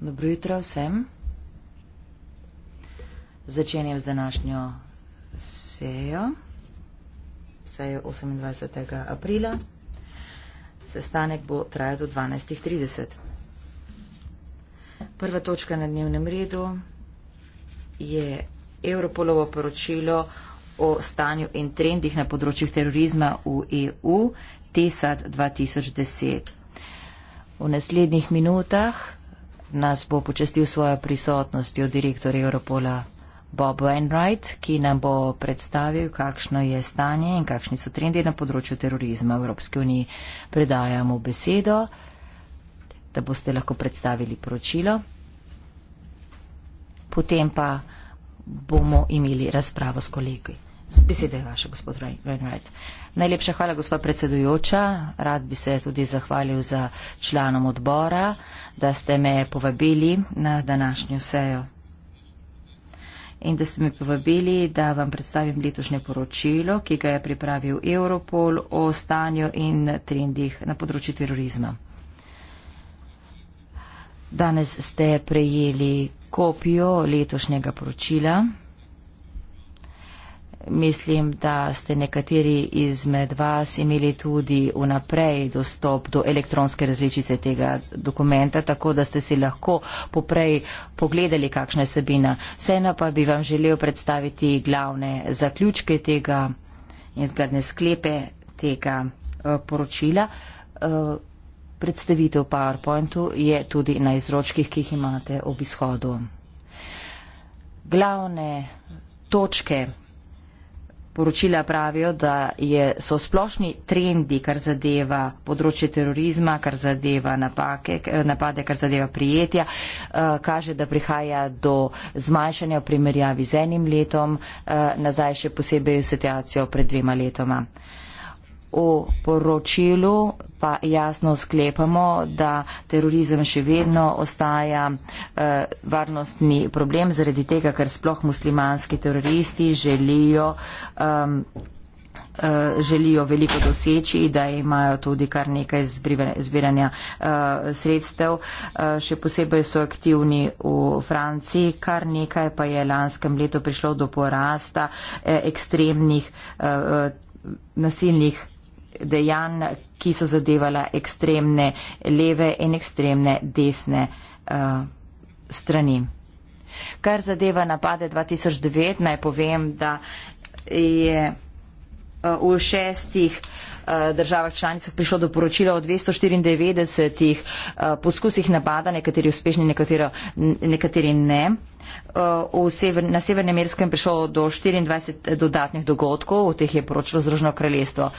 Dobro jutro vsem. Začenjam z današnjo sejo. Sejo 28. aprila. Sestanek bo trajal do 12.30. Prva točka na dnevnem redu je Europolovo poročilo o stanju in trendih na področjih terorizma v EU TESAD 2010. V naslednjih minutah nas bo počestil svojo prisotnost od direktorja Europola Bob Wainwright, ki nam bo predstavil, kakšno je stanje in kakšni so trendi na področju terorizma v Evropski uniji. Predajamo besedo, da boste lahko predstavili poročilo. Potem pa bomo imeli razpravo s kolegi. Besede je vaše, gospod Reinhardt. Najlepša hvala, gospa predsedujoča. Rad bi se tudi zahvalil za članom odbora, da ste me povabili na današnjo sejo. In da ste me povabili, da vam predstavim letošnje poročilo, ki ga je pripravil Europol o stanju in trendih na področju terorizma. Danes ste prejeli kopijo letošnjega poročila. Mislim, da ste nekateri izmed vas imeli tudi vnaprej dostop do elektronske različice tega dokumenta, tako da ste si lahko poprej pogledali, kakšna je sebina. Sena pa bi vam želel predstaviti glavne zaključke tega in zgradne sklepe tega eh, poročila. Eh, predstavitev PowerPointu je tudi na izročkih, ki jih imate ob izhodu. Glavne točke Poročila pravijo, da je, so splošni trendi, kar zadeva področje terorizma, kar zadeva napake, napade, kar zadeva prijetja, eh, kaže, da prihaja do zmanjšanja v primerjavi z enim letom, eh, nazaj še posebej situacijo pred dvema letoma o poročilu pa jasno sklepamo, da terorizem še vedno ostaja eh, varnostni problem zaradi tega, ker sploh muslimanski teroristi želijo, eh, želijo veliko doseči, da imajo tudi kar nekaj zbiranja eh, sredstev. Eh, še posebej so aktivni v Franciji, kar nekaj pa je lanskem letu prišlo do porasta eh, ekstremnih. Eh, eh nasilnih dejanj, ki so zadevala ekstremne leve in ekstremne desne uh, strani. Kar zadeva napade 2009, naj povem, da je eh, v šestih eh, državah članicah prišlo do poročila o 294 poskusih napada, nekateri uspešni, nekateri, nekateri ne. Sever, na Severnem Irskem prišlo do 24 dodatnih dogodkov, v teh je poročilo Združeno kraljestvo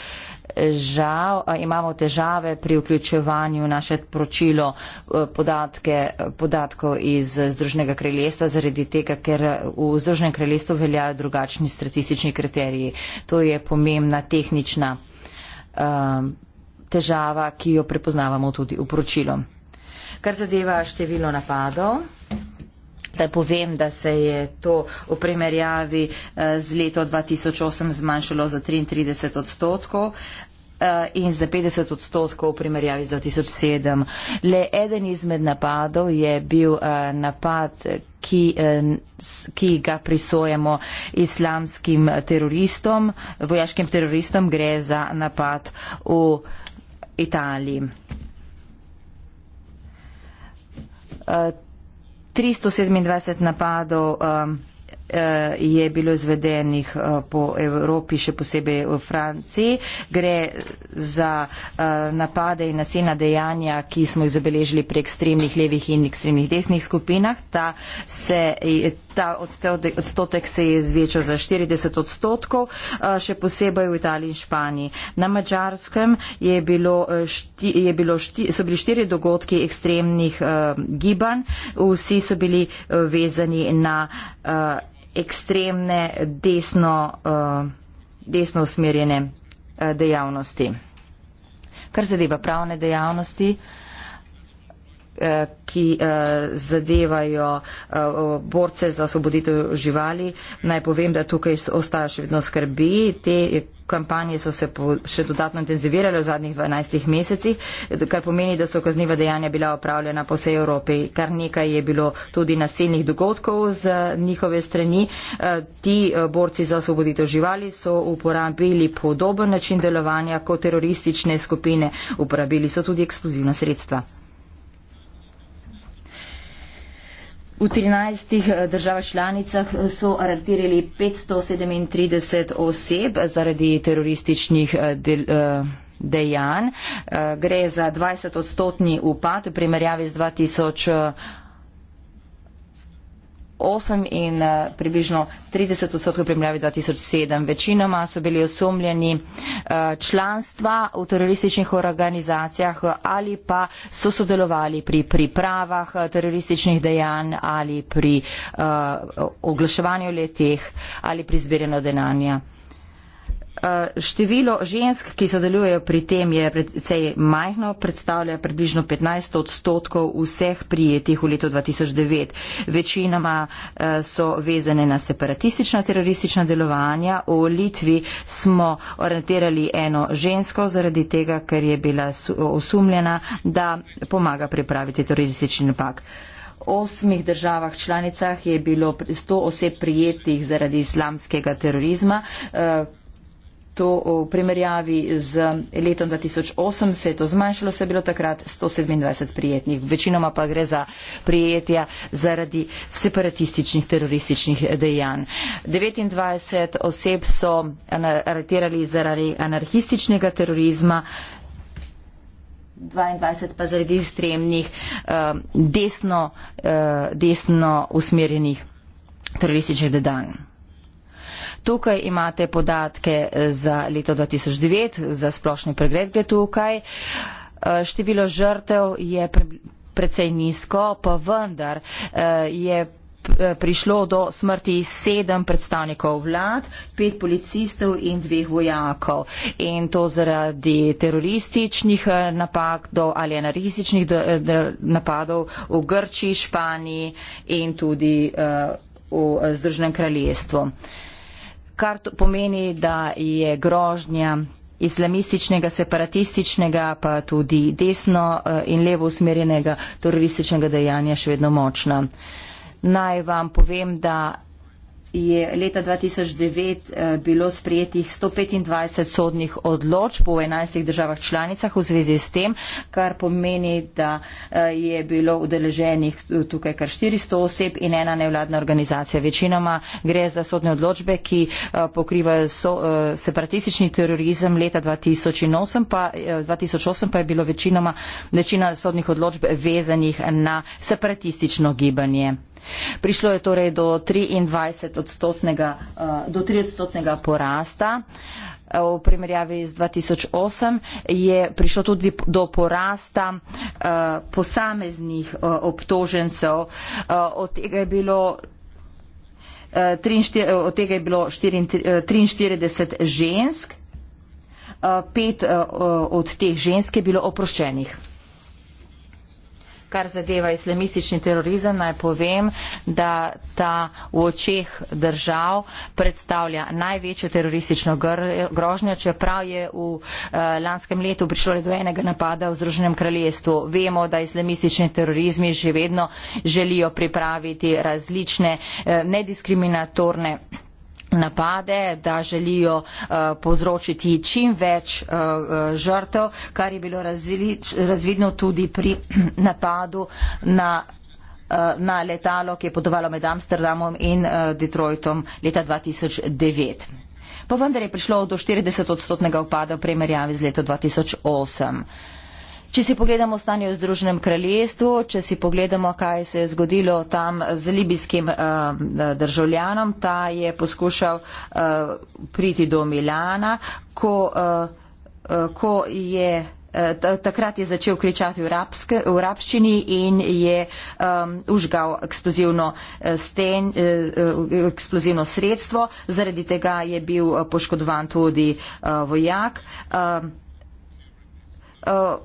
žal imamo težave pri vključevanju naše poročilo e, podatke, podatkov iz Združnega kraljestva zaradi tega, ker v Združnem kraljestvu veljajo drugačni statistični kriteriji. To je pomembna tehnična e, težava, ki jo prepoznavamo tudi v poročilu. Kar zadeva število napadov, Da povem, da se je to v primerjavi eh, z leto 2008 zmanjšalo za 33 odstotkov eh, in za 50 odstotkov v primerjavi z 2007. Le eden izmed napadov je bil eh, napad, ki, ki ga prisojamo islamskim teroristom, vojaškim teroristom, gre za napad v Italiji. 327 napadov um, eh, je bilo izvedenih eh, po Evropi, še posebej v Franciji. Gre za eh, napade in nasilna dejanja, ki smo jih zabeležili pri ekstremnih levih in ekstremnih desnih skupinah. Ta se, ta odstotek se je zvečal za 40 odstotkov, eh, še posebej v Italiji in Španiji. Na Mačarskem eh, so bili štiri dogodki ekstremnih eh, gibanj, vsi so bili vezani na ekstremne desno, desno usmerjene dejavnosti. Kar zadeva pravne dejavnosti, Eh, ki eh, zadevajo eh, borce za osvoboditev živali. Naj povem, da tukaj ostaja še vedno skrbi. Te kampanje so se še dodatno intenzivirale v zadnjih 12 mesecih, kar pomeni, da so kazniva dejanja bila opravljena po vsej Evropi. Kar nekaj je bilo tudi nasilnih dogodkov z njihove strani. Ti borci za osvoboditev živali so uporabili podoben način delovanja kot teroristične skupine. Uporabili so tudi eksplozivna sredstva. V 13 eh, državah članicah eh, so aretirali 537 oseb zaradi terorističnih eh, del, dejanj. Gre za 20-odstotni upad v primerjavi z 2008 osem in eh, približno trideset odstotkov primerjavi dva tisoč sedem. Večinoma so bili osumljeni eh, članstva v terorističnih organizacijah ali pa so sodelovali pri pripravah eh, terorističnih dejanj ali pri uh, oglaševanju leteh ali pri zbiranju denanja. Eh, število žensk, ki sodelujejo pri tem, je precej majhno, predstavlja približno 15 odstotkov vseh prijetih v letu 2009. Večinoma eh, so vezane na separatistična teroristična delovanja. V Litvi smo orientirali eno žensko zaradi tega, ker je bila osumljena, da pomaga pripraviti teroristični napak. V osmih državah članicah je bilo 100 oseb prijetih zaradi islamskega terorizma, eh, to v primerjavi z letom 2008 se je to zmanjšalo, se je bilo takrat 127 prijetnih. Večinoma pa gre za prijetja zaradi separatističnih terorističnih dejanj. 29 oseb so aretirali zaradi anarhističnega terorizma. 22 pa zaradi stremnih eh, desno, eh, desno usmerjenih terorističnih dedanj. Tukaj imate podatke eh, za leto 2009, za splošni pregled gre tukaj. Eh, število žrtev je precej nizko, pa vendar eh, je prišlo do smrti sedem predstavnikov vlad, pet policistov in dveh vojakov. In to zaradi terorističnih napadov ali anarhističnih napadov v Grčiji, Španiji in tudi v Združenem kraljestvu kar pomeni, da je grožnja islamističnega, separatističnega, pa tudi desno eh, in levo usmerjenega terorističnega dejanja še vedno močna. Naj vam povem, da je leta 2009 eh, bilo sprejetih 125 sodnih odločb v 11 državah članicah v zvezi s tem, kar pomeni, da eh, je bilo udeleženih tukaj kar 400 oseb in ena nevladna organizacija. Večinoma gre za sodne odločbe, ki eh, pokrivajo so, separatistični terorizem leta 2008 pa, 2008 pa je bilo večinoma, večina sodnih odločb vezanih na separatistično gibanje. Prišlo je torej do 23-odstotnega eh, do 3-odstotnega porasta eh, v primerjavi z 2008 je prišlo tudi do porasta uh, posameznih uh, obtožencev. Uh, od, tega bilo, uh, od tega je bilo 43 žensk, uh, pet uh, od teh žensk je bilo oproščenih. Kar zadeva islamistični terorizem, naj povem, da ta v očeh držav predstavlja največjo teroristično grožnjo, čeprav je v eh, lanskem letu prišlo le do enega napada v Združenem kraljestvu. Vemo, da islamistični terorizmi že vedno želijo pripraviti različne eh, nediskriminatorne napade, da želijo uh, povzročiti čim več uh, žrtev, kar je bilo razvili, razvidno tudi pri napadu na na letalo, ki je podovalo med Amsterdamom in Detroitom leta 2009. Pa vendar je prišlo do 40-odstotnega upada v primerjavi z leto 2008. Če si pogledamo stanje v Združenem kraljestvu, če si pogledamo, kaj se je zgodilo tam z libijskim uh, državljanom, ta je poskušal uh, priti do Milana, ko, uh, uh, ko je. Takrat je začel kričati v rabščini in je um, užgal eksplozivno, sten, eksplozivno sredstvo. Zaradi tega je bil poškodovan tudi uh, vojak. Uh, uh,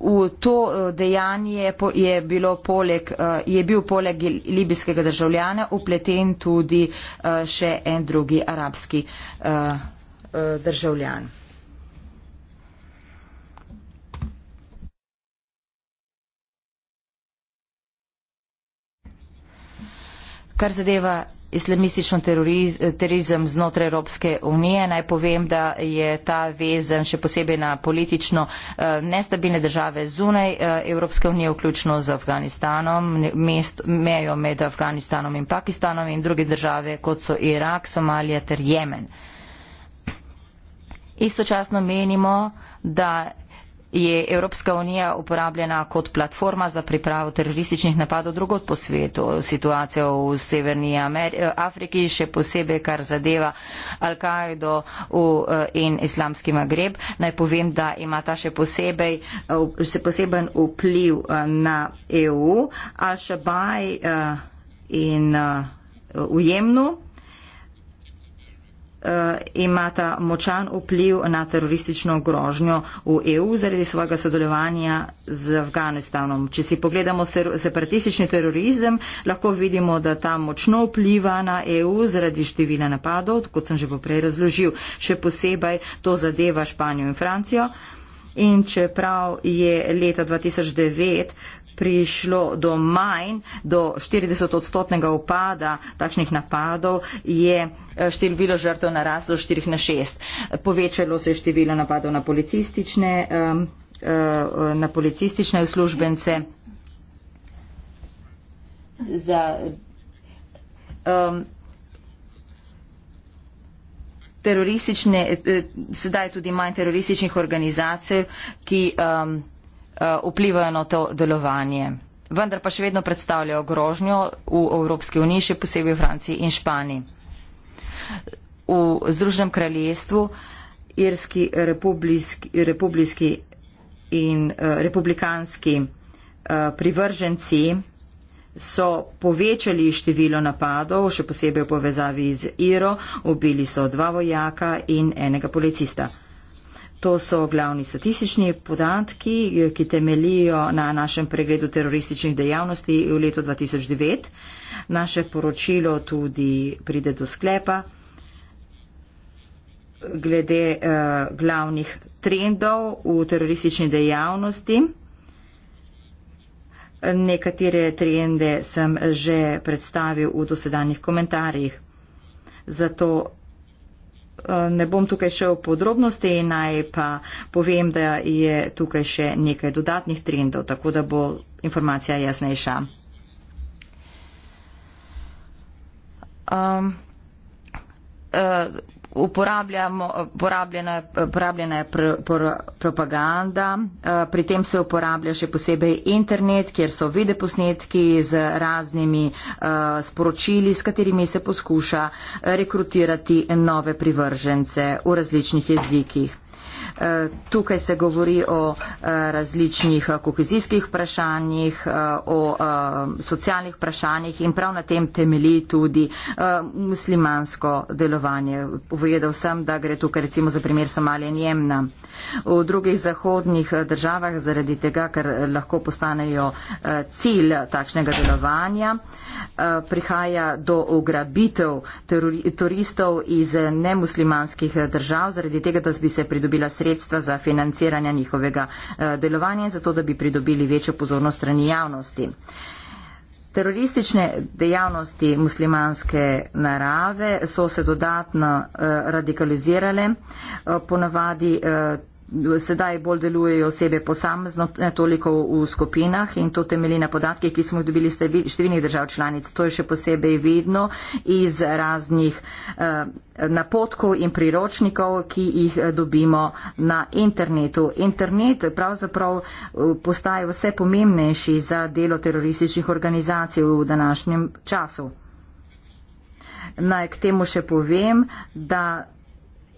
v to eh, dejanje je, bilo poleg, eh, je bil poleg libijskega državljana upleten tudi eh, še en drugi arabski državljan. Kar zadeva islamistično terorizem znotraj Evropske unije. Naj povem, da je ta vezan še posebej na politično eh, nestabilne države zunaj eh, Evropske unije, vključno z Afganistanom, mest, mejo med Afganistanom in Pakistanom in druge države, kot so Irak, Somalija ter Jemen. Istočasno menimo, da je Evropska unija uporabljena kot platforma za pripravo terorističnih napadov drugod po svetu. Situacija v Severni Amer eh, Afriki, še posebej kar zadeva Al-Kaido eh, in islamski Magreb, naj povem, da ima ta še posebej, se eh, poseben vpliv na EU. Al-Shabaj in ujemnu. Uh, uh, imata močan vpliv na teroristično grožnjo v EU zaradi svojega sodelovanja z Afganistanom. Če si pogledamo separatistični terorizem, lahko vidimo, da ta močno vpliva na EU zaradi števila napadov, kot sem že poprej razložil. Še posebej to zadeva Španijo in Francijo. In čeprav je leta 2009 prišlo do manj, do 40 odstotnega upada takšnih napadov, je eh, število žrtev naraslo z 4 na 6. Povečalo se je število napadov na policistične, eh, eh, na policistične uslužbence. Za, um, teroristične, sedaj je tudi manj terorističnih organizacij, ki um, Eh, vplivajo na to delovanje. Vendar pa še vedno predstavljajo grožnjo v Evropski uniji, še posebej v Franciji in Španiji. V Združenem kraljestvu, irski republiki in uh, republikanski uh, privrženci so povečali število napadov, še posebej v povezavi z Iro, ubili so dva vojaka in enega policista. To so glavni statistični podatki, ki temelijo na našem pregledu terorističnih dejavnosti v letu 2009. Naše poročilo tudi pride do sklepa glede uh, glavnih trendov v teroristični dejavnosti. Nekatere trende sem že predstavil v dosedanjih komentarjih. Zato Eh, ne bom tukaj šel v podrobnosti, naj pa povem, da je tukaj še nekaj dodatnih trendov, tako da bo informacija jasnejša. Um, uh, uporabljena, uporabljena je pr, pr, propaganda, eh, pri tem se uporablja še posebej internet, kjer so videoposnetki z raznimi eh, sporočili, s katerimi se poskuša rekrutirati nove privržence v različnih jezikih. Eh, tukaj se govori o eh, različnih eh, kohezijskih vprašanjih, o socialnih vprašanjih in prav na tem temelji tudi muslimansko delovanje. Povedal sem, da gre tukaj recimo za primer Somalije in Jemna v drugih zahodnih državah, zaradi tega, ker lahko postanejo eh, cilj takšnega delovanja. Eh, prihaja do ugrabitev turistov iz nemuslimanskih držav, zaradi tega, da bi se pridobila sredstva za financiranje njihovega eh, delovanja in zato, da bi pridobili večjo pozornost strani javnosti. Teroristične dejavnosti muslimanske narave so se dodatno eh, radikalizirale, eh, ponavadi eh, Sedaj bolj delujejo osebe posamezno, ne toliko v skupinah in to temelji na podatkih, ki smo jih dobili iz številnih držav članic. To je še posebej vidno iz raznih eh, napotkov in priročnikov, ki jih eh, dobimo na internetu. Internet pravzaprav eh, postaje vse pomembnejši za delo terorističnih organizacij v današnjem času. Naj k temu še povem, da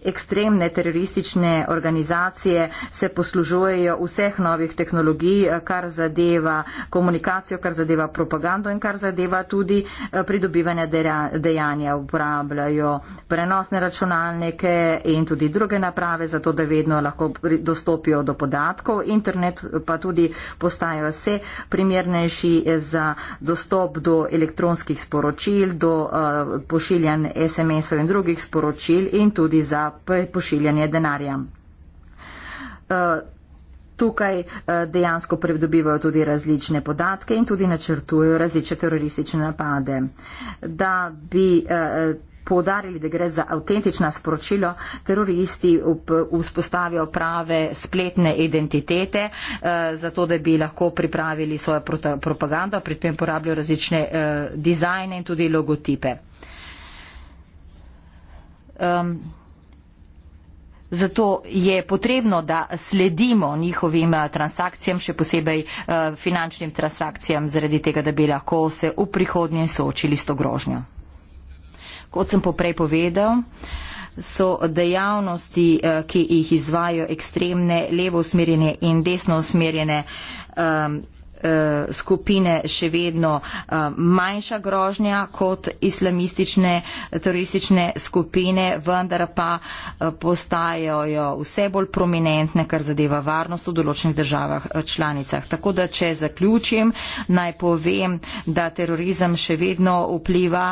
ekstremne teroristične organizacije se poslužujejo vseh novih tehnologij, kar zadeva komunikacijo, kar zadeva propagando in kar zadeva tudi eh, pridobivanje dejanja. Uporabljajo prenosne računalnike in tudi druge naprave, zato da vedno lahko dostopijo do podatkov. Internet pa tudi postaja vse primernejši za dostop do elektronskih sporočil, do eh, pošiljanj SMS-ov in drugih sporočil in tudi za pošiljanje denarja. Uh, Tukaj eh, dejansko predobivajo tudi različne podatke in tudi načrtujejo različne teroristične napade. Da bi eh, podarili, da gre za avtentično sporočilo, teroristi vzpostavijo prave spletne identitete, zato da bi lahko pripravili svojo propagando, pri tem porabljajo različne dizajne in tudi logotipe. Zato je potrebno, da sledimo njihovim eh, transakcijam, še posebej eh, finančnim transakcijam, zaradi tega, da bi lahko se v prihodnje soočili s to grožnjo. Kot sem poprej povedal, so dejavnosti, eh, ki jih izvajo ekstremne levo usmerjene in desno usmerjene um, Eh, skupine še vedno eh, manjša grožnja kot islamistične teroristične skupine, vendar pa eh, postajajo vse bolj prominentne, kar zadeva varnost v določenih državah članicah. Tako da, če zaključim, naj povem, da terorizem še vedno vpliva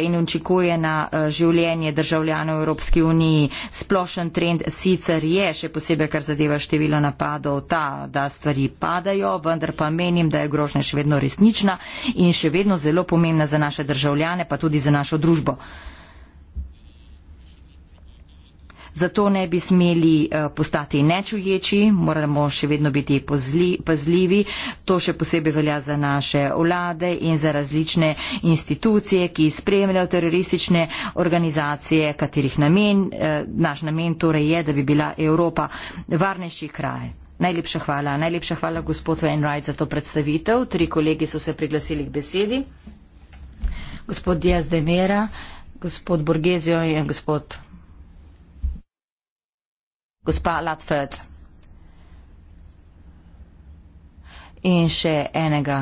in učikuje na življenje državljanov v Evropski uniji. Splošen trend sicer je, še posebej, kar zadeva število napadov, ta, da stvari padajo, vendar pa meni, menim, da je grožnja še vedno resnična in še vedno zelo pomembna za naše državljane, pa tudi za našo družbo. Zato ne bi smeli eh, postati nečuječi, moramo še vedno biti pazljivi. To še posebej velja za naše vlade in za različne institucije, ki spremljajo teroristične organizacije, katerih namen, eh, naš namen torej je, da bi bila Evropa varnejši kraj. Najlepša hvala. Najlepša hvala, gospod Wainwright, za to predstavitev. Tri kolegi so se priglasili k besedi. Gospod Diaz de Mera, gospod Borgezio in gospod. Gospa Latfeld. In še enega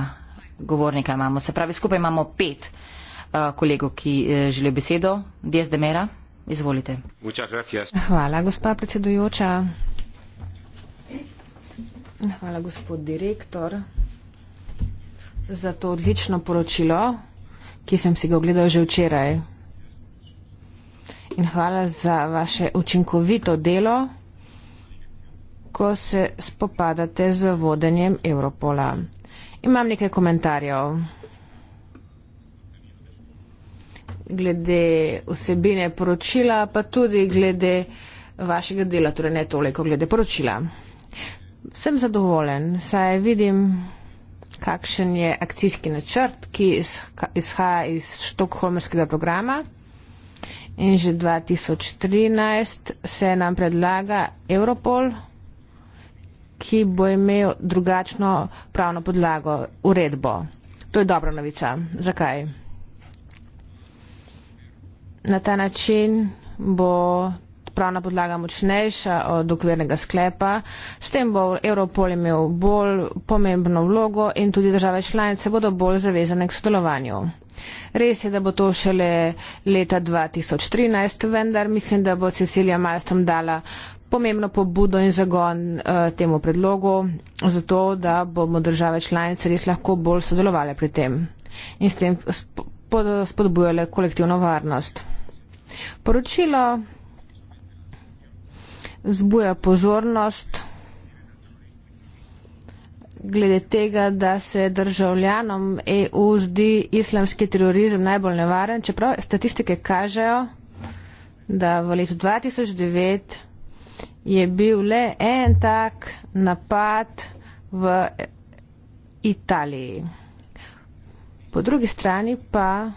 govornika imamo. Se pravi, skupaj imamo pet uh, kolegov, ki uh, želijo besedo. Diaz de Mera, izvolite. Hvala, gospa predsedujoča. Hvala, gospod direktor, za to odlično poročilo, ki sem si ga ogledal že včeraj. In hvala za vaše učinkovito delo, ko se spopadate z vodenjem Europola. Imam nekaj komentarjev glede vsebine poročila, pa tudi glede vašega dela, torej ne toliko glede poročila sem zadovoljen, saj vidim, kakšen je akcijski načrt, ki izhaja iz štokholmskega programa. In že 2013 se nam predlaga Europol, ki bo imel drugačno pravno podlago, uredbo. To je dobra novica. Zakaj? Na ta način bo pravna podlaga močnejša od okvirnega sklepa. S tem bo Europol imel bolj pomembno vlogo in tudi države članice bodo bolj zavezane k sodelovanju. Res je, da bo to šele leta 2013, vendar mislim, da bo Cecilija Malstrom dala pomembno pobudo in zagon uh, temu predlogu, zato da bomo države članice res lahko bolj sodelovali pri tem in s tem spodbujali kolektivno varnost. Poročilo zbuja pozornost glede tega, da se državljanom EU zdi islamski terorizem najbolj nevaren, čeprav statistike kažejo, da v letu 2009 je bil le en tak napad v Italiji. Po drugi strani pa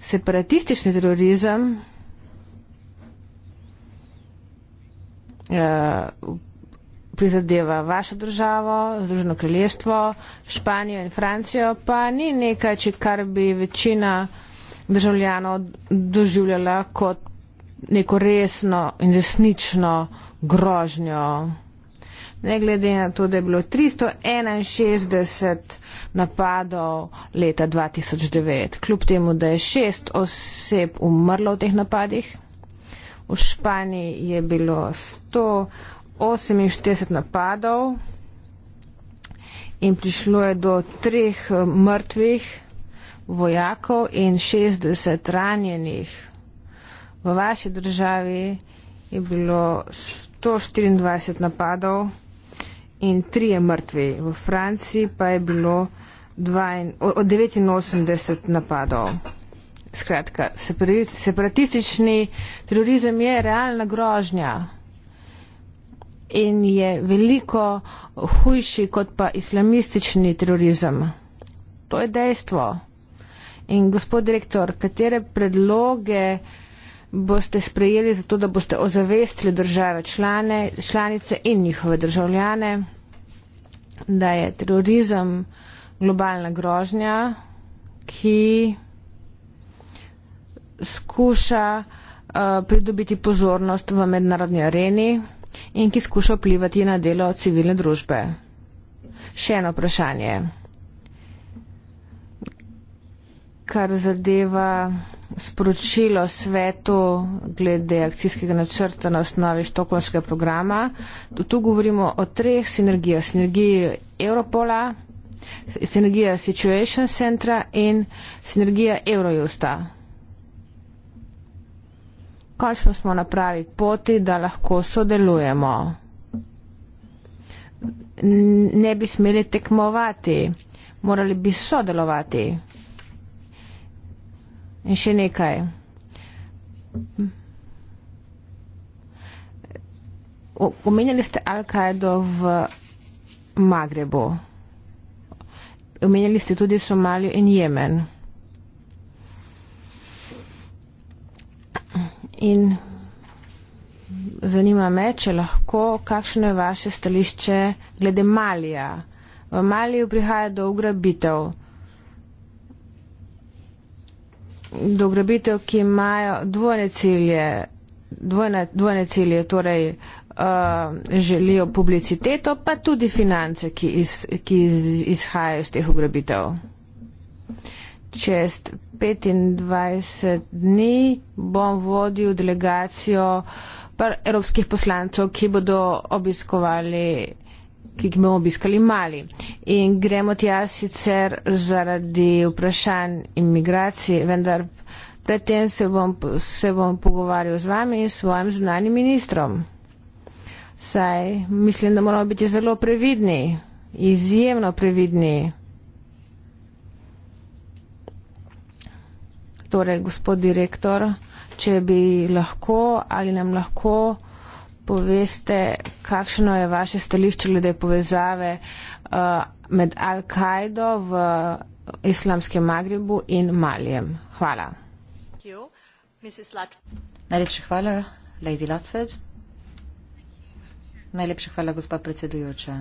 separatistični terorizem Eh, prizadeva vašo državo, Združeno kraljestvo, Španijo in Francijo, pa ni nekaj, če kar bi večina državljanov doživljala kot neko resno in resnično grožnjo. Ne glede na to, da je bilo 361 napadov leta 2009, kljub temu, da je šest oseb umrlo v teh napadih v Španiji je bilo 148 napadov in prišlo je do treh eh, mrtvih vojakov in 60 ranjenih. V vaši državi je bilo 124 napadov in tri je mrtvi. V Franciji pa je bilo 89 napadov. Skratka, separatistični terorizem je realna grožnja in je veliko hujši kot pa islamistični terorizem. To je dejstvo. In gospod direktor, katere predloge boste sprejeli za to, da boste ozavestili države člane, članice in njihove državljane, da je terorizem globalna grožnja, ki skuša eh, pridobiti pozornost v mednarodni areni in ki skuša vplivati na delo civilne družbe. Še eno vprašanje, kar zadeva sporočilo svetu glede akcijskega načrta na osnovi štokolskega programa. Tu govorimo o treh sinergijah. Sinergiji Europola, sinergija Situation Centra in sinergija Eurojusta kakšno smo na pravi poti, da lahko sodelujemo. Ne bi smeli tekmovati, morali bi sodelovati. In še nekaj. Omenjali ste Al-Kaido v Magrebu. Omenjali ste tudi Somalijo in Jemen. In zanima me, če lahko, kakšno je vaše stališče glede Malija. V Maliju prihaja do ugrabitev. Do ugrabitev, ki imajo dvojne cilje. Dvojne, dvojne cilje, torej uh, želijo publiciteto, pa tudi finance, ki, iz, ki iz, izhajajo iz teh ugrabitev. Uh, čez 25 dni bom vodil delegacijo evropskih poslancov, ki bodo obiskovali ki bomo obiskali mali. In gremo tja sicer zaradi vprašanj imigracij, vendar predtem se bom, se bom pogovarjal z vami in svojim znanim ministrom. Saj mislim, da moramo biti zelo previdni, izjemno previdni. Torej, gospod direktor, če bi lahko ali nam lahko poveste, kakšno je vaše stališče glede povezave uh, med Al-Kaido v islamskem Magrebu in Malijem. Hvala. Najlepša hvala, Lady Latford. Najlepša hvala, gospa predsedujoča.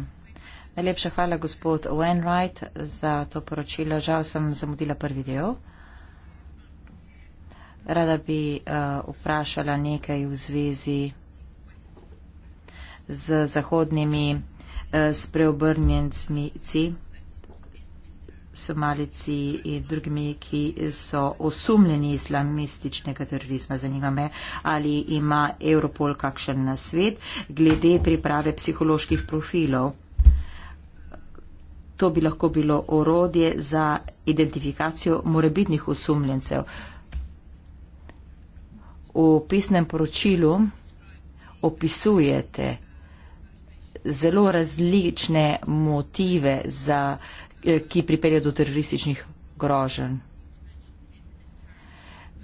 Najlepša hvala, gospod Wainwright, za to poročilo. Žal sem zamudila prvi del. Rada bi uh, vprašala nekaj v zvezi z zahodnimi uh, spreobrnjencmi, somalici in drugimi, ki so osumljeni islamističnega terorizma. Zanima me, ali ima Europol kakšen nasvet glede priprave psiholoških profilov. To bi lahko bilo orodje za identifikacijo morebitnih osumljencev. Uh, v pisnem poročilu opisujete zelo različne motive, za, eh, ki pripeljajo do terorističnih groženj.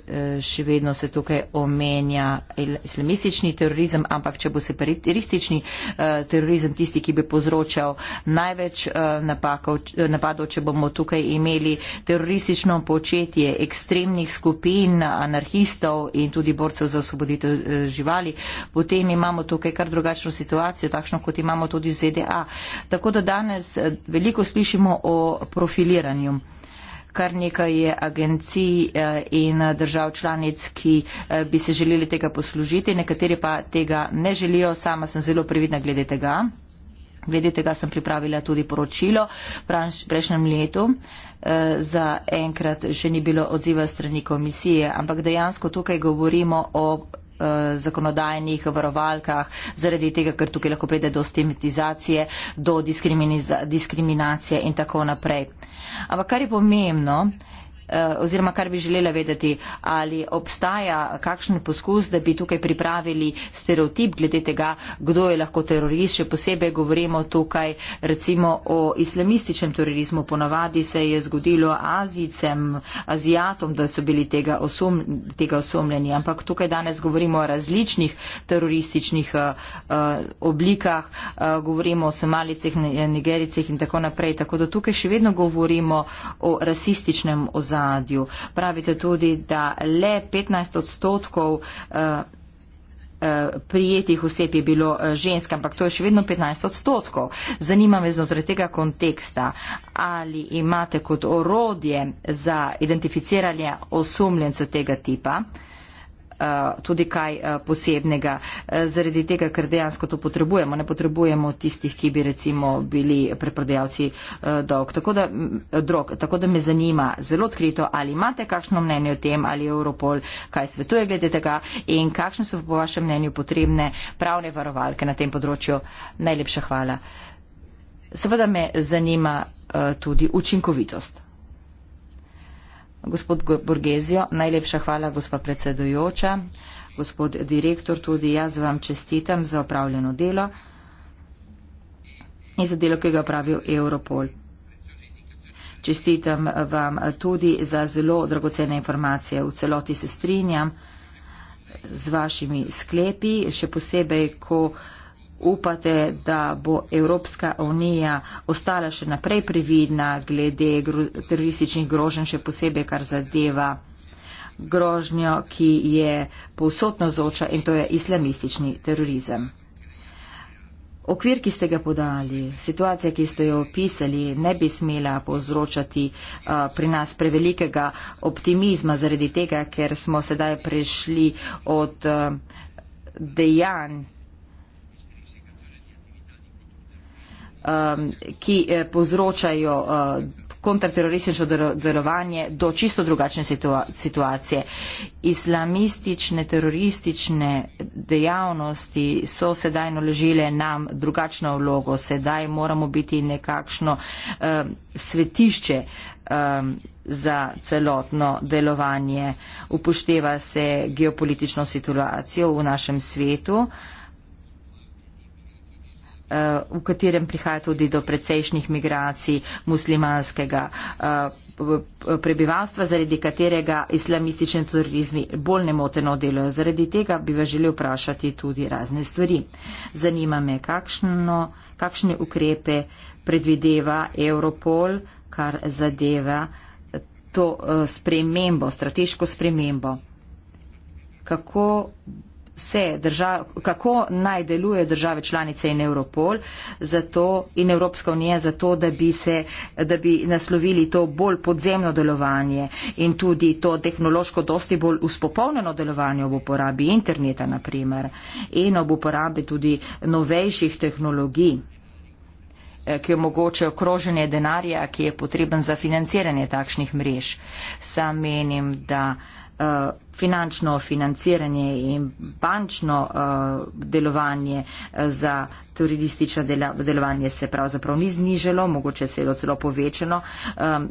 Eh, še vedno se tukaj omenja islamistični terorizem, ampak če bo separatistični eh, terorizem tisti, ki bi povzročal največ eh, napakov, napadov, če bomo tukaj imeli teroristično početje ekstremnih skupin, anarhistov in tudi borcev za osvoboditev živali, potem imamo tukaj kar drugačno situacijo, takšno kot imamo tudi v ZDA. Tako da danes veliko slišimo o profiliranju kar nekaj agencij eh, in eh, držav članic, ki eh, bi se želeli tega poslužiti, nekateri pa tega ne želijo. Sama sem zelo previdna glede tega. Glede tega sem pripravila tudi poročilo v prejšnjem letu. Za enkrat še ni bilo odziva strani komisije, ampak dejansko tukaj govorimo o zakonodajnih varovalkah, zaradi tega, ker tukaj lahko pride do stigmatizacije, do diskriminacije in tako naprej. Ampak kar je pomembno, Eh, oziroma kar bi želela vedeti, ali obstaja kakšen poskus, da bi tukaj pripravili stereotip glede tega, kdo je lahko terorist, še posebej govorimo tukaj recimo o islamističnem terorizmu. Ponavadi se je zgodilo Azicem, Azijatom, da so bili tega, osum, tega osumljeni, ampak tukaj danes govorimo o različnih terorističnih uh, uh, oblikah, uh, govorimo o somalicih, nigericih in tako naprej. Tako da tukaj še vedno govorimo o rasističnem ozadju ozadju. Pravite tudi, da le 15 odstotkov eh, eh, prijetih oseb je bilo eh, žensk, ampak to je še vedno 15 odstotkov. Zanima me znotraj tega konteksta, ali imate kot orodje za identificiranje osumljencev tega tipa, Eh, tudi kaj eh, posebnega, eh, zaradi tega, ker dejansko to potrebujemo, ne potrebujemo tistih, ki bi recimo bili preprodajalci dolg. Tako da, drog, tako da me zanima zelo odkrito, ali imate kakšno mnenje o tem, ali Europol kaj svetuje glede tega in kakšne so po vašem mnenju potrebne pravne varovalke na tem področju. Najlepša hvala. Seveda me zanima tudi učinkovitost. Gospod Borgezijo, najlepša hvala, gospa predsedujoča. Gospod direktor, tudi jaz vam čestitam za opravljeno delo in za delo, ki ga pravil Europol. Čestitam vam tudi za zelo dragocene informacije. V celoti se strinjam z vašimi sklepi, še posebej, ko uh, upate, da bo Evropska unija ostala še naprej previdna glede gro terorističnih groženj, še posebej kar zadeva grožnjo, ki je povsotno zoča in to je islamistični terorizem. Okvir, ki ste ga podali, situacija, ki ste jo opisali, ne bi smela povzročati uh, pri nas prevelikega optimizma zaradi tega, ker smo sedaj prišli od uh, dejanj um, ki eh, povzročajo uh, kontrateroristično delovanje do čisto drugačne situa situacije. Islamistične teroristične dejavnosti so sedaj naložile nam drugačno vlogo. Sedaj moramo biti nekakšno um, svetišče um, za celotno delovanje. Upošteva se geopolitično situacijo v našem svetu. Um, Eh, v katerem prihaja tudi do precejšnjih migracij muslimanskega eh, prebivalstva, zaradi katerega islamistični turizmi bolj nemoteno delajo. Zaradi tega bi vas želel vprašati tudi razne stvari. Zanima me, kakšno, kakšne ukrepe predvideva Europol, kar zadeva to eh, spremembo, strateško spremembo. Kako vse držav, kako naj delujejo države članice in Europol zato, in Evropska unija zato, da bi, se, da bi naslovili to bolj podzemno delovanje in tudi to tehnološko dosti bolj uspopolnjeno delovanje ob uporabi interneta naprimer in ob uporabi tudi novejših tehnologij eh, ki omogočajo kroženje denarja, ki je potreben za financiranje takšnih mrež. Sam menim, da uh, Eh, finančno financiranje in bančno eh, delovanje eh, za turistično delovanje se pravzaprav ni znižalo, mogoče se je celo povečalo ehm,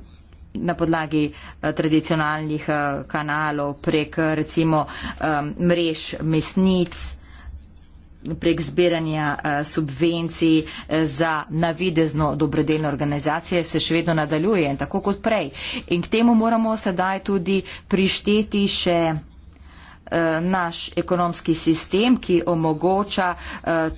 na podlagi tradicionalnih kanalov prek recimo ehm, mrež mesnic prek zbiranja eh, subvencij eh, za navidezno dobrodelne organizacije se še vedno nadaljuje in tako kot prej. In k temu moramo sedaj tudi prišteti še eh, naš ekonomski sistem, ki omogoča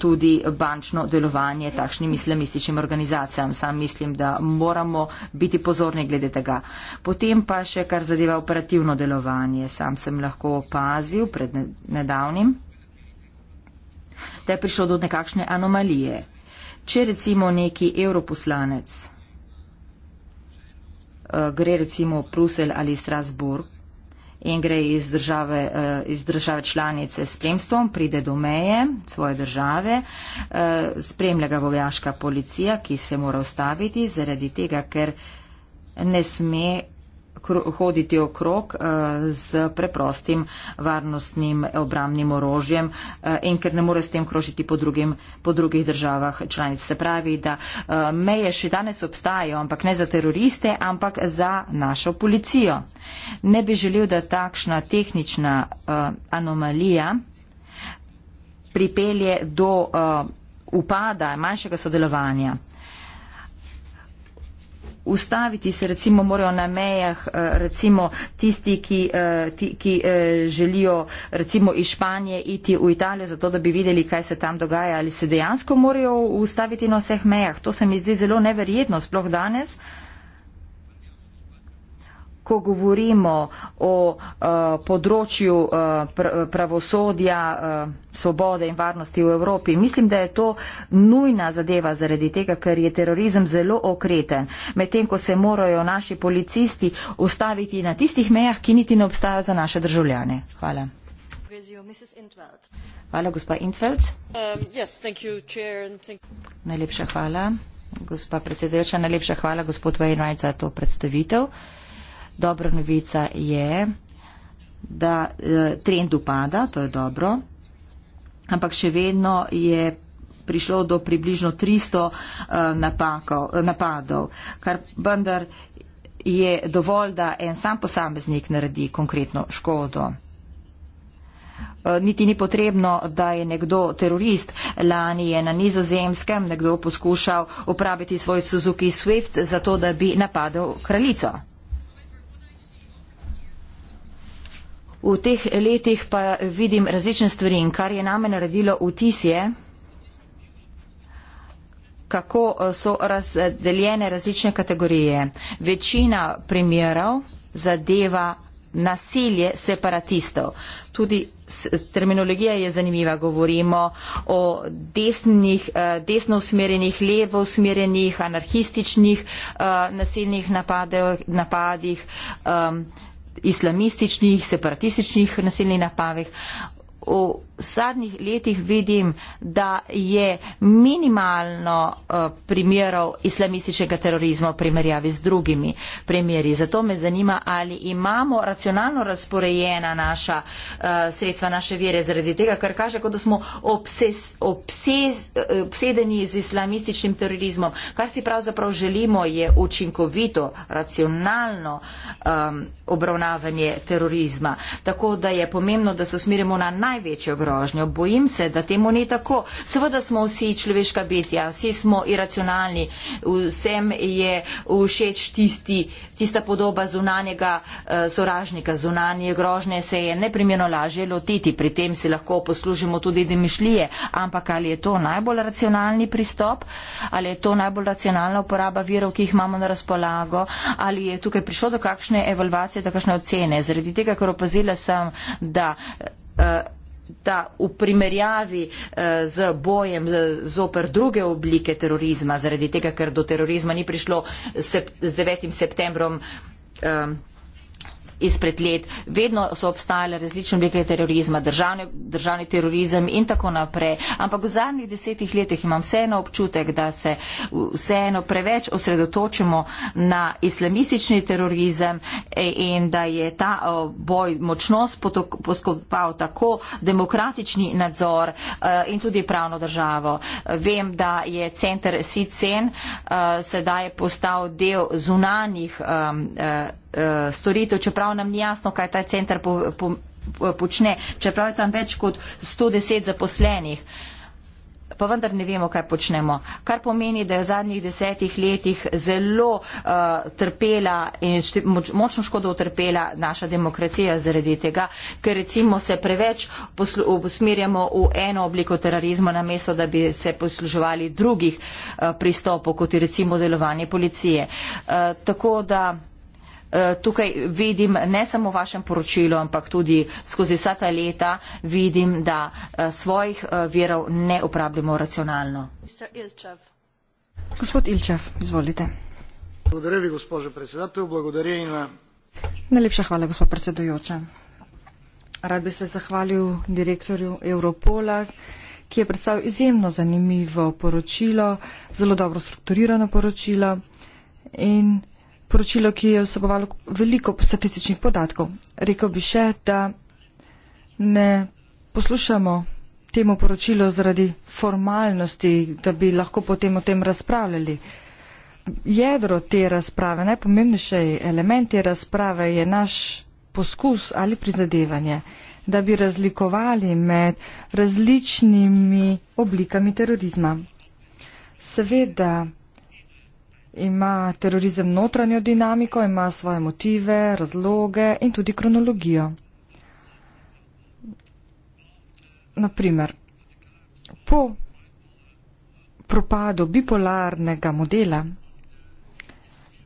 tudi bančno delovanje takšnim islamističnim organizacijam. Sam mislim, da moramo biti pozorni glede tega. Potem pa še kar zadeva operativno delovanje. Sam sem lahko opazil pred nedavnim da je prišlo do nekakšne anomalije. Če recimo neki europoslanec eh, gre recimo v Prusel ali Strasburg in gre iz države, eh, iz države članice s spremstvom, pride do meje svoje države, eh, spremlja ga vojaška policija, ki se mora ustaviti zaradi tega, ker ne sme hoditi okrog z eh, preprostim varnostnim obramnim orožjem eh, in ker ne more s tem krožiti po, drugim, po drugih državah članic. Se pravi, da eh, meje še danes obstajajo, ampak ne za teroriste, ampak za našo policijo. Ne bi želel, da takšna tehnična anomalija pripelje do upada manjšega sodelovanja ustaviti se recimo morajo na mejah eh, recimo tisti, ki, eh, ti, ki eh, želijo recimo iz Španije iti v Italijo, zato da bi videli, kaj se tam dogaja, ali se dejansko morajo ustaviti na vseh mejah. To se mi zdi zelo neverjetno, sploh danes ko govorimo o uh, področju uh, pr pravosodja, uh, svobode in varnosti v Evropi. Mislim, da je to nujna zadeva zaradi tega, ker je terorizem zelo okreten, medtem ko se morajo naši policisti ustaviti na tistih mejah, ki niti ne obstajajo za naše državljane. Hvala. Hvala, gospa Intveld. Um, yes, thank... Najlepša hvala, gospa predsedujoča. Najlepša hvala, gospod Wainwright, za to predstavitev. Dobra novica je, da e, trend upada, to je dobro, ampak še vedno je prišlo do približno 300 e, napakov, e, napadov, kar vendar je dovolj, da en sam posameznik naredi konkretno škodo. Niti ni potrebno, da je nekdo terorist. Lani je na nizozemskem nekdo poskušal upraviti svoj Suzuki Swift zato, da bi napadel kraljico. V teh letih pa vidim različne stvari in kar je name naredilo vtis je, kako eh, so razdeljene različne kategorije. Večina primerov zadeva nasilje separatistov. Tudi terminologija je zanimiva, govorimo o desnih, eh, desno usmerjenih, levo usmerjenih, anarhističnih eh, nasilnih napadih, napadih islamističnih separatističnih naseljenih napadih zadnjih letih vidim, da je minimalno eh, primerov islamističnega terorizma v primerjavi z drugimi primeri. Zato me zanima, ali imamo racionalno razporejena naša eh, sredstva, naše vere zaradi tega, kar kaže, kot da smo obses, obses, eh, obsedeni z islamističnim terorizmom. Kar si pravzaprav želimo je učinkovito, racionalno um, obravnavanje terorizma. Tako da je pomembno, da se usmirimo na največjo grožnjo. Bojim se, da temu ni tako. Seveda smo vsi človeška bitja, vsi smo iracionalni, vsem je všeč tisti, tista podoba zunanjega eh, sovražnika, zunanje grožnje se je neprimerno lažje lotiti, pri tem si lahko poslužimo tudi demišlije, ampak ali je to najbolj racionalni pristop, ali je to najbolj racionalna uporaba virov, ki jih imamo na razpolago, ali je tukaj prišlo do kakšne evalvacije, do kakšne ocene. Zaradi tega, ker opazila sem, da uh, da v primerjavi eh, z bojem zoper druge oblike terorizma, zaradi tega, ker do terorizma ni prišlo s 9. septembrom eh, izpred let, vedno so obstajale različne oblike terorizma, državne, državni terorizem in tako naprej. Ampak v zadnjih desetih letih imam vseeno občutek, da se vseeno preveč osredotočimo na islamistični terorizem e, in da je ta boj močno poskopal tako demokratični nadzor e, in tudi pravno državo. Vem, da je center SICEN e, sedaj postal del zunanjih Eh, storitev, čeprav nam ni jasno, kaj ta centr po, po, po, eh, počne, čeprav je tam več kot 110 zaposlenih. Pa vendar ne vemo, kaj počnemo. Kar pomeni, da je v zadnjih desetih letih zelo uh, trpela in šte, močno škodo utrpela naša demokracija zaradi tega, ker recimo se preveč usmerjamo v eno obliko terorizma, namesto da bi se posluževali drugih uh, pristopov, kot je recimo delovanje policije. Uh, tako da. Eh, tukaj vidim ne samo v vašem poročilu, ampak tudi skozi vsa ta leta vidim, da eh, svojih eh, verov ne uporabljamo racionalno. Ilčev. Gospod Ilčev, izvolite. Vi, Najlepša hvala, gospod predsedujoča. Rad bi se zahvalil direktorju Europola, ki je predstavil izjemno zanimivo poročilo, zelo dobro strukturirano poročilo in poročilo, ki je vsebovalo veliko statističnih podatkov. Rekel bi še, da ne poslušamo temu poročilu zaradi formalnosti, da bi lahko potem o tem razpravljali. Jedro te razprave, najpomembnejši element te razprave je naš poskus ali prizadevanje, da bi razlikovali med različnimi oblikami terorizma. Seveda ima terorizem notranjo dinamiko, ima svoje motive, razloge in tudi kronologijo. Naprimer, po propadu bipolarnega modela,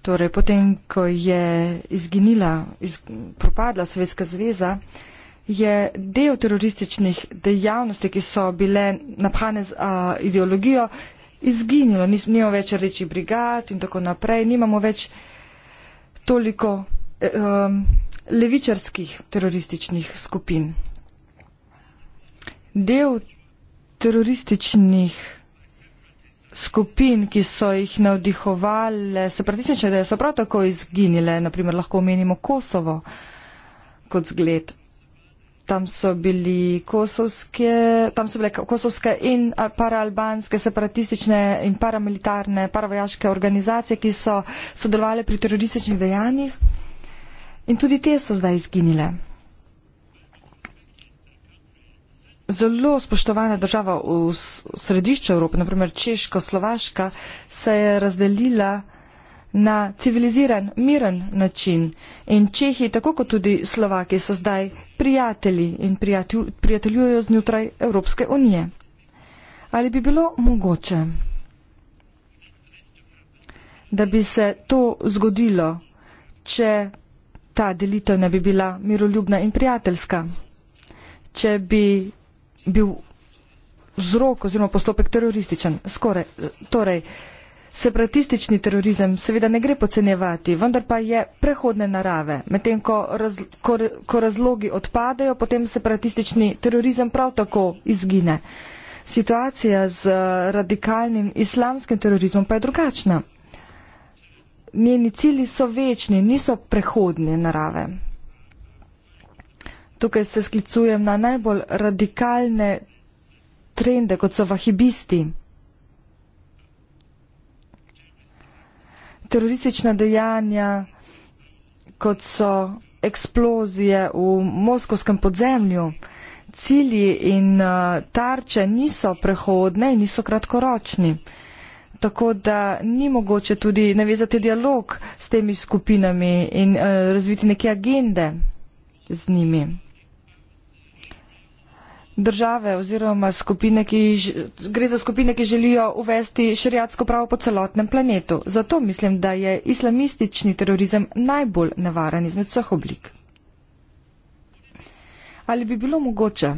torej potem, ko je izginila, iz, propadla Sovjetska zveza, je del terorističnih dejavnosti, ki so bile napane z a, ideologijo, izginilo, nimamo več rdečih brigad in tako naprej, nimamo več toliko eh, um, levičarskih terorističnih skupin. Del terorističnih skupin, ki so jih navdihovale, se pratisnične, da so prav tako izginile, naprimer lahko omenimo Kosovo kot zgled tam so bili kosovske, tam so bile kosovske in paraalbanske separatistične in paramilitarne paravojaške organizacije, ki so sodelovali pri terorističnih dejanjih in tudi te so zdaj izginile. Zelo spoštovana država v središču Evrope, naprimer Češko, Slovaška, se je razdelila na civiliziran, miren način. In Čehi, tako kot tudi Slovaki, so zdaj prijatelji in prijateljujejo znotraj Evropske unije. Ali bi bilo mogoče, da bi se to zgodilo, če ta delitev ne bi bila miroljubna in prijateljska, če bi bil vzrok oziroma postopek terorističen? Skoraj, torej, separatistični terorizem seveda ne gre pocenjevati, vendar pa je prehodne narave. Medtem ko, raz, ko, ko razlogi odpadejo, potem separatistični terorizem prav tako izgine. Situacija z eh, radikalnim islamskim terorizmom pa je drugačna. Njeni cili so večni, niso prehodne narave. Tukaj se sklicujem na najbolj radikalne trende, kot so vahibisti, teroristična dejanja, kot so eksplozije v moskovskem podzemlju. Cilji in uh, tarče niso prehodne in niso kratkoročni. Tako da ni mogoče tudi navezati dialog s temi skupinami in uh, razviti neke agende z njimi države oziroma skupine, ki, gre za skupine, ki želijo uvesti šariatsko pravo po celotnem planetu. Zato mislim, da je islamistični terorizem najbolj nevaren izmed vseh oblik. Ali bi bilo mogoče,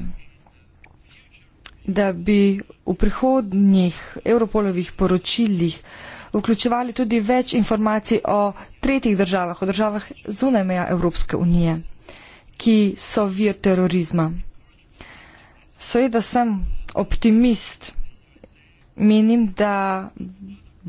da bi v prihodnjih Europolovih poročilih vključevali tudi več informacij o tretjih državah, o državah zunaj meja Evropske unije, ki so vir terorizma? Seveda sem optimist. Menim, da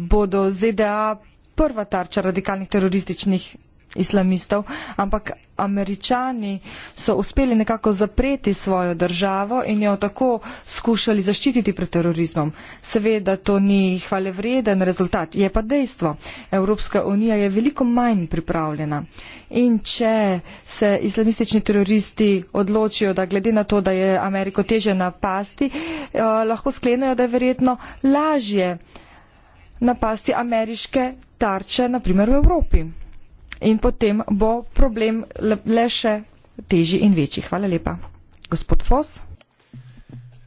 bodo ZDA prva tarča radikalnih terorističnih islamistov, ampak američani so uspeli nekako zapreti svojo državo in jo tako skušali zaščititi pred terorizmom. Seveda to ni hvalevreden rezultat, je pa dejstvo. Evropska unija je veliko manj pripravljena. In če se islamistični teroristi odločijo, da glede na to, da je Ameriko teže napasti, eh, lahko sklenijo, da je verjetno lažje napasti ameriške tarče, naprimer v Evropi in potem bo problem le še težji in večji. Hvala lepa. Gospod Fos.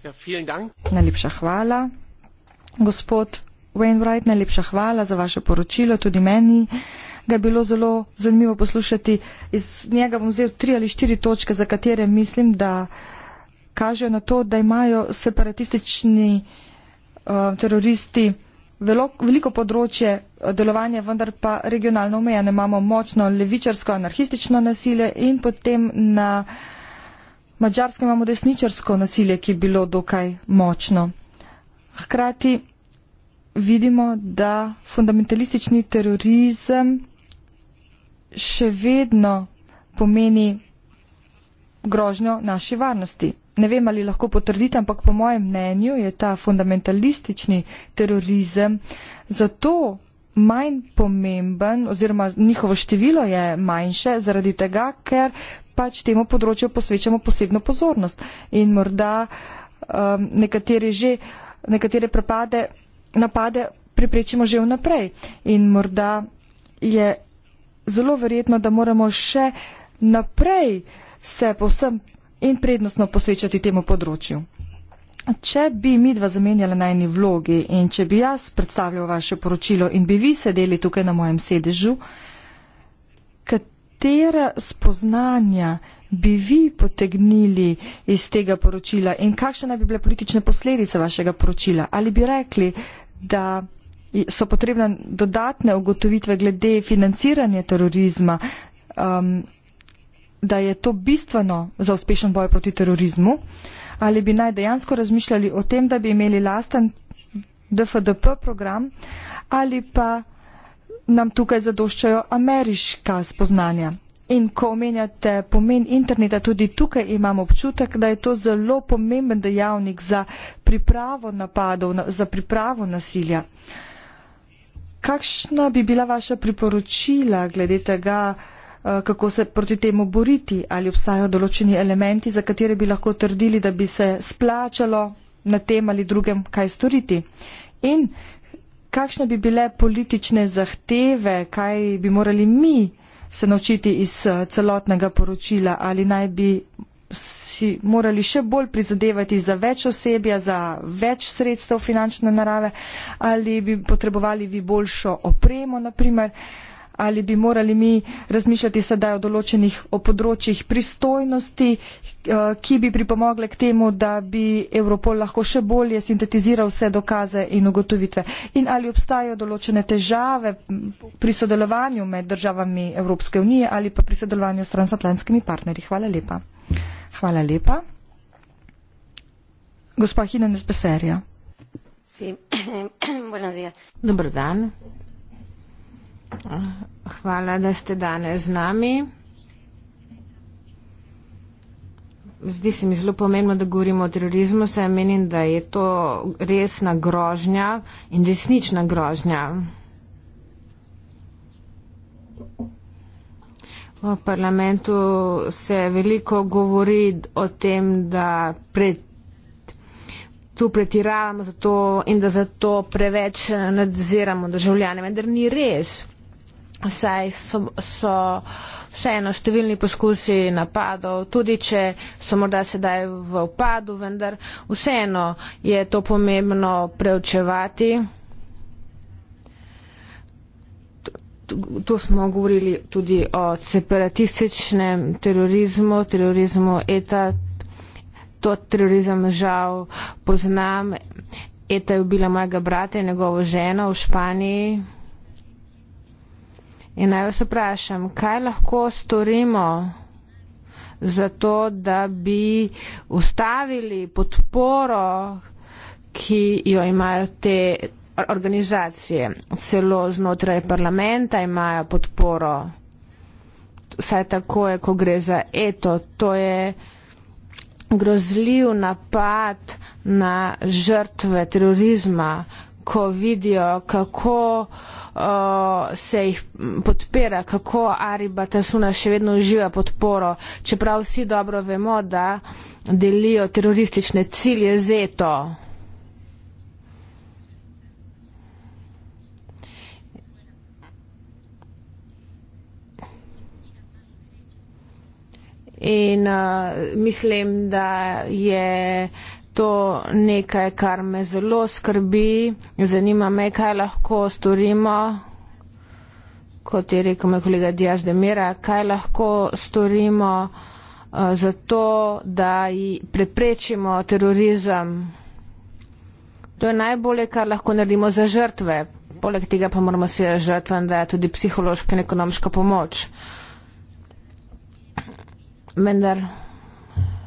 Ja, dank. Najlepša hvala. Gospod Wainwright, najlepša hvala za vaše poročilo. Tudi meni ga je bilo zelo zanimivo poslušati. Iz njega bom vzel tri ali štiri točke, za katere mislim, da kažejo na to, da imajo separatistični uh, teroristi veliko področje eh, delovanja, vendar pa regionalno omejeno. Imamo močno levičarsko anarhistično nasilje in potem na Mačarskem imamo desničarsko nasilje, ki je bilo dokaj močno. Hkrati vidimo, da fundamentalistični terorizem še vedno pomeni grožnjo naši varnosti ne vem, ali lahko potrdite, ampak po mojem mnenju je ta fundamentalistični terorizem zato manj pomemben oziroma njihovo število je manjše zaradi tega, ker pač temu področju posvečamo posebno pozornost in morda um, nekatere že, nekatere prepade, napade preprečimo že vnaprej in morda je zelo verjetno, da moramo še naprej se povsem in prednostno posvečati temu področju. Če bi mi dva zamenjala na eni vlogi in če bi jaz predstavljal vaše poročilo in bi vi sedeli tukaj na mojem sedežu, katera spoznanja bi vi potegnili iz tega poročila in kakšne naj bi bile politične posledice vašega poročila? Ali bi rekli, da so potrebne dodatne ugotovitve glede financiranja terorizma? Um, da je to bistveno za uspešen boj proti terorizmu, ali bi naj dejansko razmišljali o tem, da bi imeli lasten DFDP program, ali pa nam tukaj zadoščajo ameriška spoznanja. In ko omenjate pomen interneta, tudi tukaj imamo občutek, da je to zelo pomemben dejavnik za pripravo napadov, za pripravo nasilja. Kakšna bi bila vaša priporočila glede tega, Eh, kako se proti temu boriti, ali obstajajo določeni elementi, za katere bi lahko trdili, da bi se splačalo na tem ali drugem, kaj storiti. In kakšne bi bile politične zahteve, kaj bi morali mi se naučiti iz eh, celotnega poročila, ali naj bi si morali še bolj prizadevati za več osebja, za več sredstev finančne narave, ali bi potrebovali vi boljšo opremo, naprimer. Uh, ali bi morali mi razmišljati sedaj o določenih o področjih pristojnosti, eh, ki bi pripomogle k temu, da bi Europol lahko še bolje sintetiziral vse dokaze in ugotovitve. In ali obstajajo določene težave pri sodelovanju med državami Evropske unije ali pa pri sodelovanju s transatlantskimi partnerji. Hvala lepa. Hvala lepa. Gospa Hinenes Beserja. Sí. Dobro dan. Hvala, da ste danes z nami. Zdi se mi zelo pomembno, da govorimo o terorizmu, saj menim, da je to resna grožnja in resnična grožnja. V parlamentu se veliko govori o tem, da pred, tu pretiravamo zato in da zato preveč nadziramo državljane, vendar ni res. Saj so, so vseeno številni poskusi napadov, tudi če so morda sedaj v upadu, vendar vseeno je to pomembno preučevati. Tu smo govorili tudi o separatističnem terorizmu, terorizmu ETA. To terorizem žal poznam. ETA je ubila mojega brata in njegovo ženo v Španiji. In naj vas vprašam, kaj lahko storimo za to, da bi ustavili podporo, ki jo imajo te organizacije. Celo znotraj parlamenta imajo podporo, vsaj tako je, ko gre za eto. To je grozljiv napad na žrtve terorizma, ko vidijo, kako uh, se jih podpira, kako Ariba Tasuna še vedno uživa podporo, čeprav vsi dobro vemo, da delijo teroristične cilje z ETO. In uh, mislim, da je uh, to nekaj, kar me zelo skrbi. Zanima me, kaj lahko storimo, kot je rekel moj kolega Dijaz Demira, kaj lahko storimo uh, za to, da preprečimo terorizem. To je najbolje, kar lahko naredimo za žrtve. Poleg tega pa moramo se žrtvam dati tudi psihološko in ekonomsko pomoč. Vendar. Men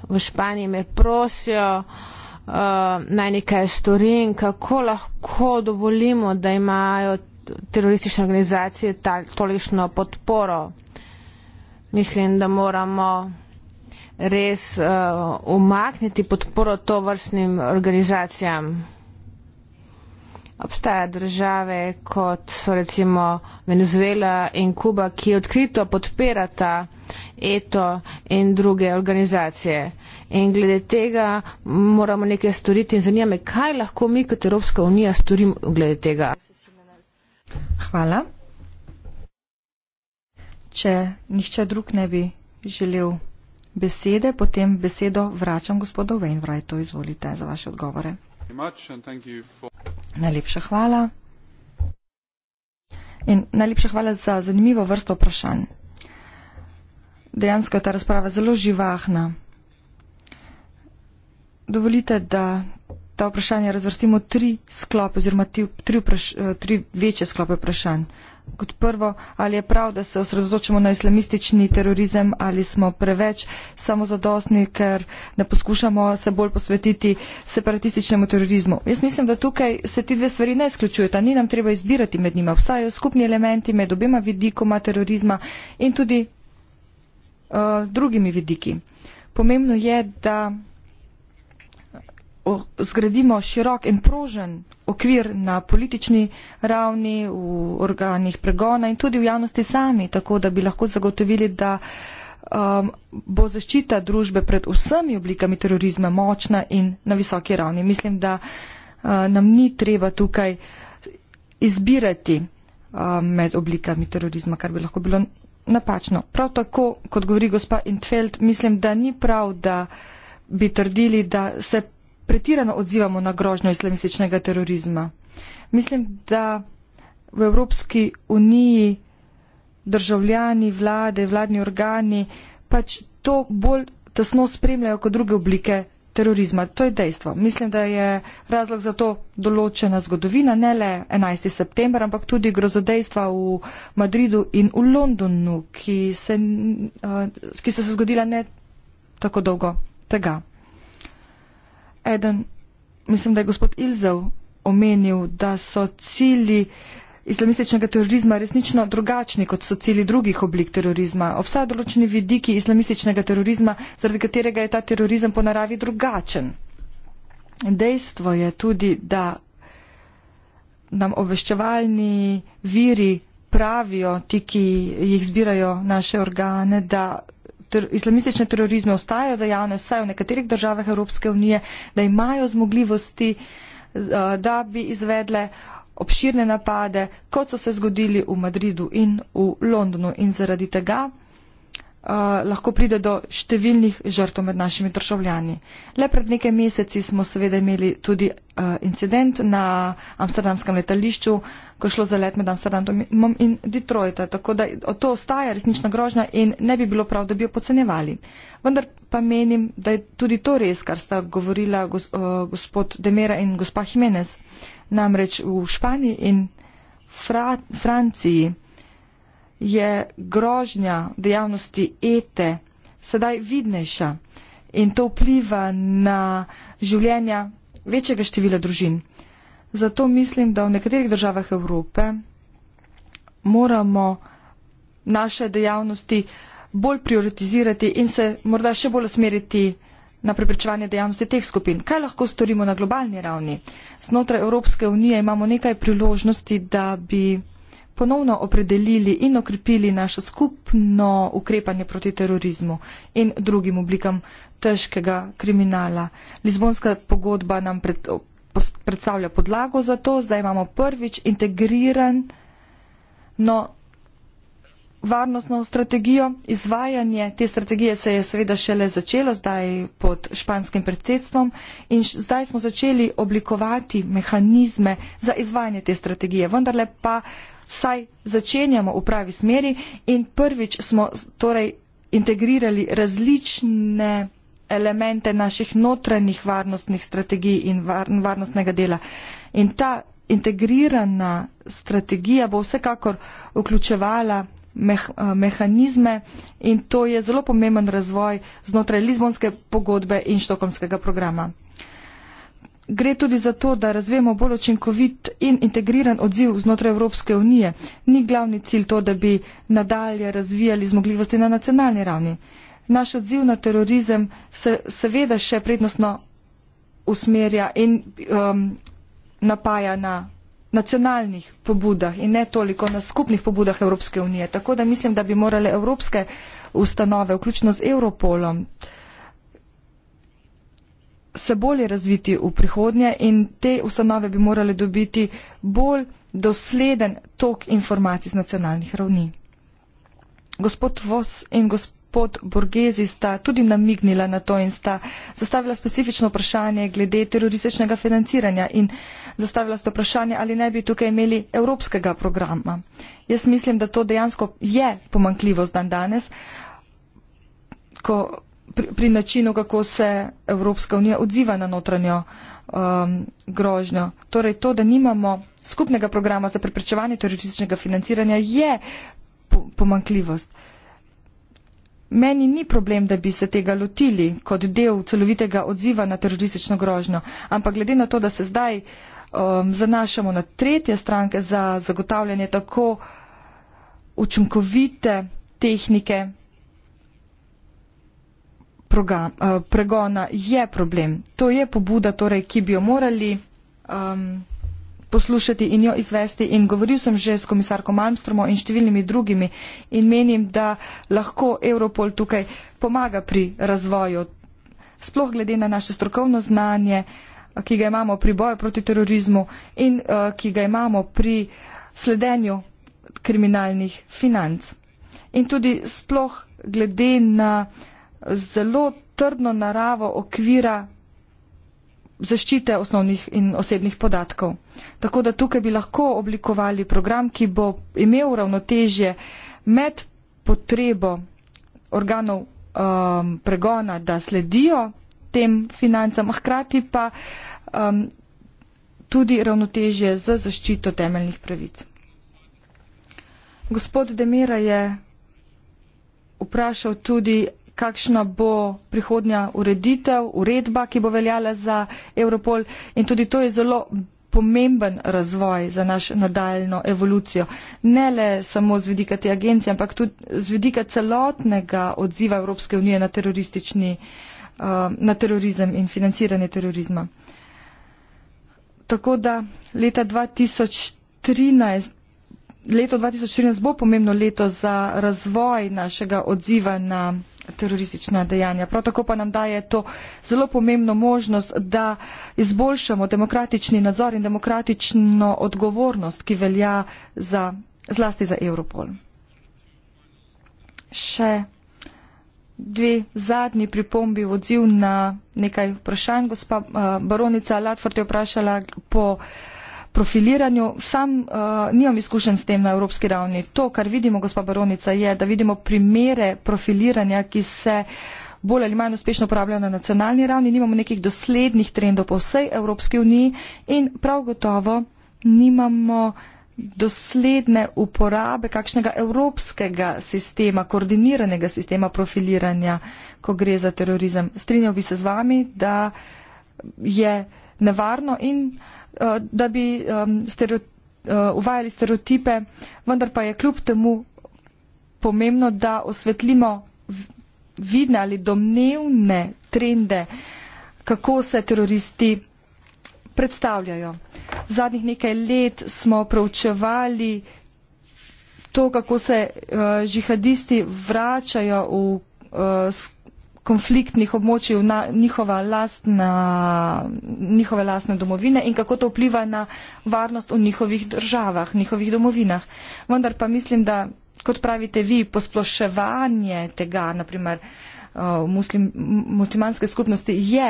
v Španiji me prosijo, uh, naj nekaj storim, kako lahko dovolimo, da imajo teroristične organizacije tolično podporo. Mislim, da moramo res uh, umakniti podporo to vrstnim organizacijam. Obstaja države, kot so recimo Venezuela in Kuba, ki odkrito podpirata eto in druge organizacije. In glede tega moramo nekaj storiti in zanima me, kaj lahko mi kot Evropska unija storimo glede tega. Hvala. Če nihče drug ne bi želel besede, potem besedo vračam gospodu Wainwrightu. Izvolite za vaše odgovore. Najlepša hvala. In najlepša hvala za zanimivo vrsto vprašanj. Dejansko je ta razprava zelo živahna. Dovolite, da ta vprašanja razvrstimo tri sklope oziroma tri, vpraš, eh, tri večje sklope vprašanj. Kot prvo, ali je prav, da se osredotočimo na islamistični terorizem ali smo preveč samozadostni, ker ne poskušamo se bolj posvetiti separatističnemu terorizmu. Jaz mislim, da tukaj se ti dve stvari ne izključujeta, ni nam treba izbirati med njima. Obstajajo skupni elementi med obema vidikoma terorizma in tudi uh, drugimi vidiki. Pomembno je, da zgradimo širok in prožen okvir na politični ravni, v organih pregona in tudi v javnosti sami, tako da bi lahko zagotovili, da um, bo zaščita družbe pred vsemi oblikami terorizma močna in na visoki ravni. Mislim, da uh, nam ni treba tukaj izbirati uh, med oblikami terorizma, kar bi lahko bilo napačno. Prav tako, kot govori gospa Intfeld, mislim, da ni prav, da bi trdili, da se pretirano odzivamo na grožnjo islamističnega terorizma. Mislim, da v Evropski uniji državljani, vlade, vladni organi pač to bolj tesno spremljajo kot druge oblike terorizma. To je dejstvo. Mislim, da je razlog za to določena zgodovina, ne le 11. september, ampak tudi grozodejstva v Madridu in v Londonu, ki, se, uh, ki so se zgodila ne tako dolgo tega. Eden, mislim, da je gospod Ilzev omenil, da so cili. Uh, islamističnega terorizma resnično drugačni, kot so cili drugih oblik terorizma. Obstajajo določeni vidiki islamističnega terorizma, zaradi katerega je ta terorizem po naravi drugačen. Dejstvo je tudi, da nam obveščevalni viri pravijo, ti, ki jih zbirajo naše organe, da ter, islamistične terorizme ostajajo dejavne vsaj v nekaterih državah Evropske unije, da imajo zmogljivosti, eh, da bi izvedle obširne napade, kot so se zgodili v Madridu in v Londonu. In zaradi tega uh, lahko pride do številnih žrtv med našimi državljani. Le pred nekaj meseci smo seveda imeli tudi uh, incident na amsterdamskem letališču, ko je šlo za let med Amsterdamom in Detroita. Tako da to ostaja resnična grožnja in ne bi bilo prav, da bi jo pocenevali. Vendar pa menim, da je tudi to res, kar sta govorila gos, uh, gospod Demera in gospa Jimenez. Uh, Namreč v Španiji in Fra Franciji je grožnja dejavnosti ete sedaj vidnejša in to vpliva na življenja večjega števila družin. Zato mislim, da v nekaterih državah Evrope moramo naše dejavnosti bolj prioritizirati in se morda še bolj usmeriti na preprečevanje dejavnosti teh skupin. Kaj lahko storimo na globalni ravni? Znotraj Evropske unije imamo nekaj priložnosti, da bi ponovno opredelili in okrepili naše skupno ukrepanje proti terorizmu in drugim oblikam težkega kriminala. Lizbonska pogodba nam pred, predstavlja podlago za to, zdaj imamo prvič integriran, no, varnostno strategijo. Izvajanje te strategije se je seveda šele začelo zdaj pod španskim predsedstvom in zdaj smo začeli oblikovati mehanizme za izvajanje te strategije. Vendarle pa vsaj začenjamo v pravi smeri in prvič smo torej integrirali različne elemente naših notranjih varnostnih strategij in varnostnega dela. In ta integrirana strategija bo vsekakor vključevala Eh, mehanizme in to je zelo pomemben razvoj znotraj Lizbonske pogodbe in štokomskega programa. Gre tudi za to, da razvijemo bolj očinkovit in integriran odziv znotraj Evropske unije. Ni glavni cilj to, da bi nadalje razvijali zmogljivosti na nacionalni ravni. Naš odziv na terorizem se seveda še prednostno usmerja in um, napaja na nacionalnih pobudah in ne toliko na skupnih pobudah Evropske unije. Tako da mislim, da bi morale evropske ustanove, vključno z Europolom, se bolje razviti v prihodnje in te ustanove bi morale dobiti bolj dosleden tok informacij z nacionalnih ravni. Gospod Vos in gospod pod Borgezi sta tudi namignila na to in sta zastavila specifično vprašanje glede terorističnega financiranja in zastavila sta vprašanje, ali ne bi tukaj imeli evropskega programa. Jaz mislim, da to dejansko je pomankljivost dan danes, ko pri, pri načinu, kako se Evropska unija odziva na notranjo um, grožnjo. Torej to, da nimamo skupnega programa za preprečevanje terorističnega financiranja, je pomankljivost. Po Meni ni problem, da bi se tega lotili kot del celovitega odziva na teroristično grožnjo, ampak glede na to, da se zdaj um, zanašamo na tretje stranke za zagotavljanje tako učinkovite tehnike program, uh, pregona, je problem. To je pobuda, torej, ki bi jo morali. Um, poslušati in jo izvesti. In govoril sem že s komisarko Malmstromo in številnimi drugimi in menim, da lahko Europol tukaj pomaga pri razvoju, sploh glede na naše strokovno znanje, ki ga imamo pri boju proti terorizmu in uh, ki ga imamo pri sledenju kriminalnih financ. In tudi sploh glede na zelo trdno naravo okvira zaščite osnovnih in osebnih podatkov. Tako da tukaj bi lahko oblikovali program, ki bo imel ravnotežje med potrebo organov um, pregona, da sledijo tem financam, a hkrati pa um, tudi ravnotežje z zaščito temeljnih pravic. Gospod Demira je vprašal tudi, kakšna bo prihodnja ureditev, uredba, ki bo veljala za Europol in tudi to je zelo pomemben razvoj za naš nadaljno evolucijo. Ne le samo z vidika te agencije, ampak tudi z vidika celotnega odziva Evropske unije na, teroristični, uh, na terorizem in financiranje terorizma. Tako da leta 2013, leto 2014 bo pomembno leto za razvoj našega odziva na teroristična dejanja. Prav tako pa nam daje to zelo pomembno možnost, da izboljšamo demokratični nadzor in demokratično odgovornost, ki velja za, zlasti za Europol. Še dve zadnji pripombi v odziv na nekaj vprašanj. Gospa eh, baronica Latford je vprašala po uh, profiliranju. Sam uh, nimam izkušen s tem na evropski ravni. To, kar vidimo, gospa Baronica, je, da vidimo primere profiliranja, ki se bolj ali manj uspešno uporabljajo na nacionalni ravni, nimamo nekih doslednih trendov po vsej Evropski uniji in prav gotovo nimamo dosledne uporabe kakšnega evropskega sistema, koordiniranega sistema profiliranja, ko gre za terorizem. Strinjal bi se z vami, da je nevarno in uh, Eh, da bi um, stereo, uh, uvajali stereotipe, vendar pa je kljub temu pomembno, da osvetlimo vidne ali domnevne trende, kako se teroristi predstavljajo. Zadnjih nekaj let smo proučevali to, kako se uh, žihadisti vračajo v uh, konfliktnih območij v njihova lastna, njihove lastne domovine in kako to vpliva na varnost v njihovih državah, njihovih domovinah. Vendar pa mislim, da kot pravite vi, posploševanje tega, naprimer, uh, muslim, muslimanske skupnosti je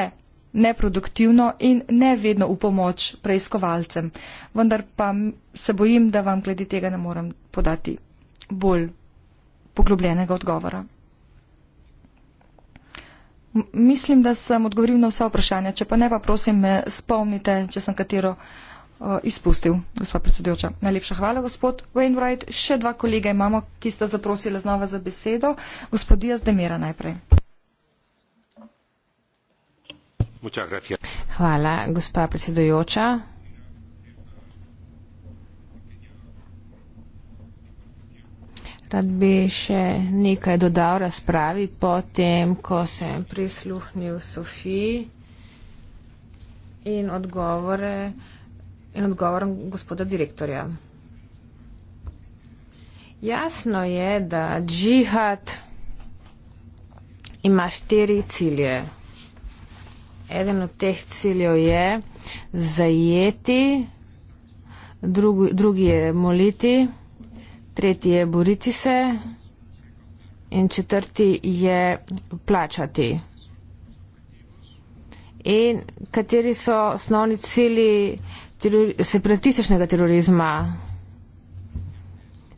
neproduktivno in ne vedno v pomoč preiskovalcem. Vendar pa se bojim, da vam glede tega ne morem podati bolj poglobljenega odgovora. Mislim, da sem odgovoril na vse vprašanja. Če pa ne, pa prosim me spomnite, če sem katero uh, izpustil, gospod predsedujoča. Najlepša hvala, gospod Wainwright. Še dva kolega imamo, ki sta zaprosila znova za besedo. Gospod Dias Demira najprej. Hvala, gospa predsedujoča. Rad bi še nekaj dodal razpravi po tem, ko sem prisluhnil Sofiji in, odgovore, in odgovorom gospoda direktorja. Jasno je, da džihad ima štiri cilje. Eden od teh ciljev je zajeti, drugi, drugi je moliti tretji je boriti se in četrti je plačati. In kateri so osnovni cilji teror separatističnega terorizma?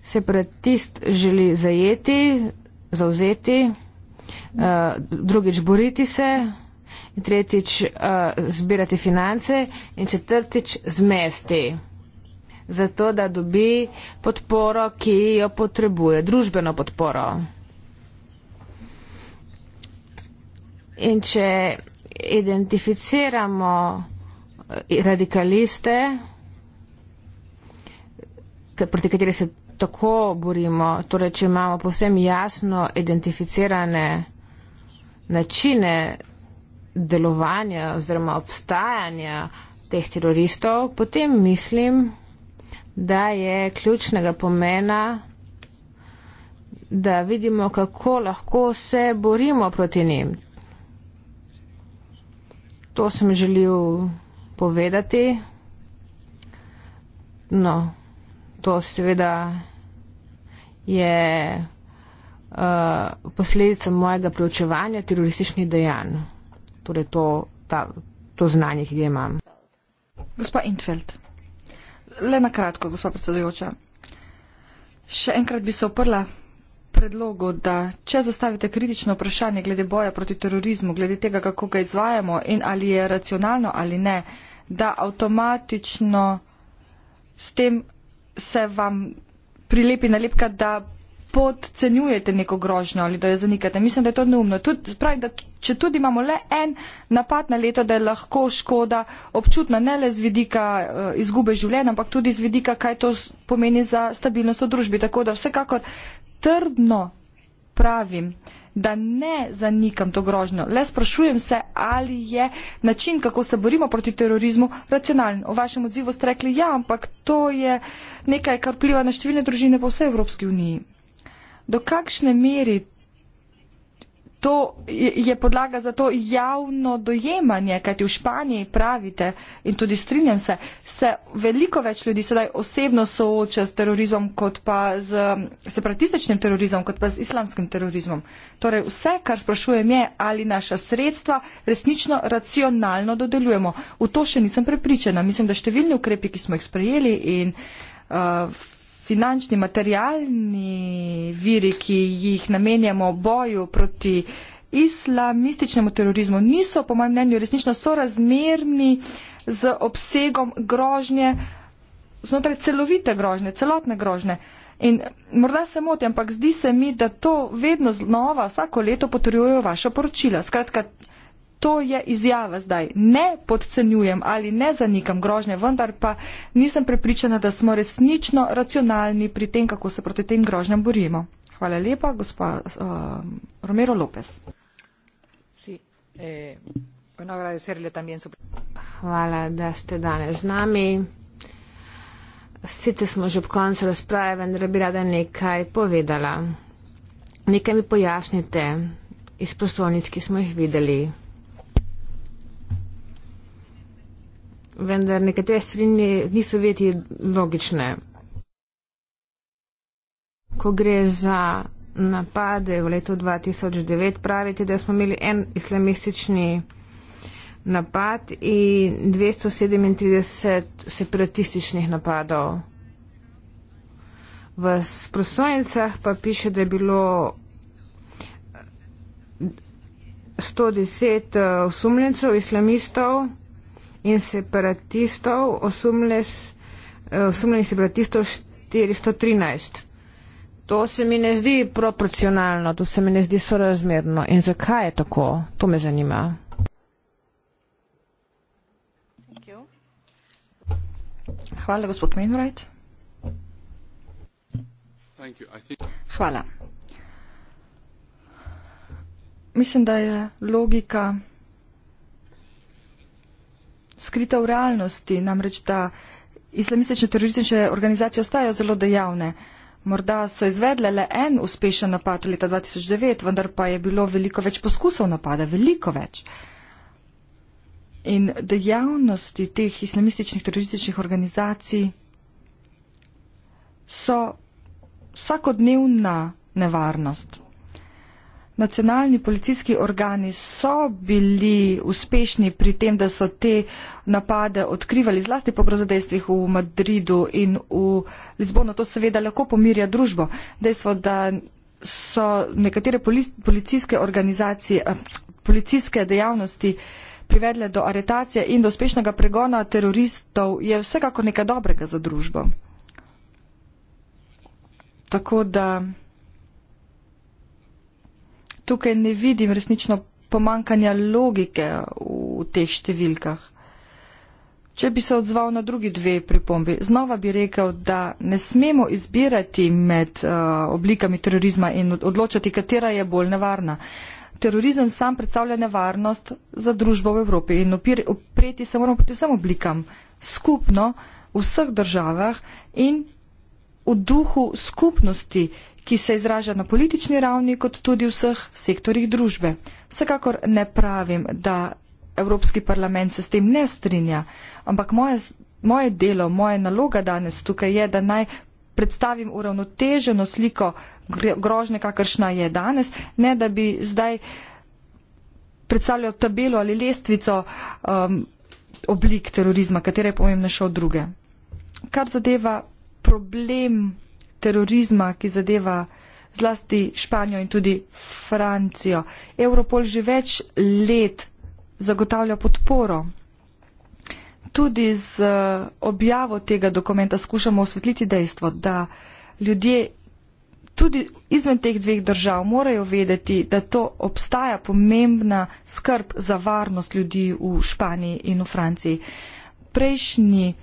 Separatist želi zajeti, zauzeti, eh, drugič boriti se, tretjič eh, zbirati finance in četrtič zmesti zato da dobi podporo, ki jo potrebuje, družbeno podporo. In če identificiramo eh, radikaliste, proti kateri se tako borimo, torej če imamo povsem jasno identificirane načine delovanja oziroma obstajanja teh teroristov, potem mislim, da je ključnega pomena, da vidimo, kako lahko se borimo proti njim. To sem želil povedati. No, to seveda je uh, posledica mojega preučevanja terorističnih dejanj. Torej to, ta, to znanje, ki ga imam. Gospa Infeld le na kratko, gospod predsedujoča. Še enkrat bi se oprla predlogu, da če zastavite kritično vprašanje glede boja proti terorizmu, glede tega, kako ga izvajamo in ali je racionalno ali ne, da avtomatično s tem se vam prilepi nalepka, da podcenjujete neko grožnjo ali da jo zanikate. Mislim, da je to neumno. Tud, pravi, da če tudi imamo le en napad na leto, da je lahko škoda občutna ne le z vidika uh, izgube življenja, ampak tudi z vidika, kaj to pomeni za stabilnost v družbi. Tako da vsekakor trdno pravim, da ne zanikam to grožnjo. Le sprašujem se, ali je način, kako se borimo proti terorizmu, racionalen. O vašem odzivu ste rekli, ja, ampak to je nekaj, kar pliva na številne družine po vsej Evropski uniji do kakšne meri to je podlaga za to javno dojemanje, kajti v Španiji pravite in tudi strinjam se, se veliko več ljudi sedaj osebno sooča s terorizmom kot pa z separatističnim terorizmom, kot pa z islamskim terorizmom. Torej vse, kar sprašujem je, ali naša sredstva resnično racionalno dodeljujemo. V to še nisem prepričana. Mislim, da številni ukrepi, ki smo jih sprejeli in uh, finančni, materialni viri, ki jih namenjamo boju proti islamističnemu terorizmu, niso po mojem mnenju resnično sorazmerni z obsegom grožnje, znotraj celovite grožnje, celotne grožnje. In morda se motim, ampak zdi se mi, da to vedno znova, vsako leto potrjujejo vaša poročila. Skratka, to je izjava zdaj. Ne podcenjujem ali ne zanikam grožnje, vendar pa nisem prepričana, da smo resnično racionalni pri tem, kako se proti tem grožnjam borimo. Hvala lepa, gospa uh, Romero Lopez. Si, eh, su... Hvala, da ste danes z nami. Sice smo že ob koncu razprave, vendar bi rada nekaj povedala. Nekaj mi pojasnite iz poslovnic, ki smo jih videli. vendar nekatere stvari niso veti logične. Ko gre za napade v letu 2009, pravite, da smo imeli en islamistični napad in 237 separatističnih napadov. V prosojnicah pa piše, da je bilo 110 eh, osumljencev, islamistov, in separatistov, eh, osumljenih separatistov 413. To se mi ne zdi proporcionalno, to se mi ne zdi sorazmerno. In zakaj je tako? To me zanima. Hvala, gospod Mainwright. Hvala. Mislim, da je logika skrita v realnosti, namreč da islamistične teroristične organizacije ostajajo zelo dejavne. Morda so izvedle le en uspešen napad leta 2009, vendar pa je bilo veliko več poskusov napada, veliko več. In dejavnosti teh islamističnih terorističnih organizacij so vsakodnevna nevarnost nacionalni policijski organi so bili uspešni pri tem, da so te napade odkrivali zlasti po grozodejstvih v Madridu in v Lizbonu. To seveda lahko pomirja družbo. Dejstvo, da so nekatere policijske organizacije, eh, policijske dejavnosti privedle do aretacije in do uspešnega pregona teroristov, je vsekakor nekaj dobrega za družbo. Tako da tukaj ne vidim resnično pomankanja logike v teh številkah. Če bi se odzval na drugi dve pripombi, znova bi rekel, da ne smemo izbirati med uh, oblikami terorizma in odločati, katera je bolj nevarna. Terorizem sam predstavlja nevarnost za družbo v Evropi in opreti se moramo proti vsem oblikam skupno v vseh državah in v duhu skupnosti uh, ki se izraža na politični ravni kot tudi v vseh sektorjih družbe. Vsekakor ne pravim, da Evropski parlament se s tem ne strinja, ampak moje, moje delo, moja naloga danes tukaj je, da naj predstavim uravnoteženo sliko grožne, kakršna je danes, ne da bi zdaj predstavljal tabelo ali lestvico um, oblik terorizma, katere je pomembnejša od druge. Kar zadeva problem terorizma, ki zadeva zlasti Španijo in tudi Francijo. Europol že več let zagotavlja podporo. Tudi z eh, objavo tega dokumenta skušamo osvetliti dejstvo, da ljudje tudi izven teh dveh držav morajo vedeti, da to obstaja pomembna skrb za varnost ljudi v Španiji in v Franciji. Prejšnji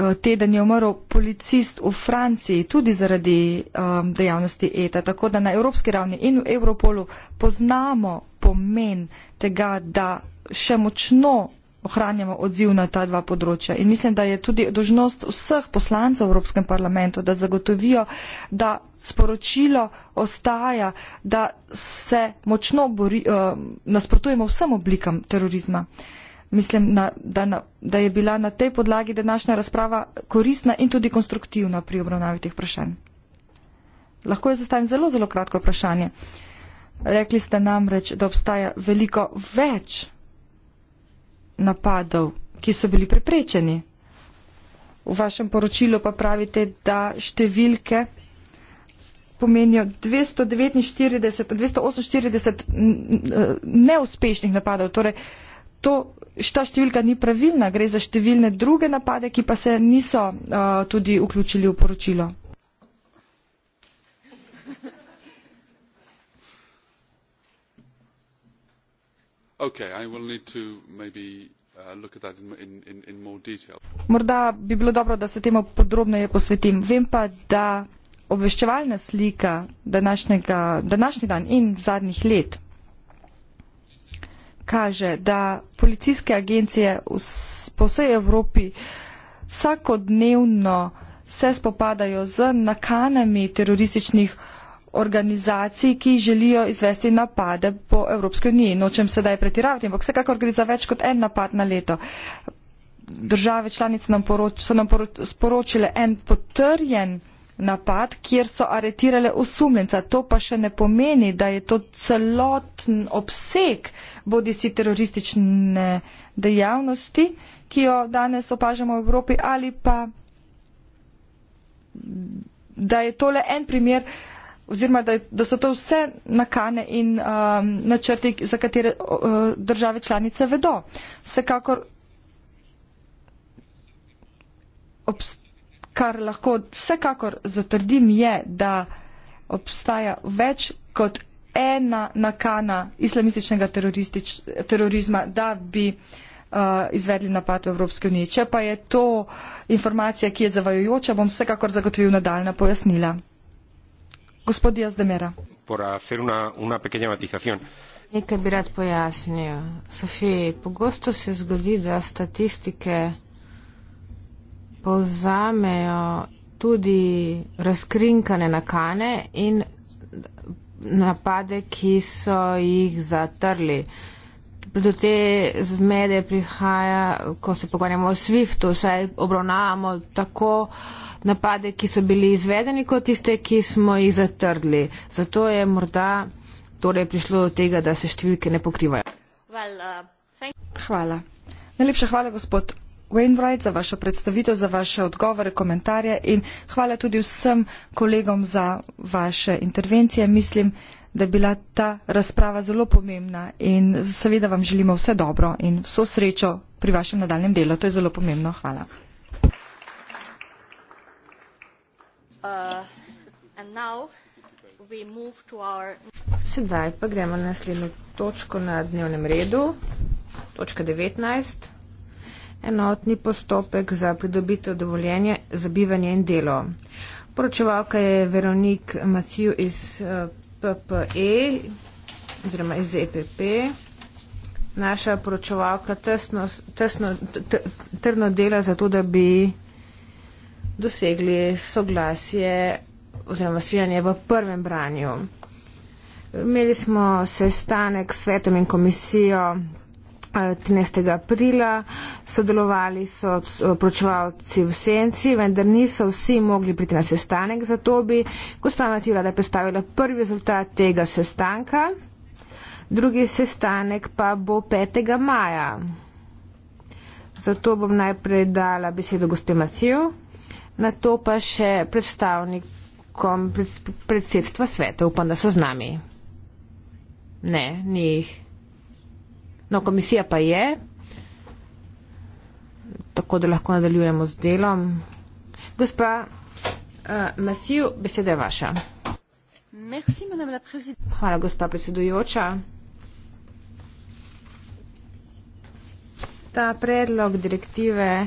Eh, teden je umrl policist v Franciji tudi zaradi um, dejavnosti ETA. Tako da na evropski ravni in v Evropolu poznamo pomen tega, da še močno ohranjamo odziv na ta dva področja. In mislim, da je tudi dožnost vseh poslancev v Evropskem parlamentu, da zagotovijo, da sporočilo ostaja, da se močno bori, uh, nasprotujemo vsem oblikam terorizma. Uh, mislim, na, da, na, da je bila na tej podlagi današnja razprava koristna in tudi konstruktivna pri obravnavi teh vprašanj. Lahko je zastavim zelo, zelo kratko vprašanje. Rekli ste namreč, da obstaja veliko več napadov, ki so bili preprečeni. V vašem poročilu pa pravite, da številke pomenijo 249, 248 neuspešnih napadov, torej to, ta številka ni pravilna, gre za številne druge napade, ki pa se niso uh, tudi vključili v poročilo. Okay, uh, in, in, in Morda bi bilo dobro, da se temu podrobneje posvetim. Vem pa, da obveščevalna slika današnjega, današnji dan in zadnjih let kaže, da policijske agencije po vsej Evropi vsakodnevno se spopadajo z nakanami terorističnih organizacij, ki želijo izvesti napade po Evropske unije. Nočem sedaj pretiravati, ampak vsekakor gre za več kot en napad na leto. Države članice nam poroč, so nam poroč, sporočile en potrjen napad, kjer so aretirale osumljenca. To pa še ne pomeni, da je to celoten obseg bodi si teroristične dejavnosti, ki jo danes opažamo v Evropi, ali pa da je tole en primer oziroma da, da so to vse nakane in um, načrti, za katere uh, države članice vedo. Vsekakor obst kar lahko vsekakor zatrdim, je, da obstaja več kot ena nakana islamističnega terorizma, da bi uh, izvedli napad v Evropski uniji. Če pa je to informacija, ki je zavajojoča, bom vsekakor zagotovil nadaljna pojasnila. Gospod Jazdemera. Por hacer una, una pequeña matización. Nekaj bi rad pojasnil. Sofiji, pogosto se zgodi, da statistike povzamejo tudi razkrinkane nakane in napade, ki so jih zatrli. Do te zmede prihaja, ko se pogovarjamo o SWIFT-u, saj obravnavamo tako napade, ki so bili izvedeni, kot tiste, ki smo jih zatrdli. Zato je morda torej prišlo do tega, da se številke ne pokrivajo. Well, uh, hvala. Najlepša hvala, gospod Wainwright za vašo predstavitev, za vaše odgovore, komentarje in hvala tudi vsem kolegom za vaše intervencije. Mislim, da je bila ta razprava zelo pomembna in seveda vam želimo vse dobro in vso srečo pri vašem nadaljem delu. To je zelo pomembno. Hvala. Uh, Sedaj pa gremo na naslednjo točko na dnevnem redu, točka 19 enotni postopek za pridobitev dovoljenja za bivanje in delo. Poročevalka je Veronik Maciju iz eh, PPE oziroma iz EPP. Naša poročevalka tesno, tesno, trdno dela za to, da bi dosegli soglasje oziroma svinjanje v prvem branju. Imeli smo sestanek s svetom in komisijo 13. aprila. Sodelovali so eh, pročevalci v senci, vendar niso vsi mogli priti na sestanek, zato bi gospa Matilda predstavila prvi rezultat tega sestanka. Drugi sestanek pa bo 5. maja. Zato bom najprej dala besedo gospe Matiju, na to pa še predstavnikom predsedstva sveta. Upam, da so z nami. Ne, ni jih. No, komisija pa je, tako da lahko nadaljujemo z delom. Gospa uh, eh, Masiv, beseda je vaša. Merci, Hvala, gospa predsedujoča. Ta predlog direktive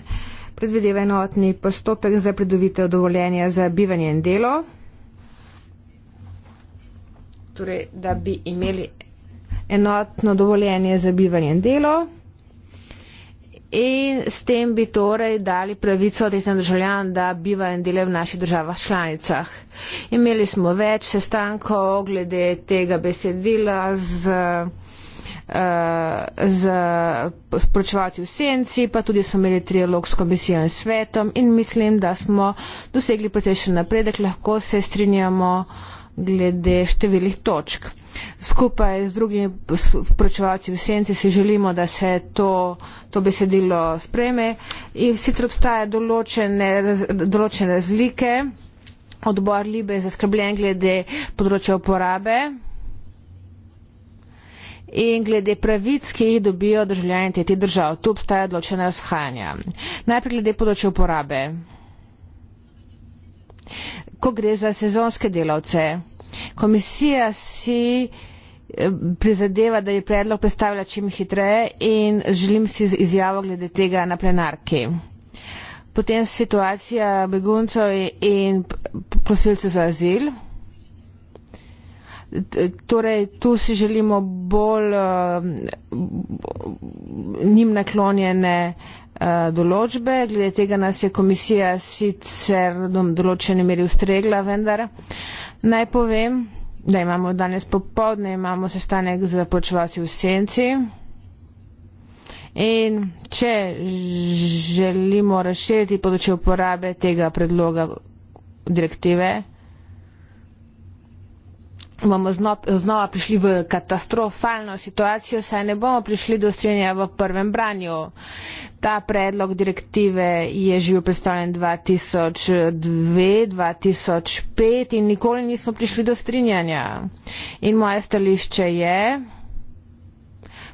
predvideva enotni postopek za pridobitev dovoljenja za bivanje in delo. Torej, da bi imeli enotno dovoljenje za bivanje in delo. In s tem bi torej dali pravico tistem državljanom, da bivajo in delajo v naših državah članicah. Imeli smo več sestankov glede tega besedila z, eh, z, z pročevalci v senci, pa tudi smo imeli trialog s komisijo in svetom in mislim, da smo dosegli precejšen napredek, lahko se strinjamo glede številih točk. Skupaj z drugimi poročevalci v senci si želimo, da se to, to besedilo spreme in sicer obstajajo določene, raz, določene razlike. Odbor Libe je zaskrbljen glede področja uporabe in glede pravic, ki jih dobijo državljani tretjih držav. Tu obstajajo določene razhajanja. Najprej glede področja uporabe ko gre za sezonske delavce. Komisija si eh, prizadeva, da je predlog predstavila čim hitreje in želim si izjavo glede tega na plenarki. Potem situacija beguncov in prosilcev za azil torej tu si želimo bolj uh, njim naklonjene eh, določbe, glede tega nas je komisija sicer v določeni meri ustregla, vendar naj povem, da imamo danes popovdne, imamo sestanek z počevalci v senci in če želimo razširiti področje uporabe tega predloga direktive, bomo znova prišli v katastrofalno situacijo, saj ne bomo prišli do strenja v prvem branju. Ta predlog direktive je živ predstavljen 2002-2005 in nikoli nismo prišli do strinjanja. In moje stališče je,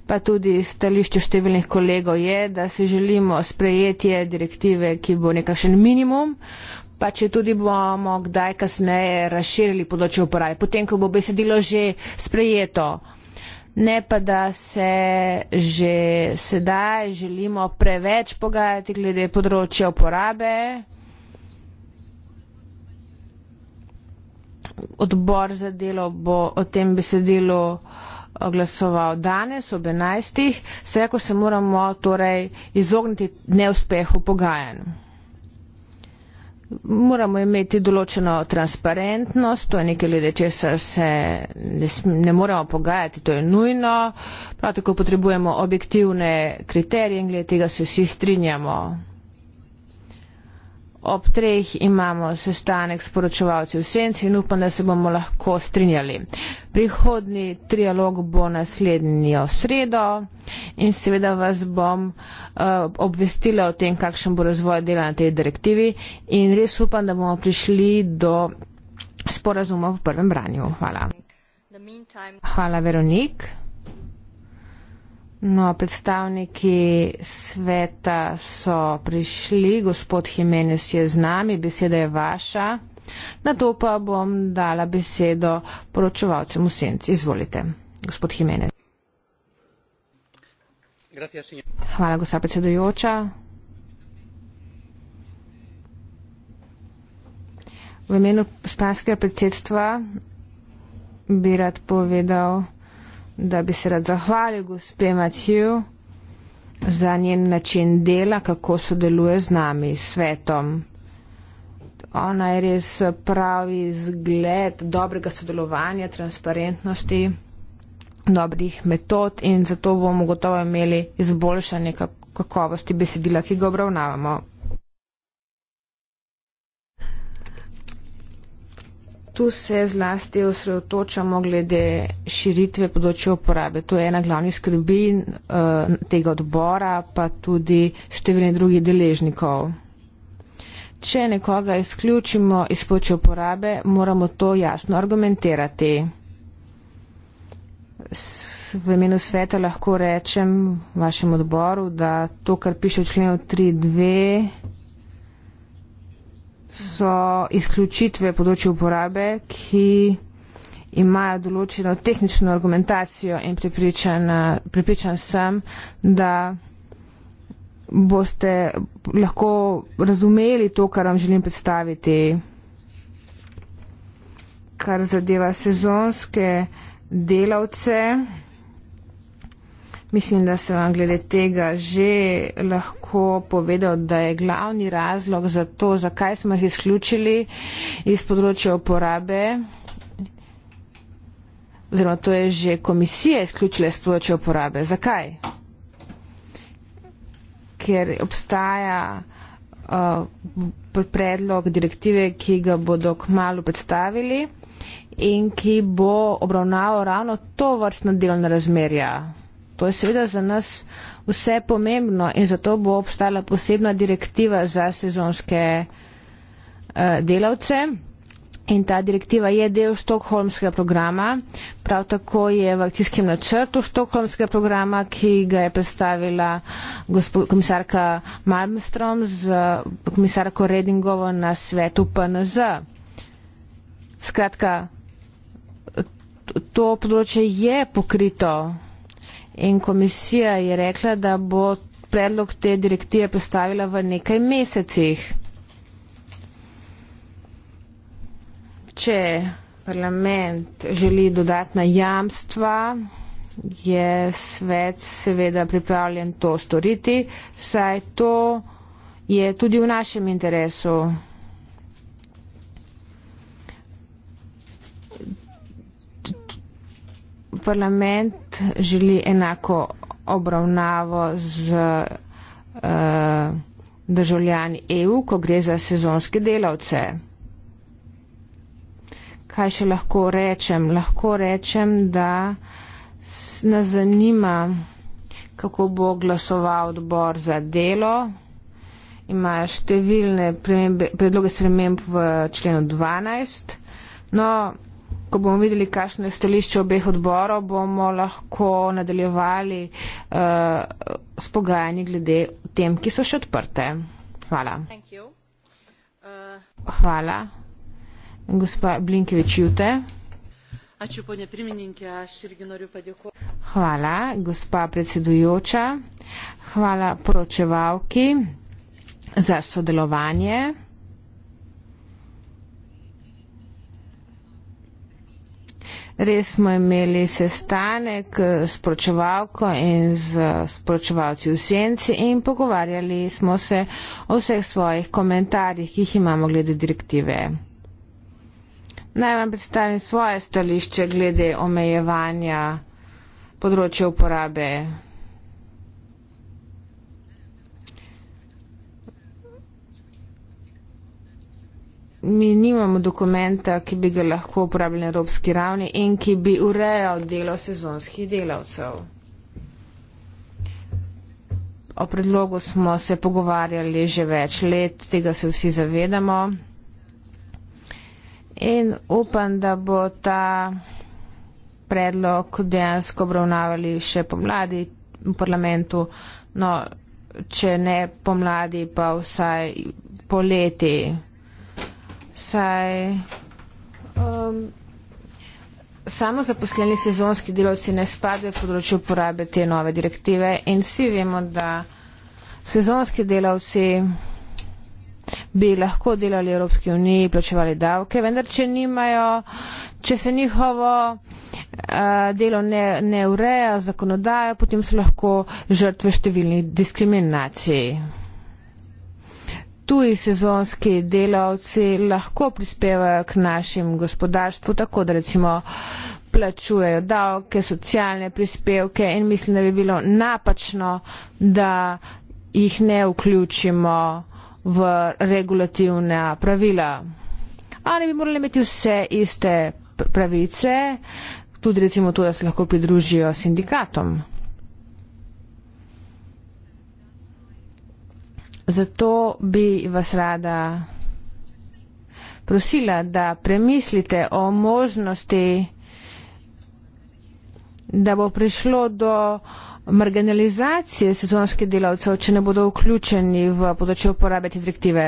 pa tudi stališče številnih kolegov je, da si želimo sprejetje direktive, ki bo nekakšen minimum, pa če tudi bomo kdaj kasneje razširili področje uporabe, potem, ko bo besedilo že sprejeto. Ne pa, da se že sedaj želimo preveč pogajati glede področja uporabe. Odbor za delo bo o tem besedilu glasoval danes ob 11. Sveko se moramo torej izogniti neuspehu pogajanj. Moramo imeti določeno transparentnost, to je nekaj ljudi, če se ne, ne moramo pogajati, to je nujno. Prav tako potrebujemo objektivne kriterije in glede tega se vsi strinjamo ob treh imamo sestanek s poročevalci v senci in upam, da se bomo lahko strinjali. Prihodni trialog bo naslednjo sredo in seveda vas bom uh, obvestila o tem, kakšen bo razvoj dela na tej direktivi in res upam, da bomo prišli do sporazuma v prvem branju. Hvala. Hvala, Veronik. No, predstavniki sveta so prišli, gospod Jimenez je z nami, beseda je vaša. Na to pa bom dala besedo poročevalcem v senci. Izvolite, gospod Jimenez. Hvala, gospa predsedujoča. V imenu španskega predsedstva bi rad povedal, da bi se rad zahvalil gospe Matiju za njen način dela, kako sodeluje z nami, s svetom. Ona je res pravi zgled dobrega sodelovanja, transparentnosti, dobrih metod in zato bomo gotovo imeli izboljšanje kakovosti besedila, ki ga obravnavamo. tu se zlasti osredotočamo glede širitve področja uporabe. To je ena glavnih skrbi eh, tega odbora, pa tudi številnih drugih deležnikov. Če nekoga izključimo iz področja uporabe, moramo to jasno argumentirati. V imenu sveta lahko rečem vašem odboru, da to, kar piše v členu so izključitve področja uporabe, ki imajo določeno tehnično argumentacijo in pripričan, pripričan sem, da boste lahko razumeli to, kar vam želim predstaviti, kar zadeva sezonske delavce. Mislim, da sem vam glede tega že lahko povedal, da je glavni razlog za to, zakaj smo jih izključili iz področja uporabe, oziroma to je že komisija izključila iz področja uporabe. Zakaj? Ker obstaja uh, predlog direktive, ki ga bodo k malu predstavili in ki bo obravnaval ravno to vrstno delovno razmerje. To je seveda za nas vse pomembno in zato bo obstala posebna direktiva za sezonske uh, delavce. In ta direktiva je del Štokholmskega programa, prav tako je v akcijskem načrtu Štokholmskega programa, ki ga je predstavila komisarka Malmström z komisarko Redingovo na svetu PNZ. Skratka, to področje je pokrito in komisija je rekla, da bo predlog te direktive postavila v nekaj mesecih. Če parlament želi dodatna jamstva, je svet seveda pripravljen to storiti, saj to je tudi v našem interesu. parlament želi enako obravnavo z uh, državljani EU, ko gre za sezonske delavce. Kaj še lahko rečem? Lahko rečem, da nas zanima, kako bo glasoval odbor za delo. Imajo številne predloge sprememb v členu 12. No, Ko bomo videli, kakšno je stališče obeh odborov, bomo lahko nadaljevali uh, s pogajanji glede tem, ki so še odprte. Hvala. Uh, Hvala. Gospa Blinkevič, jute. Ačiū, ponė pirmininkė, aš irgi noriu padėkoti. Hvala, gospa predsedujoča. Hvala poročevalki za sodelovanje. Res smo imeli sestanek eh, s pročevalko in z eh, pročevalci v senci in pogovarjali smo se o vseh svojih komentarjih, ki jih imamo glede direktive. Naj vam predstavim svoje stališče glede omejevanja področja uporabe mi nimamo dokumenta, ki bi ga lahko uporabljali na evropski ravni in ki bi urejal delo sezonskih delavcev. O predlogu smo se pogovarjali že več let, tega se vsi zavedamo. In upam, da bo ta predlog dejansko obravnavali še pomladi v parlamentu. No, če ne pomladi, pa vsaj poleti saj um, samo zaposleni sezonski delovci ne spadajo v področju uporabe te nove direktive in vsi vemo, da sezonski delovci bi lahko delali v Evropski uniji, plačevali davke, vendar če, nimajo, če se njihovo uh, delo ne, ne ureja zakonodajo, potem so lahko žrtve številnih diskriminacij tuji sezonski delavci lahko prispevajo k našim gospodarstvu, tako da recimo plačujejo davke, socialne prispevke in mislim, da bi bilo napačno, da jih ne vključimo v regulativna pravila. Oni bi morali imeti vse iste pravice, tudi recimo to, da se lahko pridružijo sindikatom. Zato bi vas rada prosila, da premislite o možnosti, da bo prišlo do marginalizacije sezonskih delavcev, če ne bodo vključeni v področje uporabe te direktive.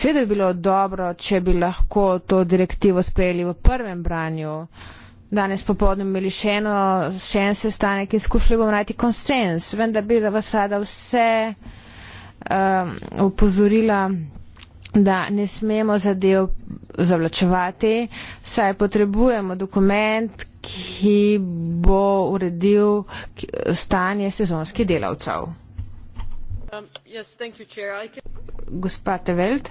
Sveda bi bilo dobro, če bi lahko to direktivo sprejeli v prvem branju. Danes popoldne imeli še, eno, še en sestanek in skušali bomo najti konsens, vendar bi vas rada vse. Um, opozorila, da ne smemo zadev zavlačevati, saj potrebujemo dokument, ki bo uredil stanje sezonskih delavcev. Um, yes, you, Chair, can... Gospa Tevelt,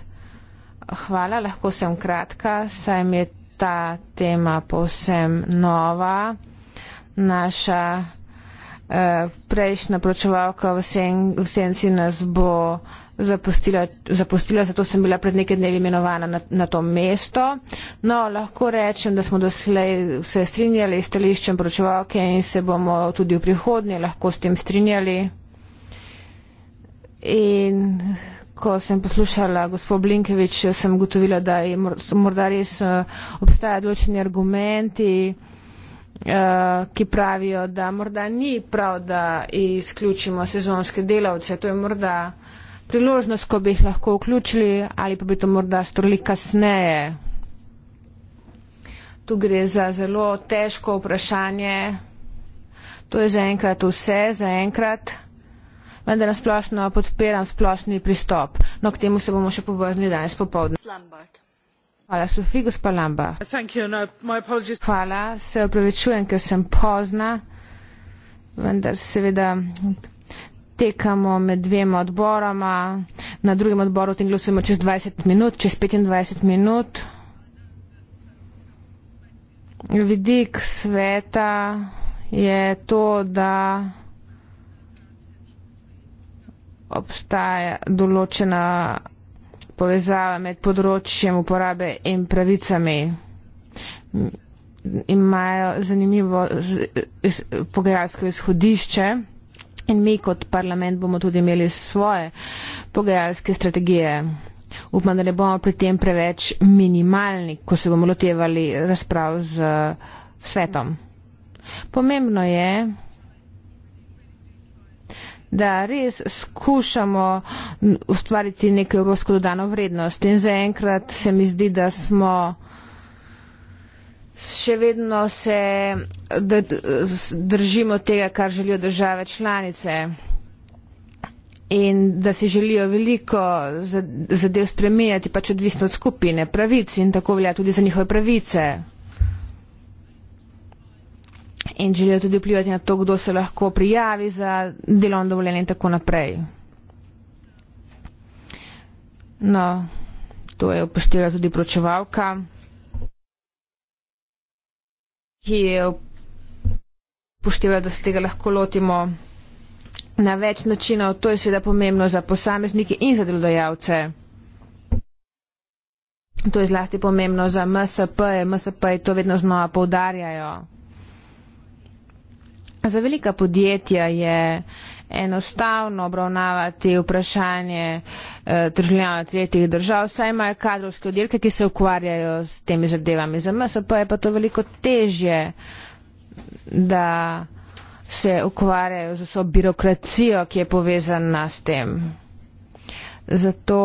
hvala, lahko sem kratka, saj mi je ta tema povsem nova. Naša Eh, prejšnja pročevalka v, sen, v senci nas bo zapustila, zapustila, zato sem bila pred nekaj dnevi imenovana na, na to mesto. No, lahko rečem, da smo doslej se strinjali s stališčem pročevalke in se bomo tudi v prihodnje lahko s tem strinjali. In ko sem poslušala gospod Blinkevič, sem gotovila, da morda res eh, obstajajo določeni argumenti uh, ki pravijo, da morda ni prav, da izključimo sezonske delavce. To je morda priložnost, ko bi jih lahko vključili ali pa bi to morda storili kasneje. Tu gre za zelo težko vprašanje. To je zaenkrat vse, zaenkrat. Vendar nasplošno podpiram splošni pristop. No, k temu se bomo še povrnili danes popovdne. Slambart. No, Hvala, se opravičujem, ker sem pozna, vendar seveda tekamo med dvema odboroma. Na drugem odboru tem glasujemo čez 20 minut, čez 25 minut. Vidik sveta je to, da obstaja določena povezave med področjem uporabe in pravicami. Imajo zanimivo pogajalsko izhodišče in mi kot parlament bomo tudi imeli svoje pogajalske strategije. Upam, da ne bomo pri tem preveč minimalni, ko se bomo lotevali razprav z svetom. Pomembno je, da res skušamo ustvariti neko evropsko dodano vrednost. In zaenkrat se mi zdi, da smo še vedno se držimo tega, kar želijo države članice in da si želijo veliko zadev spremenjati, pač odvisno od skupine pravic in tako velja tudi za njihove pravice in želijo tudi vplivati na to, kdo se lahko prijavi za delovno dovoljenje in tako naprej. No, to je upoštevala tudi pročevalka, ki je upoštevala, da se tega lahko lotimo na več načinov. To je seveda pomembno za posameznike in za delodajalce. To je zlasti pomembno za MSP, MSP je to vedno znova poudarjajo. Za velika podjetja je enostavno obravnavati vprašanje eh, državljanov tretjih držav, saj imajo kadrovske oddelke, ki se ukvarjajo s temi zadevami. Za MSP je pa to veliko težje, da se ukvarjajo z vso birokracijo, ki je povezana s tem. Zato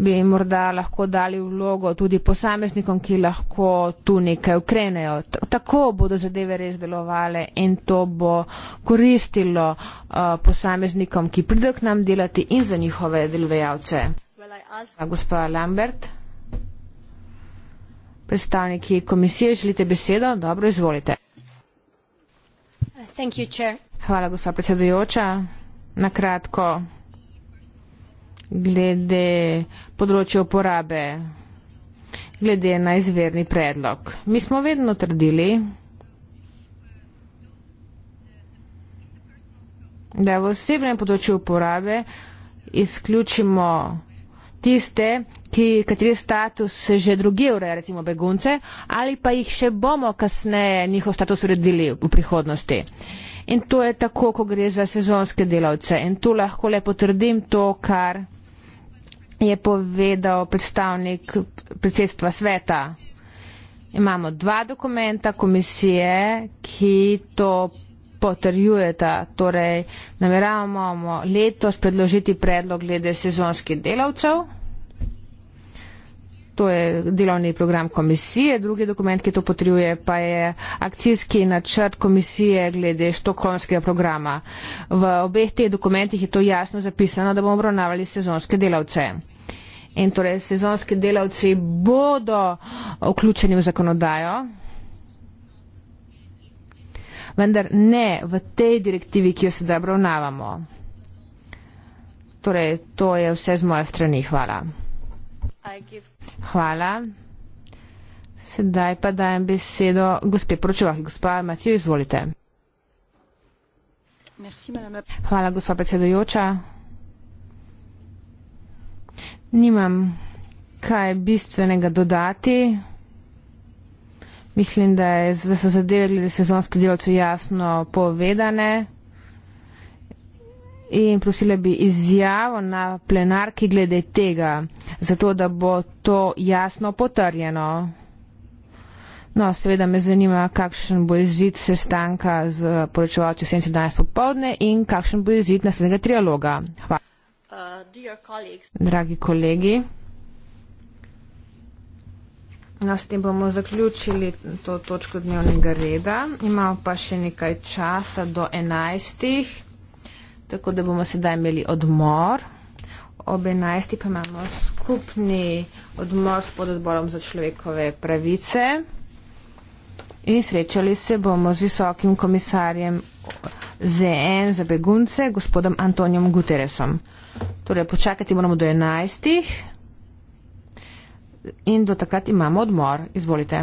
bi morda lahko dali vlogo tudi posameznikom, ki lahko tu nekaj ukrenejo. Tako bodo zadeve res delovale in to bo koristilo uh, posameznikom, ki pridejo k nam delati in za njihove delodajalce. Well, gospa Lambert, predstavniki komisije, želite besedo? Dobro, izvolite. Hvala, gospa predsedujoča. Na kratko glede področja uporabe, glede na izverni predlog. Mi smo vedno trdili, da v osebnem področju uporabe izključimo tiste, ki, kateri status se že druge ureja, recimo begunce, ali pa jih še bomo kasneje njihov status uredili v prihodnosti. In to je tako, ko gre za sezonske delavce. In tu lahko le potrdim to, kar je povedal predstavnik predsedstva sveta. Imamo dva dokumenta komisije, ki to potrjujeta. Torej, nameravamo letos predložiti predlog glede sezonskih delavcev. To je delovni program komisije. Drugi dokument, ki to potrjuje, pa je akcijski načrt komisije glede štokholmskega programa. V obeh teh dokumentih je to jasno zapisano, da bomo obravnavali sezonske delavce in torej sezonski delavci bodo vključeni v zakonodajo, vendar ne v tej direktivi, ki jo sedaj obravnavamo. Torej, to je vse z moje strani. Hvala. Hvala. Sedaj pa dajem besedo gospe Poročevahi. Gospa Matijo, izvolite. Hvala, gospa predsedujoča. Nimam kaj bistvenega dodati. Mislim, da, je, da so zadeve glede sezonske delovce jasno povedane. In prosila bi izjavo na plenarki glede tega, zato da bo to jasno potrjeno. No, seveda me zanima, kakšen bo izid sestanka z poročevalci 17.00 popovdne in kakšen bo izid naslednjega trialoga. Hvala. Dragi kolegi, no, s tem bomo zaključili to točko dnevnega reda. Imamo pa še nekaj časa do enajstih, tako da bomo sedaj imeli odmor. Ob enajsti pa imamo skupni odmor s pododborom za človekove pravice. In srečali se bomo z visokim komisarjem ZN za begunce, gospodom Antonijom Guteresom. Torej, počakati moramo do enajstih in do takrat imamo odmor. Izvolite.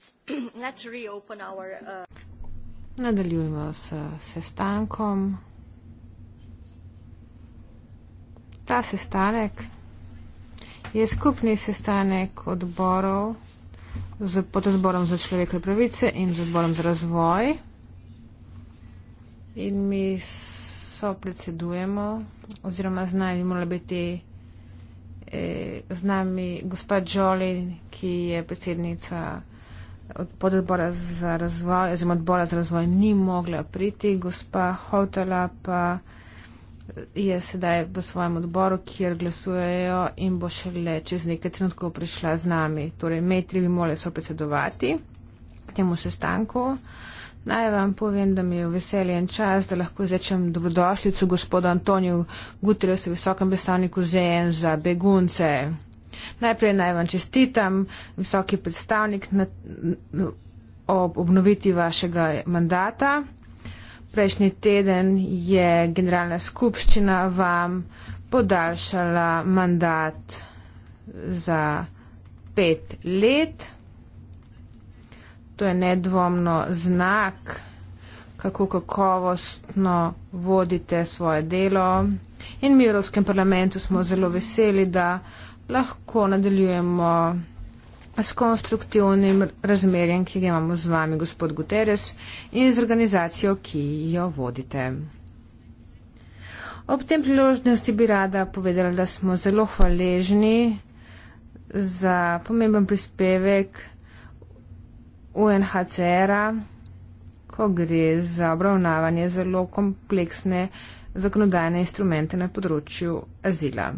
Uh, Nadaljujemo s sestankom. Ta sestanek je skupni sestanek odborov z podozborom za človekove pravice in z odborom za razvoj. In mi sopredsedujemo oziroma z nami mora biti eh, z nami gospa Jolin, ki je predsednica odbora pod odbora za razvoj, oziroma odbora za razvoj ni mogla priti, gospa Hotela pa je sedaj v svojem odboru, kjer glasujejo in bo šele čez nekaj trenutkov prišla z nami. Torej, metri bi morali so predsedovati temu sestanku. Naj vam povem, da mi je veseljen čas, da lahko izrečem dobrodošlico gospodu Antoniju Guterresu, visokem predstavniku ZN za begunce. Najprej naj vam čestitam, visoki predstavnik, na, ob obnoviti vašega mandata. Prejšnji teden je generalna skupščina vam podaljšala mandat za pet let. To je nedvomno znak, kako kakovostno vodite svoje delo. In mi v Evropskem parlamentu smo zelo veseli, da lahko nadaljujemo s konstruktivnim razmerjem, ki ga imamo z vami, gospod Guterres, in z organizacijo, ki jo vodite. Ob tem priložnosti bi rada povedala, da smo zelo hvaležni za pomemben prispevek UNHCR-a, ko gre za obravnavanje zelo kompleksne zakonodajne instrumente na področju azila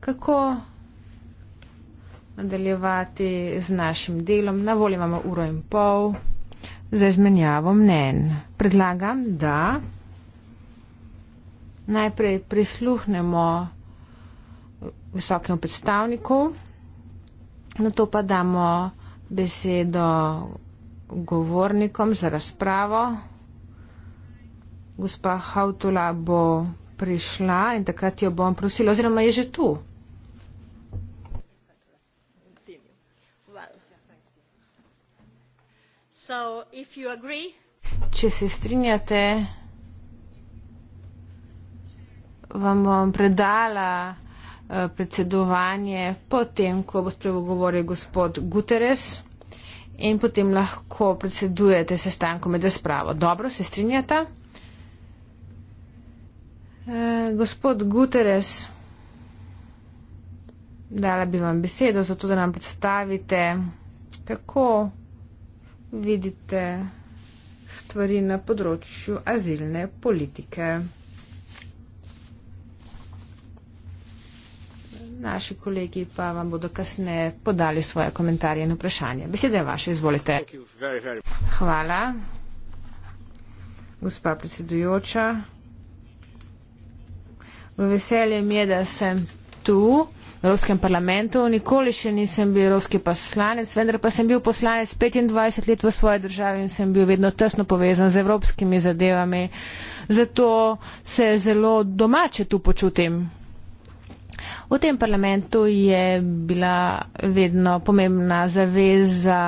kako nadaljevati z našim delom. Na voljo imamo uro in pol za izmenjavo mnen. Predlagam, da najprej prisluhnemo visokemu predstavniku, na to pa damo besedo govornikom za razpravo. Gospa Hautula bo prišla in takrat jo bom prosila, oziroma je že tu. Če se strinjate, vam bom predala eh, predsedovanje potem, ko bo spregovoril gospod Guterres in potem lahko predsedujete sestanku med razpravo. Dobro, se strinjate? Eh, gospod Guterres, dala bi vam besedo, zato da nam predstavite, kako vidite stvari na področju azilne politike. Naši kolegi pa vam bodo kasneje podali svoje komentarje in vprašanje. Beseda je vaša, izvolite. Hvala. Gospa predsedujoča, veselje mi je, da sem tu. Evropskem parlamentu. Nikoli še nisem bil evropski poslanec, vendar pa sem bil poslanec 25 let v svoji državi in sem bil vedno tesno povezan z evropskimi zadevami. Zato se zelo domače tu počutim. V tem parlamentu je bila vedno pomembna zaveza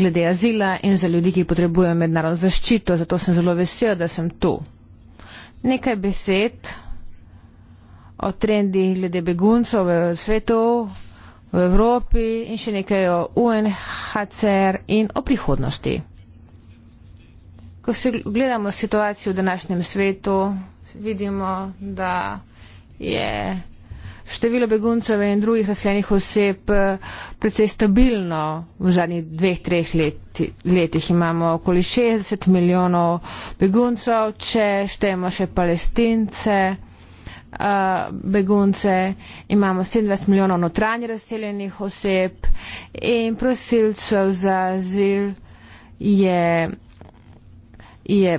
glede azila in za ljudi, ki potrebujejo mednarodno zaščito. Zato sem zelo vesel, da sem tu. Nekaj besed o trendih glede beguncov v svetu, v Evropi in še nekaj o UNHCR in o prihodnosti. Ko se gledamo situacijo v današnjem svetu, vidimo, da je število beguncev in drugih razseljenih oseb precej stabilno v zadnjih dveh, treh leti, letih. Imamo okoli 60 milijonov beguncev, če štejemo še palestince begunce, imamo 27 milijonov notranje razseljenih oseb in prosilcev za azil je, je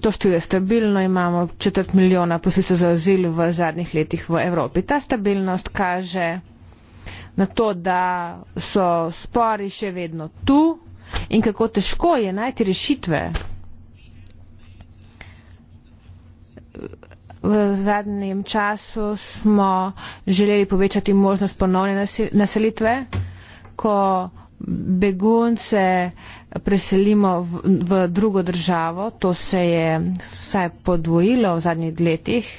to število je stabilno, imamo četrt milijona prosilcev za azil v zadnjih letih v Evropi. Ta stabilnost kaže na to, da so spori še vedno tu in kako težko je najti rešitve V zadnjem času smo želeli povečati možnost ponovne naselitve, ko begunce preselimo v, v drugo državo, to se je vsaj podvojilo v zadnjih letih.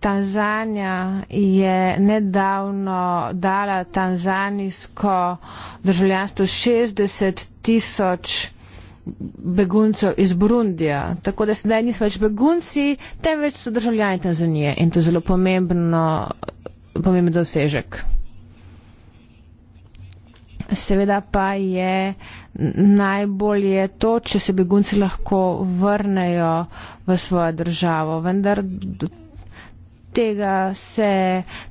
Tanzanija je nedavno dala tanzanijsko državljanstvo 60 tisoč beguncev iz Burundija. Tako da sedaj niso več begunci, temveč so državljani Tanzanije in to je zelo pomembno, pomemben dosežek. Seveda pa je najbolje to, če se begunci lahko vrnejo v svojo državo, vendar tega se,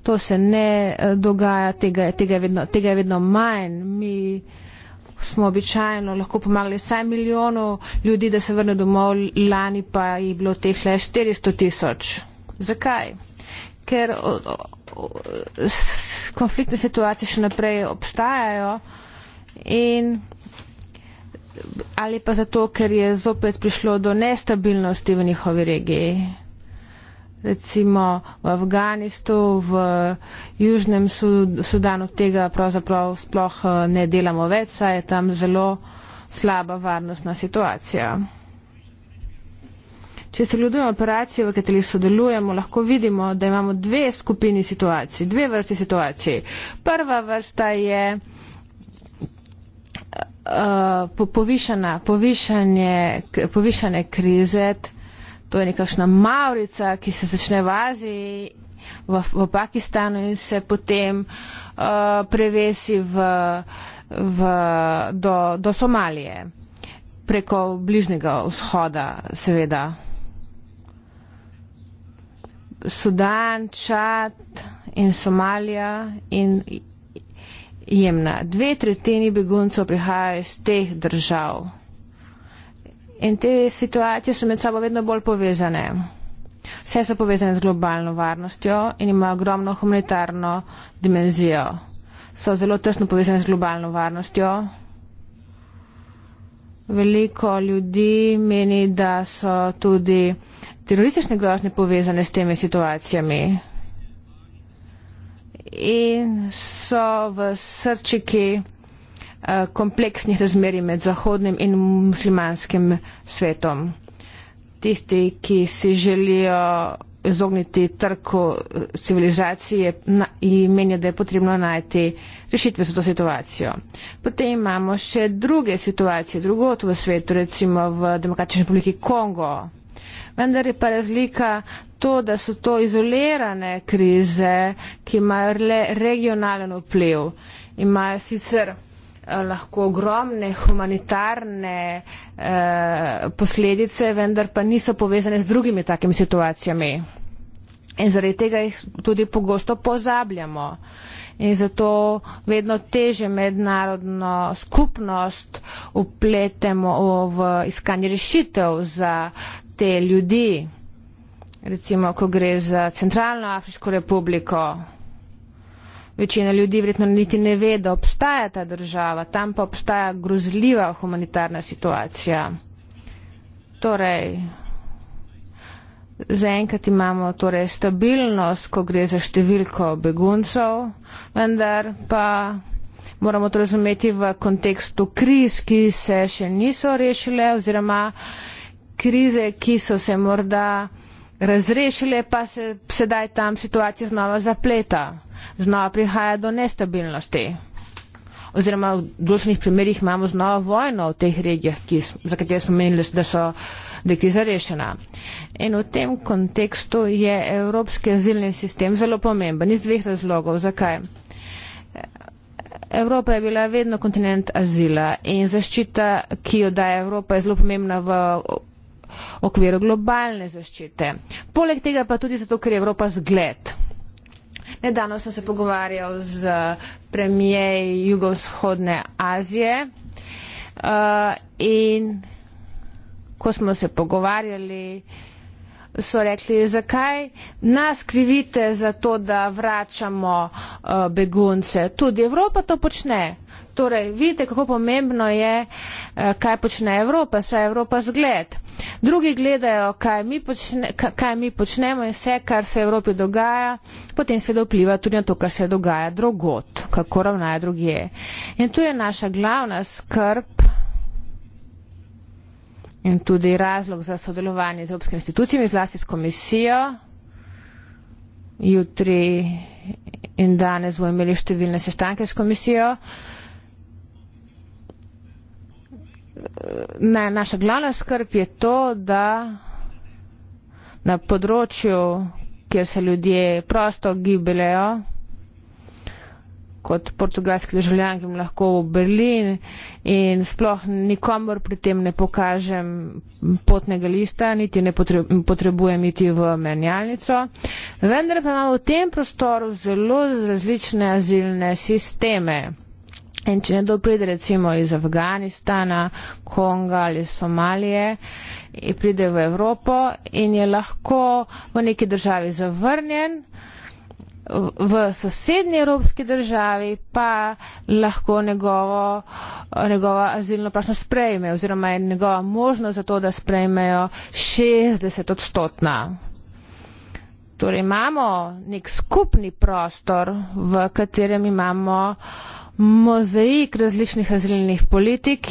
to se ne eh, dogaja, tega, tega, je, vedno, tega je vedno manj. Mi, smo običajno lahko pomagali vsaj milijonov ljudi, da se vrne domov, lani pa je bilo teh le 400 tisoč. Zakaj? Ker o, o, o, konfliktne situacije še naprej obstajajo in ali pa zato, ker je zopet prišlo do nestabilnosti v njihovi regiji recimo v Afganistu, v Južnem Sudanu tega pravzaprav sploh eh, ne delamo več, saj je tam zelo slaba varnostna situacija. Če se gledujemo operacijo, v kateri sodelujemo, lahko vidimo, da imamo dve skupini situacij, dve vrsti situacij. Prva vrsta je uh, povišana, povišanje, povišane krize, To je nekakšna maurica, ki se začne v Aziji, v, v Pakistanu in se potem uh, prevesi v, v, do, do Somalije, preko bližnjega vzhoda, seveda. Sudan, Čad in Somalija in Jemna. Dve tretjini beguncev prihajajo iz teh držav. In te situacije so med sabo vedno bolj povezane. Vse so povezane z globalno varnostjo in imajo ogromno humanitarno dimenzijo. So zelo tesno povezane z globalno varnostjo. Veliko ljudi meni, da so tudi teroristične grožnje povezane s temi situacijami. In so v srčiki Eh, kompleksnih razmeri med zahodnim in muslimanskim svetom. Tisti, ki si želijo izogniti trku eh, civilizacije in menijo, da je potrebno najti rešitve za to situacijo. Potem imamo še druge situacije, drugot v svetu, recimo v Demokratični republiki Kongo. Vendar je pa razlika to, da so to izolirane krize, ki imajo le regionalen vpliv. Imajo sicer lahko ogromne humanitarne eh, posledice, vendar pa niso povezane z drugimi takimi situacijami. In zaradi tega jih tudi pogosto pozabljamo. In zato vedno teže mednarodno skupnost upletemo v iskanje rešitev za te ljudi. Recimo, ko gre za Centralno Afriško republiko, Večina ljudi vredno niti ne ve, da obstaja ta država, tam pa obstaja grozljiva humanitarna situacija. Torej, zaenkrat imamo torej stabilnost, ko gre za številko beguncev, vendar pa moramo to razumeti v kontekstu kriz, ki se še niso rešile oziroma krize, ki so se morda razrešile, pa se sedaj tam situacija znova zapleta, znova prihaja do nestabilnosti. Oziroma v določenih primerjih imamo znova vojno v teh regijah, ki, za katere smo menili, da so deki zarešena. In v tem kontekstu je evropski azilni sistem zelo pomemben iz dveh razlogov. Zakaj? Evropa je bila vedno kontinent azila in zaščita, ki jo daje Evropa, je zelo pomembna v okviru globalne zaščite. Poleg tega pa tudi zato, ker je Evropa zgled. Nedavno sem se pogovarjal z eh, premijej jugovzhodne Azije uh, in ko smo se pogovarjali, so rekli, zakaj nas krivite za to, da vračamo uh, begunce. Tudi Evropa to počne. Torej, vidite, kako pomembno je, eh, kaj počne Evropa, saj je Evropa zgled. Drugi gledajo, kaj mi, počne, kaj mi počnemo in vse, kar se v Evropi dogaja, potem seveda vpliva tudi na to, kar se dogaja drugot, kako ravnajo drugje. In tu je naša glavna skrb in tudi razlog za sodelovanje z Evropskimi institucijami, zlasti s komisijo. Jutri in danes bomo imeli številne sestanke s komisijo ne, naša glavna skrb je to, da na področju, kjer se ljudje prosto gibljajo, kot portugalski državljan, ki jim lahko v Berlin in sploh nikomor pri tem ne pokažem potnega lista, niti ne potrebujem iti v menjalnico. Vendar pa imamo v tem prostoru zelo različne azilne sisteme. In če nekdo pride recimo iz Afganistana, Konga ali Somalije in pride v Evropo in je lahko v neki državi zavrnjen, v sosednji evropski državi pa lahko njegovo, njegovo azilno prašno sprejme oziroma je njegova možnost za to, da sprejmejo 60 odstotna. Torej imamo nek skupni prostor, v katerem imamo uh, mozaik različnih azilnih politik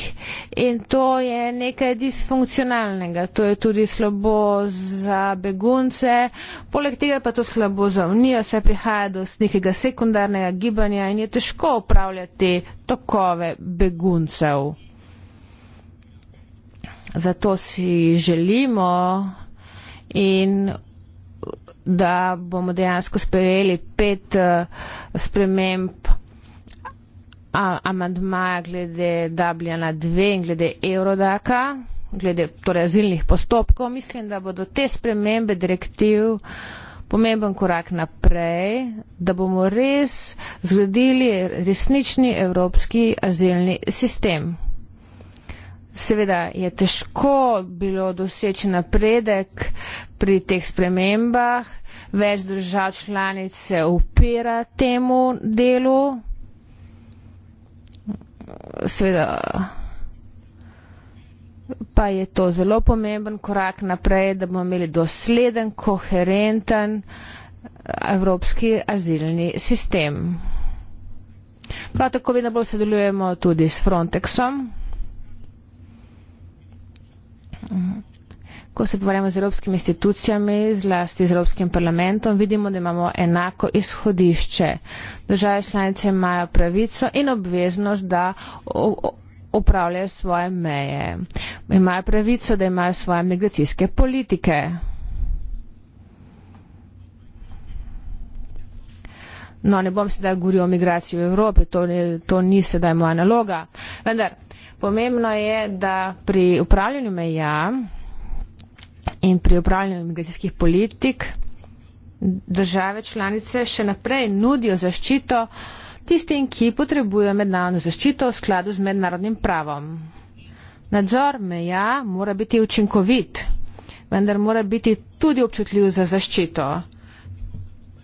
in to je nekaj disfunkcionalnega. To je tudi slabo za begunce, poleg tega pa to slabo za unijo, saj prihaja do nekega sekundarnega gibanja in je težko upravljati tokove beguncev. Zato si želimo in da bomo dejansko sprejeli pet eh, sprememb amantmaja glede Dubljana 2 in glede Eurodaka, glede torej azilnih postopkov, mislim, da bodo te spremembe direktiv pomemben korak naprej, da bomo res zgradili resnični evropski azilni sistem. Seveda je težko bilo doseči napredek pri teh spremembah, več držav članic se upira temu delu, seveda pa je to zelo pomemben korak naprej, da bomo imeli dosleden, koherenten eh, evropski azilni sistem. Prav tako vedno bolj sodelujemo tudi s Frontexom ko se pogovarjamo z evropskimi institucijami, zlasti z evropskim parlamentom, vidimo, da imamo enako izhodišče. Države članice imajo pravico in obveznost, da upravljajo svoje meje. Imajo pravico, da imajo svoje migracijske politike. No, ne bom sedaj govoril o migraciji v Evropi, to, to ni sedaj moja naloga. Vendar, pomembno je, da pri upravljanju meja in pri upravljanju imigracijskih politik države članice še naprej nudijo zaščito tistim, ki potrebujejo mednarodno zaščito v skladu z mednarodnim pravom. Nadzor meja mora biti učinkovit, vendar mora biti tudi občutljiv za zaščito.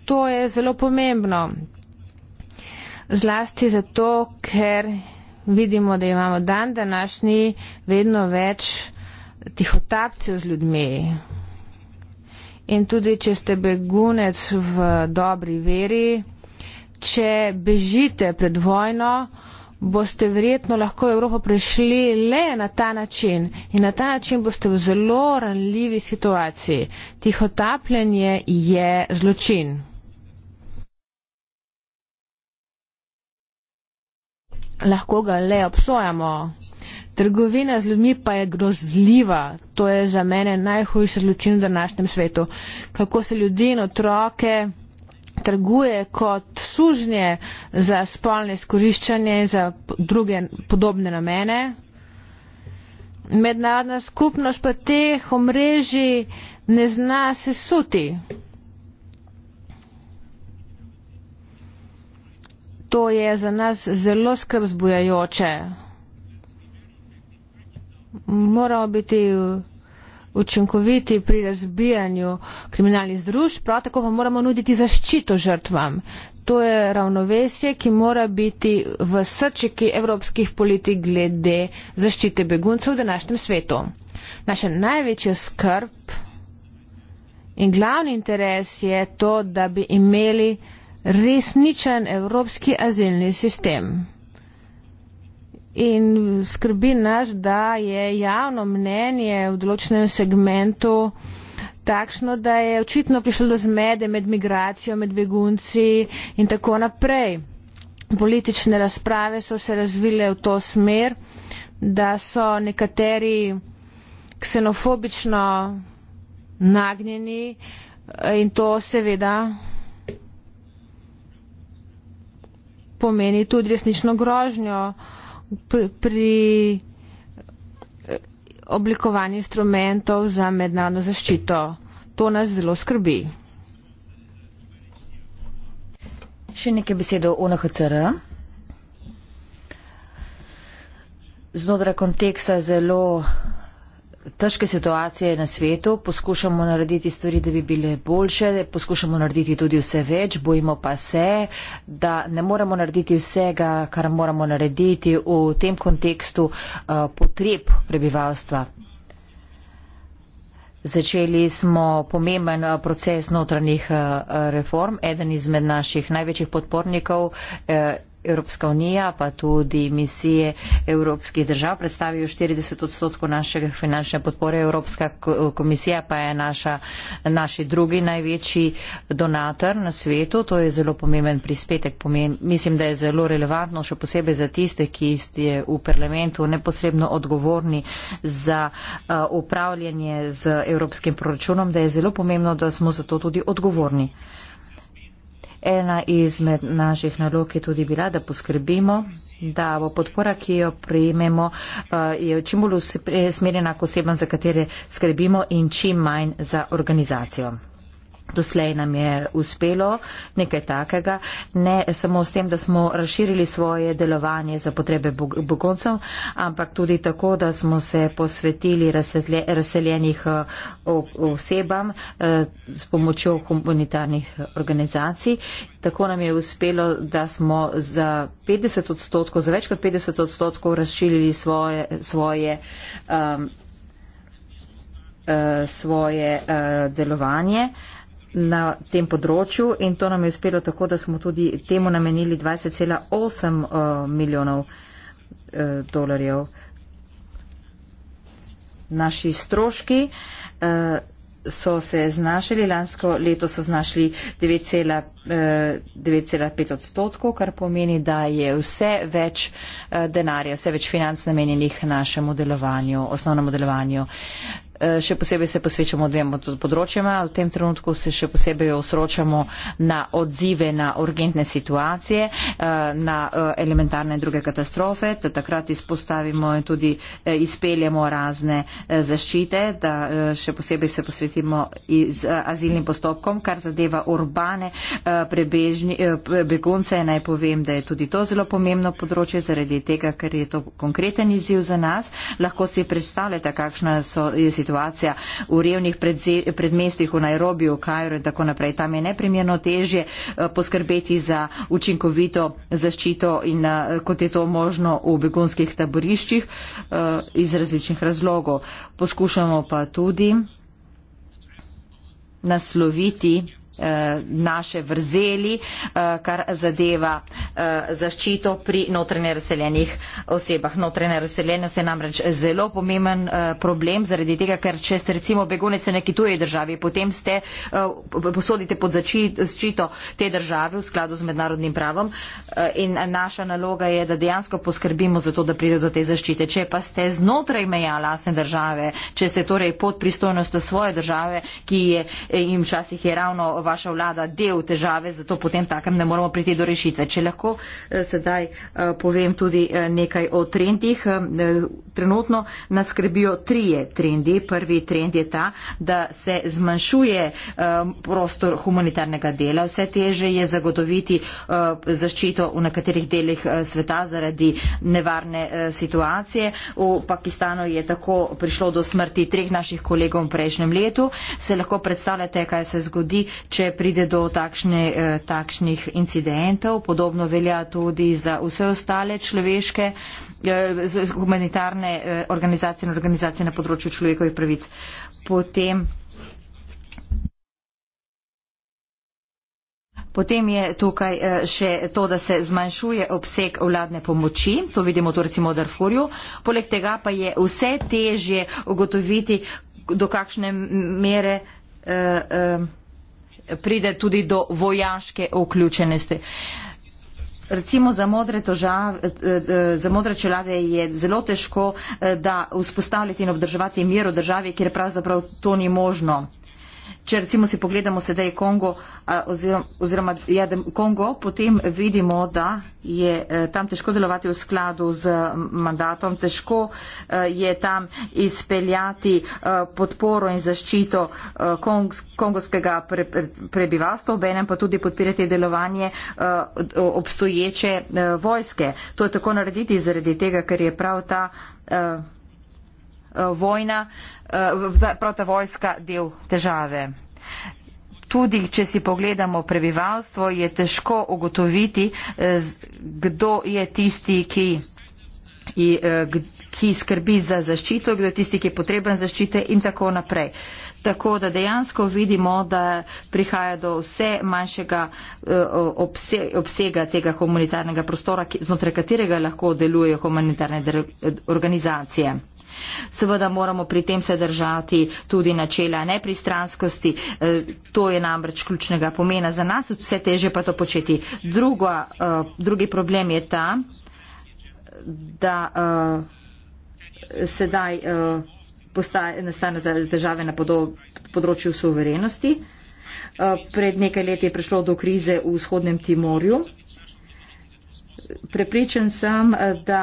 To je zelo pomembno. Zlasti zato, ker vidimo, da imamo dan današnji vedno več tihotapcev z ljudmi. In tudi, če ste begunec v dobri veri, če bežite pred vojno, boste verjetno lahko v Evropo prišli le na ta način. In na ta način boste v zelo ranljivi situaciji. Tihotapljenje je zločin. Lahko ga le obsojamo. Trgovina z ljudmi pa je grozljiva. To je za mene najhujši zločin v današnjem svetu. Kako se ljudje in otroke trguje kot sužnje za spolne skoriščanje in za druge podobne namene. Mednarodna skupnost pa teh omrežij ne zna se suti. To je za nas zelo skrb zbujajoče moramo biti učinkoviti pri razbijanju kriminalnih združb, prav tako pa moramo nuditi zaščito žrtvam. To je ravnovesje, ki mora biti v srčiki evropskih politik glede zaščite beguncev v današnjem svetu. Naša največja skrb in glavni interes je to, da bi imeli resničen evropski azilni sistem. In skrbi nas, da je javno mnenje v določenem segmentu takšno, da je očitno prišlo do zmede med migracijo, med begunci in tako naprej. Politične razprave so se razvile v to smer, da so nekateri ksenofobično nagnjeni in to seveda pomeni tudi resnično grožnjo pri, pri eh, oblikovanju instrumentov za mednarodno zaščito. To nas zelo skrbi. Še nekaj besed o UNHCR. Znotraj konteksta zelo težke situacije na svetu, poskušamo narediti stvari, da bi bile boljše, poskušamo narediti tudi vse več, bojimo pa se, da ne moremo narediti vsega, kar moramo narediti v tem kontekstu eh, potreb prebivalstva. Začeli smo pomemben eh, proces notranjih eh, reform. Eden izmed naših največjih podpornikov Evropska unija, pa tudi misije evropskih držav predstavijo 40 odstotkov našega finančne podpore. Evropska komisija pa je naša, naši drugi največji donator na svetu. To je zelo pomemben prispetek. Pomem, mislim, da je zelo relevantno, še posebej za tiste, ki ste v parlamentu neposredno odgovorni za upravljanje z evropskim proračunom, da je zelo pomembno, da smo zato tudi odgovorni. Ena izmed naših nalog je tudi bila, da poskrbimo, da bo podpora, ki jo prejmemo, eh, je čim bolj usmerjena k osebam, za katere skrbimo in čim manj za organizacijo doslej nam je uspelo nekaj takega, ne samo s tem, da smo razširili svoje delovanje za potrebe bogoncev, ampak tudi tako, da smo se posvetili razseljenih eh, osebam eh, s pomočjo humanitarnih organizacij. Tako nam je uspelo, da smo za 50 odstotkov, za več kot 50 odstotkov razširili svoje, svoje, um, uh, svoje uh, delovanje. Uh, na tem področju in to nam je uspelo tako, da smo tudi temu namenili 20,8 eh, milijonov eh, dolarjev. Naši stroški eh, so se znašali, lansko leto so znašli 9,5 odstotkov, kar pomeni, da je vse več denarja, vse več financ namenjenih našemu delovanju, osnovnemu delovanju. Eh, še posebej se posvečamo dvema področjama. V tem trenutku se še posebej osročamo na odzive na urgentne situacije, eh, na eh, elementarne druge katastrofe. Da takrat izpostavimo in tudi izpeljemo razne zaščite, da še posebej se posvetimo z azilnim postopkom, kar zadeva urbane prebežni, begunce. Naj povem, da je tudi to zelo pomembno področje, zaradi tega, ker je to konkreten izziv za nas. Lahko si predstavljate, kakšna so situacija situacija v revnih predmestih v Nairobiju, Kajru in tako naprej. Tam je neprimerno težje eh, poskrbeti za učinkovito zaščito in eh, kot je to možno v begunskih taboriščih eh, iz različnih razlogov. Poskušamo pa tudi nasloviti Eh, naše vrzeli, eh, kar zadeva eh, zaščito pri notranje razseljenih osebah. Notranje razseljenost je namreč zelo pomemben problem, zaradi tega, ker če ste recimo begunec v neki tuji državi, potem ste, posodite pod zaščito te države v skladu z mednarodnim pravom in naša naloga je, da dejansko poskrbimo za to, da pride do te zaščite. Če pa ste znotraj meja lastne države, če ste torej pod pristojnostjo svoje države, ki je, jim včasih je ravno vaša vlada del težave, zato potem takem ne moramo priti do rešitve. Če lahko eh, sedaj eh, povem tudi eh, nekaj o trendih. Trenutno nas skrbijo trije trendi. Prvi trend je ta, da se zmanjšuje prostor humanitarnega dela. Vse teže je zagotoviti zaščito v nekaterih delih sveta zaradi nevarne situacije. V Pakistanu je tako prišlo do smrti treh naših kolegov v prejšnjem letu. Se lahko predstavljate, kaj se zgodi, če pride do takšne, eh, takšnih incidentov. Podobno velja tudi za vse ostale človeške eh, humanitarne eh, organizacije in organizacije na področju človekovih pravic. Potem, potem je tukaj še to, da se zmanjšuje obseg vladne pomoči, to vidimo to recimo v Darfurju, poleg tega pa je vse težje ugotoviti, do kakšne mere uh, uh, pride tudi do vojaške vključenosti. Recimo za modre, tožav, eh, eh, za modre čelade je zelo težko, eh, da vzpostavljati in obdrževati mir v državi, kjer pravzaprav to ni možno. Če recimo si pogledamo sedaj Kongo, eh, oziroma, oziroma ja, Kongo, potem vidimo, da je eh, tam težko delovati v skladu z mandatom, težko eh, je tam izpeljati podporo in zaščito kongskega prebivalstva, obenem pa tudi podpirati delovanje obstoječe vojske. To je tako narediti zaradi tega, ker je prav ta Eh, vojna, eh, prav ta vojska del težave. Tudi, če si pogledamo prebivalstvo, je težko ugotoviti, eh, kdo je tisti, ki, ki skrbi za zaščito, kdo je tisti, ki je potreben zaščite in tako naprej. Tako da dejansko vidimo, da prihaja do vse manjšega obsega tega komunitarnega prostora, znotraj katerega lahko delujejo humanitarne organizacije. Seveda moramo pri tem se držati tudi načela nepristranskosti, eh, to je namreč ključnega pomena za nas, vse teže pa to početi. Drugo, eh, drugi problem je ta, da eh, sedaj nastane težave na področju suverenosti. Pred nekaj leti je prišlo do krize v vzhodnem Timorju. Prepričan sem, da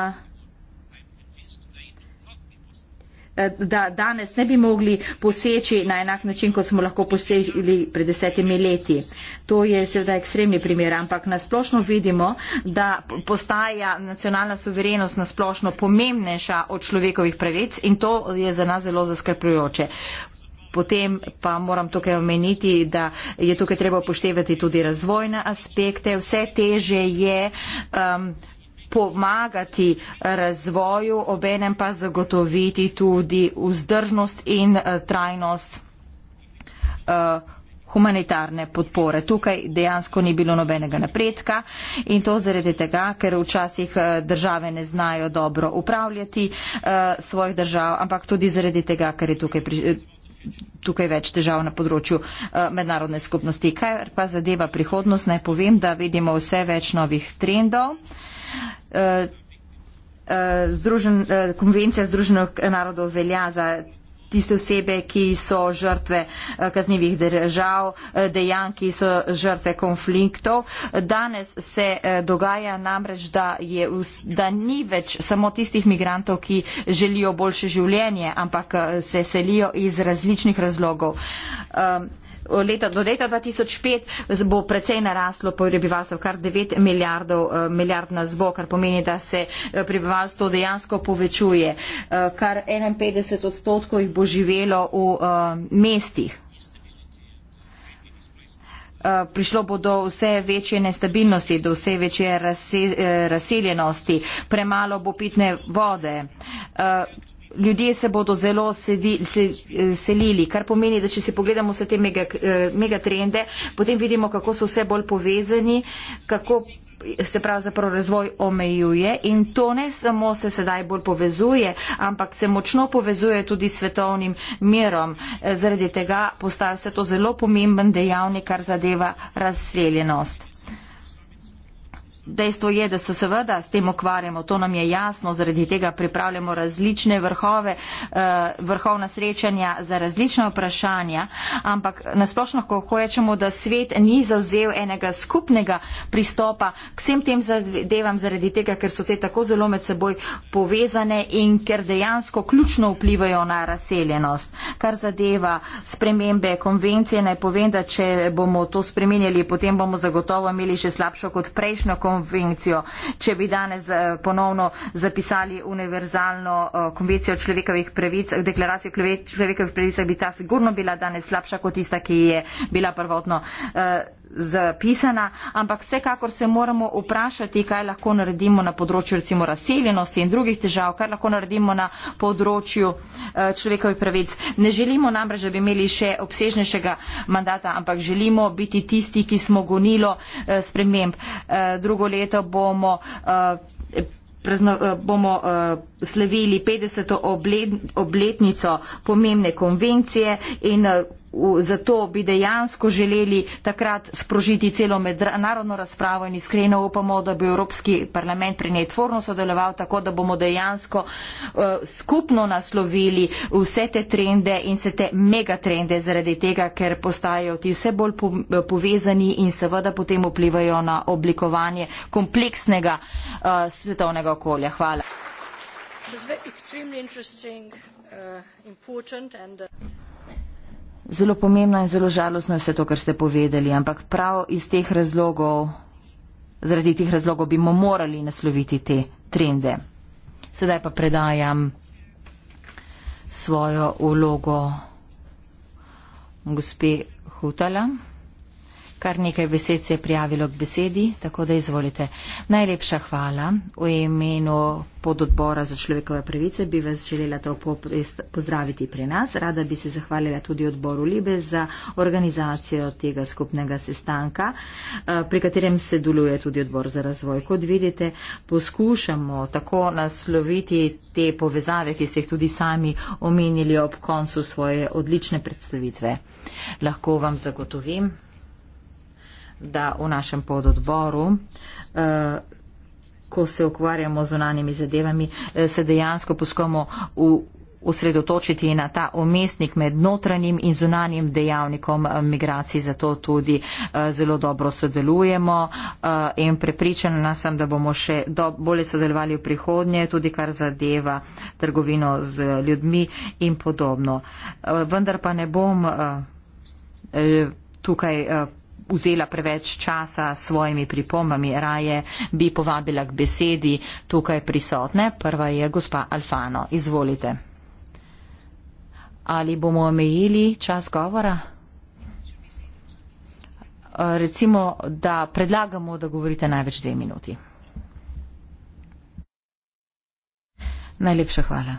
Eh, da danes ne bi mogli poseči na enak način, kot smo lahko posežili pred desetimi leti. To je seveda ekstremni primer, ampak nasplošno vidimo, da postaja nacionalna suverenost nasplošno pomembnejša od človekovih pravic in to je za nas zelo zaskrbljujoče. Potem pa moram tukaj omeniti, da je tukaj treba upoštevati tudi razvojne aspekte. Vse teže je. Um, pomagati razvoju, obenem pa zagotoviti tudi vzdržnost in eh, trajnost eh, humanitarne podpore. Tukaj dejansko ni bilo nobenega napredka in to zaradi tega, ker včasih eh, države ne znajo dobro upravljati svojih držav, ampak tudi zaradi tega, ker je tukaj. Pri, tukaj več težav na področju mednarodne skupnosti. Kaj pa zadeva prihodnost, naj povem, da vidimo vse več novih trendov. Eh, eh, združen, eh, konvencija Združenih narodov velja za tiste osebe, ki so žrtve kaznjivih držav, dejanj, ki so žrtve konfliktov. Danes se dogaja namreč, da, je, da ni več samo tistih migrantov, ki želijo boljše življenje, ampak se selijo iz različnih razlogov leta, do leta 2005 bo precej naraslo prebivalstvo, kar 9 milijardov, eh, milijard nas bo, kar pomeni, da se eh, prebivalstvo dejansko povečuje. Eh, kar 51 odstotkov jih bo živelo v mestih. Prišlo bo do vse večje nestabilnosti, do vse večje razseljenosti, premalo bo pitne vode ljudje se bodo zelo sedi, se, eh, selili, kar pomeni, da če si pogledamo vse te eh, megatrende, mega potem vidimo, kako so vse bolj povezani, kako se pravzaprav razvoj omejuje in to ne samo se sedaj bolj povezuje, ampak se močno povezuje tudi s svetovnim mirom. Eh, zaradi tega postaja vse to zelo pomemben dejavnik, kar zadeva razseljenost. Dejstvo je, da se seveda s tem okvarjamo, to nam je jasno, zaradi tega pripravljamo različne vrhove, eh, vrhovna srečanja za različne vprašanja, ampak nasplošno, ko rečemo, da svet ni zauzel enega skupnega pristopa k vsem tem zadevam, zaradi tega, ker so te tako zelo med seboj povezane in ker dejansko ključno vplivajo na razseljenost. Kar zadeva spremembe konvencije, naj povem, da če bomo to spremenjali, potem bomo zagotovo imeli še slabšo kot prejšnjo konvencijo konvencijo. Če bi danes eh, ponovno zapisali univerzalno eh, konvencijo človekovih pravic, deklaracijo človekovih pravic, bi ta sigurno bila danes slabša kot tista, ki je bila prvotno eh, zapisana, ampak vsekakor se moramo vprašati, kaj lahko naredimo na področju recimo razseljenosti in drugih težav, kaj lahko naredimo na področju eh, človekovih pravic. Ne želimo namreč, da bi imeli še obsežnejšega mandata, ampak želimo biti tisti, ki smo gonilo eh, sprememb. Eh, drugo leto bomo bomo uh, slavili 50. Obled, obletnico pomembne konvencije in uh, zato bi dejansko želeli takrat sprožiti celo mednarodno razpravo in iskreno upamo, da bi Evropski parlament pri njej tvorno sodeloval, tako da bomo dejansko eh, skupno naslovili vse te trende in vse te megatrende zaradi tega, ker postajajo ti vse bolj povezani in seveda potem vplivajo na oblikovanje kompleksnega eh, svetovnega okolja. Hvala. It was very extremely interesting, uh, important, and. Uh Zelo pomembno in zelo žalostno je vse to, kar ste povedali, ampak prav iz teh razlogov, zaradi teh razlogov bi morali nasloviti te trende. Sedaj pa predajam svojo ulogo gospe Hutala. Kar nekaj besed se je prijavilo k besedi, tako da izvolite. Najlepša hvala v imenu pododbora za človekove pravice bi vas želela to pozdraviti pri nas. Rada bi se zahvalila tudi odboru Libe za organizacijo tega skupnega sestanka, eh, pri katerem se deluje tudi odbor za razvoj. Kot vidite, poskušamo tako nasloviti te povezave, ki ste jih tudi sami omenili ob koncu svoje odlične predstavitve. Lahko vam zagotovim, da v našem pododboru, eh, ko se ukvarjamo z unanimi zadevami, eh, se dejansko poskomo v osredotočiti na ta omestnik med notranjim in zunanjim dejavnikom eh, migracij. Zato tudi zelo dobro sodelujemo in prepričana sem, da bomo še do, bolje sodelovali v prihodnje, tudi kar zadeva trgovino z ljudmi in podobno. Vendar pa ne bom tukaj vzela preveč časa s svojimi pripombami, raje bi povabila k besedi tukaj prisotne. Prva je gospa Alfano. Izvolite. Ali bomo omejili čas govora? Recimo, da predlagamo, da govorite največ dve minuti. Najlepša hvala.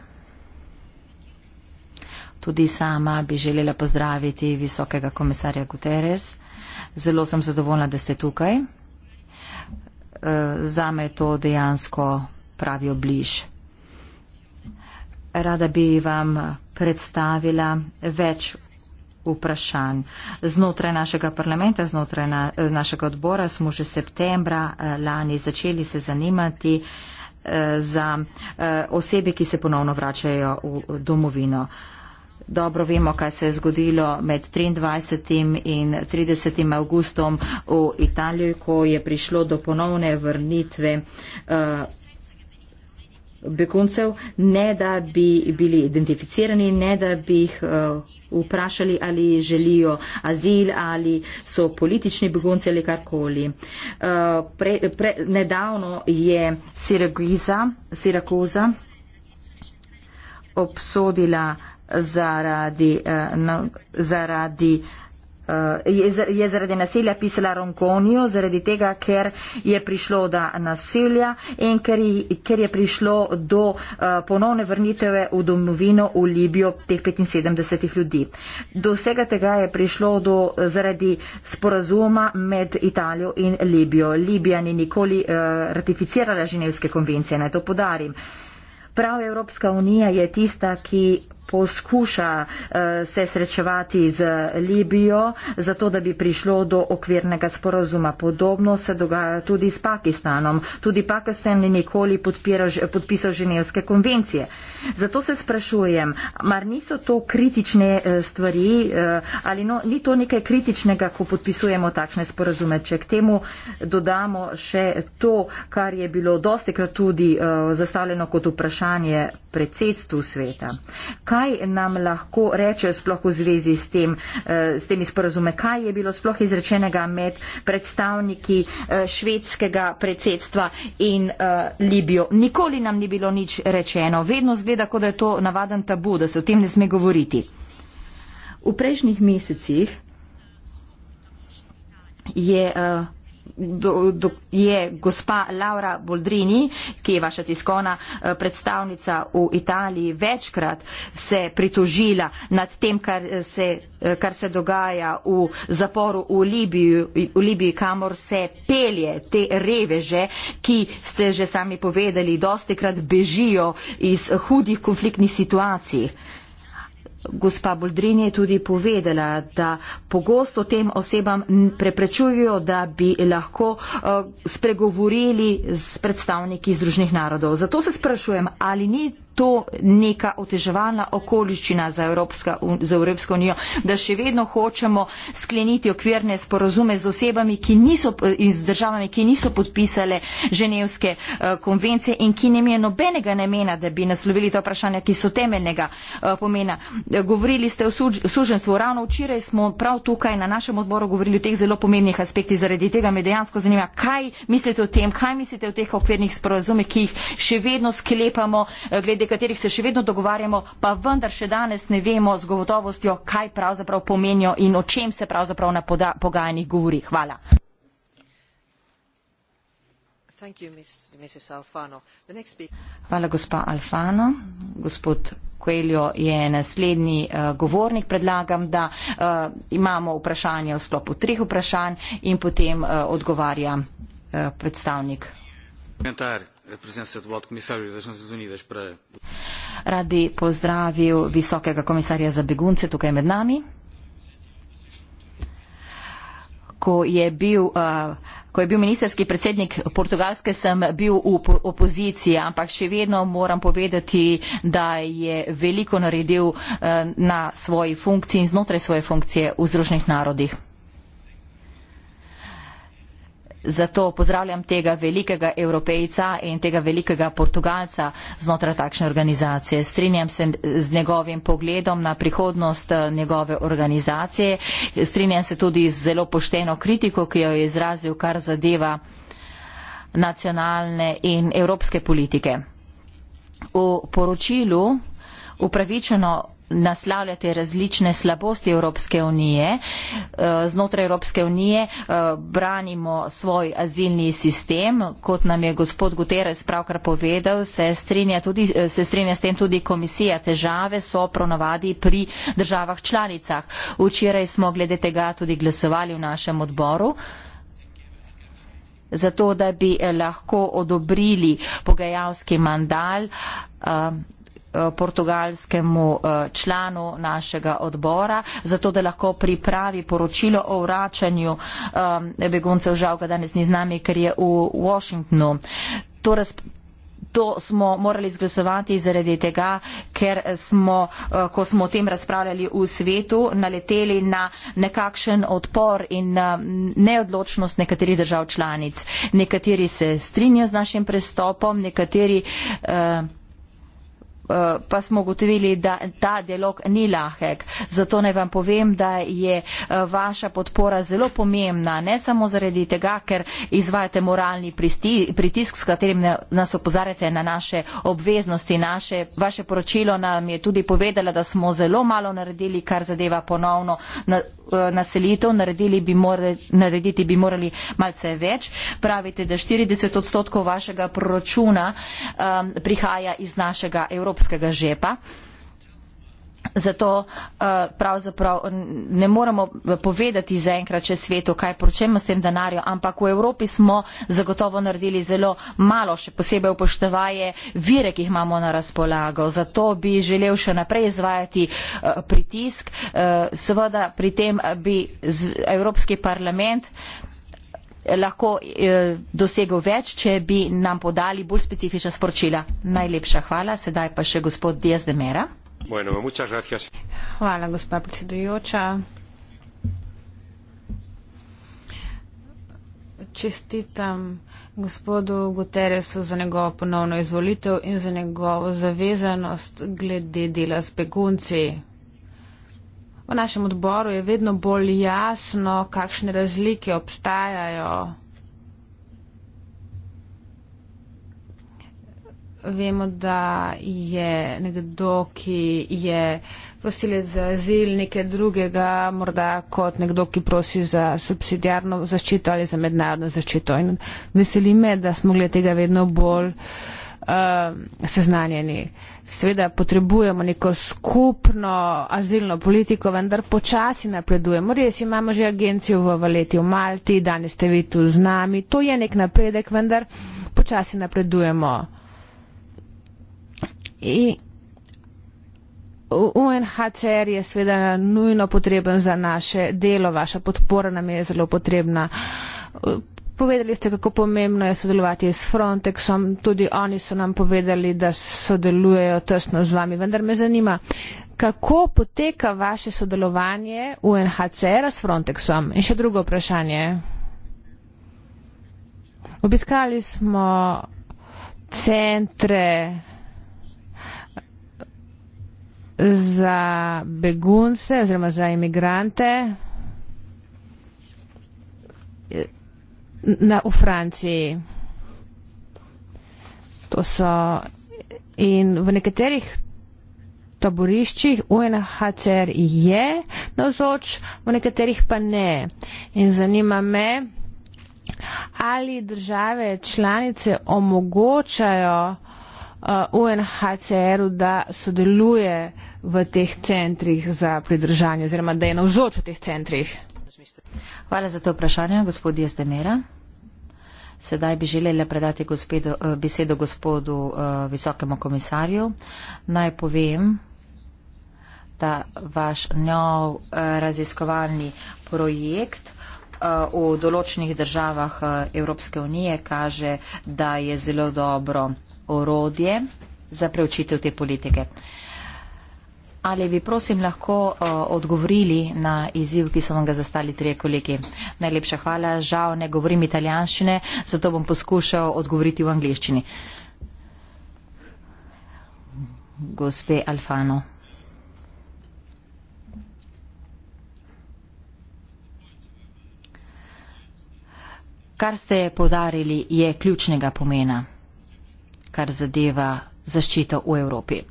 Tudi sama bi želela pozdraviti visokega komisarja Guterres. Zelo sem zadovoljna, da ste tukaj. Eh, za me je to dejansko pravi obliž. Rada bi vam predstavila več vprašanj. Znotraj našega parlamenta, znotraj na, eh, našega odbora smo že septembra eh, lani začeli se zanimati za osebe, ki se ponovno vračajo v domovino. Dobro vemo, kaj se je zgodilo med 23. in 30. avgustom v Italiji, ko je prišlo do ponovne vrnitve uh, beguncev, ne da bi bili identificirani, ne da bi jih. Uh, vprašali, ali želijo azil, ali so politični begunci ali karkoli. Uh, pre, pre, nedavno je Siraguiza, Sirakuza obsodila zaradi, eh, zaradi eh, Je zaradi nasilja pisala Ronkonijo, zaradi tega, ker je prišlo do nasilja in ker je prišlo do eh, ponovne vrnitve v domovino v Libijo teh 75 ljudi. Do vsega tega je prišlo do, zaradi sporazuma med Italijo in Libijo. Libija ni nikoli ratificirala ženevske konvencije, naj to podarim. Prav Evropska unija je tista, ki poskuša eh, se srečevati z Libijo, zato da bi prišlo do okvirnega sporazuma. Podobno se dogaja tudi s Pakistanom. Tudi Pakistan ni nikoli podpisal ženevske konvencije. Zato se sprašujem, mar niso to kritične eh, stvari eh, ali no, ni to nekaj kritičnega, ko podpisujemo takšne sporazume. Če k temu dodamo še to, kar je bilo dostekrat tudi zastavljeno kot vprašanje predsedstvu sveta kaj nam lahko reče sploh v zvezi s, tem, eh, s temi sporazume, kaj je bilo sploh izrečenega med predstavniki eh, švedskega predsedstva in eh, Libijo. Nikoli nam ni bilo nič rečeno, vedno zgleda, kot da je to navaden tabu, da se o tem ne sme govoriti. V prejšnjih mesecih je do, do, je gospa Laura Boldrini, ki je vaša tiskovna eh, predstavnica v Italiji, večkrat se pritožila nad tem, kar eh, se, eh, kar se dogaja v zaporu v Libiji, v Libiji, kamor se pelje te reveže, ki ste že sami povedali, dostikrat bežijo iz hudih konfliktnih situacij. Gospa Boldrin je tudi povedala, da pogosto tem osebam preprečujejo, da bi lahko eh, spregovorili s predstavniki Združenih narodov. Zato se sprašujem, ali ni to neka oteževalna okoliščina za, Evropska, za Evropsko unijo, da še vedno hočemo skleniti okvirne sporozume z osebami niso, eh, in z državami, ki niso podpisale ženevske uh, konvencije in ki nem je nobenega namena, da bi naslovili ta vprašanja, ki so temeljnega uh, pomena. Govorili ste o suž, suženstvu. Ravno včeraj smo prav tukaj na našem odboru govorili o teh zelo pomembnih aspektih. Zaradi tega me dejansko zanima, kaj mislite o tem, kaj mislite o teh okvirnih sporozumih, ki jih še vedno sklepamo. Uh, glede katerih se še vedno dogovarjamo, pa vendar še danes ne vemo z gotovostjo, kaj pravzaprav pomenijo in o čem se pravzaprav na pogajanjih govori. Hvala. Hvala, gospa Alfano. Gospod Koeljo je naslednji uh, govornik. Predlagam, da uh, imamo vprašanje v sklopu treh vprašanj in potem uh, odgovarja uh, predstavnik. Komentar, a presença do Alto Comissário das Nações Unidas para. Rad bi pozdravil visokega komisarja za begunce tukaj med nami. Ko je bil, uh, ko je bil ministerski predsednik Portugalske, sem bil v opoziciji, ampak še vedno moram povedati, da je veliko naredil uh, na svoji funkciji in znotraj svoje funkcije v Združenih narodih. Zato pozdravljam tega velikega evropejca in tega velikega portugalca znotraj takšne organizacije. Strinjam se z njegovim pogledom na prihodnost eh, njegove organizacije. Strinjam se tudi z zelo pošteno kritiko, ki jo je izrazil, kar zadeva nacionalne in evropske politike. V poročilu upravičeno naslavljate različne slabosti Evropske unije. Eh, znotraj Evropske unije eh, branimo svoj azilni sistem, kot nam je gospod Guterres pravkar povedal, se strinja, tudi, eh, se strinja s tem tudi komisija. Težave so pronovadi pri državah članicah. Včeraj smo glede tega tudi glasovali v našem odboru zato da bi lahko odobrili pogajalski mandal Eh, portugalskemu eh, članu našega odbora, zato da lahko pripravi poročilo o vračanju eh, beguncev. Žal ga danes ni z nami, ker je v Washingtonu. To To smo morali izglasovati zaradi tega, ker smo, ko smo o tem razpravljali v svetu, naleteli na nekakšen odpor in neodločnost nekaterih držav članic. Nekateri se strinjajo z našim prestopom, nekateri. Uh, Eh, pa smo ugotovili, da ta dialog ni lahek. Zato naj vam povem, da je eh, vaša podpora zelo pomembna, ne samo zaradi tega, ker izvajate moralni pritisk, s katerim nas opozarjate na naše obveznosti. Naše, vaše poročilo nam je tudi povedala, da smo zelo malo naredili, kar zadeva ponovno Eh, naselitev, naredili bi morali, narediti bi morali malce več. Pravite, da 40 odstotkov vašega proračuna um, prihaja iz našega evropskega žepa zato eh, pravzaprav ne moramo povedati zaenkrat še svetu, kaj počnemo s tem denarjem, ampak v Evropi smo zagotovo naredili zelo malo, še posebej upoštevaje vire, ki jih imamo na razpolago. Zato bi želel še naprej izvajati eh, pritisk. Eh, seveda pri tem bi Evropski parlament lahko eh, dosegel več, če bi nam podali bolj specifična sporočila. Najlepša hvala. Sedaj pa še gospod Diaz de Mera. Hvala, gospa predsedujoča. Čestitam gospodu Guterresu za njegovo ponovno izvolitev in za njegovo zavezanost glede dela s begunci. V našem odboru je vedno bolj jasno, kakšne razlike obstajajo. vemo, da je nekdo, ki je prosilec za azil, nekaj drugega, morda kot nekdo, ki prosi za subsidijarno zaščito ali za mednarodno zaščito. In veseli me, da smo glede tega vedno bolj eh, seznanjeni. Sveda potrebujemo neko skupno azilno politiko, vendar počasi napredujemo. Res imamo že agencijo v Valeti v Malti, danes ste vi tu z nami. To je nek napredek, vendar počasi napredujemo. In UNHCR je seveda nujno potreben za naše delo, vaša podpora nam je zelo potrebna. Povedali ste, kako pomembno je sodelovati s Frontexom, tudi oni so nam povedali, da sodelujejo tesno z vami, vendar me zanima, kako poteka vaše sodelovanje UNHCR s Frontexom. In še drugo vprašanje. Obiskali smo centre za begunce oziroma za imigrante na, v Franciji. To so in v nekaterih taboriščih UNHCR je navzoč, v nekaterih pa ne. In zanima me, ali države članice omogočajo uh, UNHCR-u, da sodeluje v teh centrih za pridržanje oziroma da je navzoč v teh centrih? Hvala za to vprašanje, gospod Jezdemera. Sedaj bi želela predati gospedo, eh, besedo gospodu eh, visokemu komisarju. Naj povem, da vaš nov eh, raziskovalni projekt v določenih državah Evropske unije kaže, da je zelo dobro orodje za preučitev te politike. Uh, Ali bi prosim lahko uh, odgovorili na izziv, ki so vam ga zastali trije kolegi? Najlepša hvala, žal ne govorim italijanščine, zato bom poskušal odgovoriti v angliščini. Gospe Alfano. Kar ste podarili je ključnega pomena, kar zadeva zaščito v Evropi.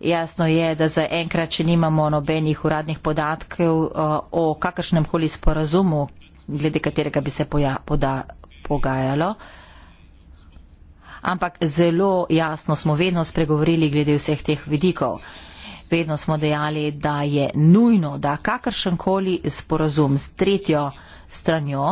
Jasno je, da zaenkrat še nimamo nobenih uradnih podatkov o kakršnem koli sporazumu, glede katerega bi se poja, poda, pogajalo. Ampak zelo jasno smo vedno spregovorili glede vseh teh vidikov. Vedno smo dejali, da je nujno, da kakršen koli sporazum s tretjo stranjo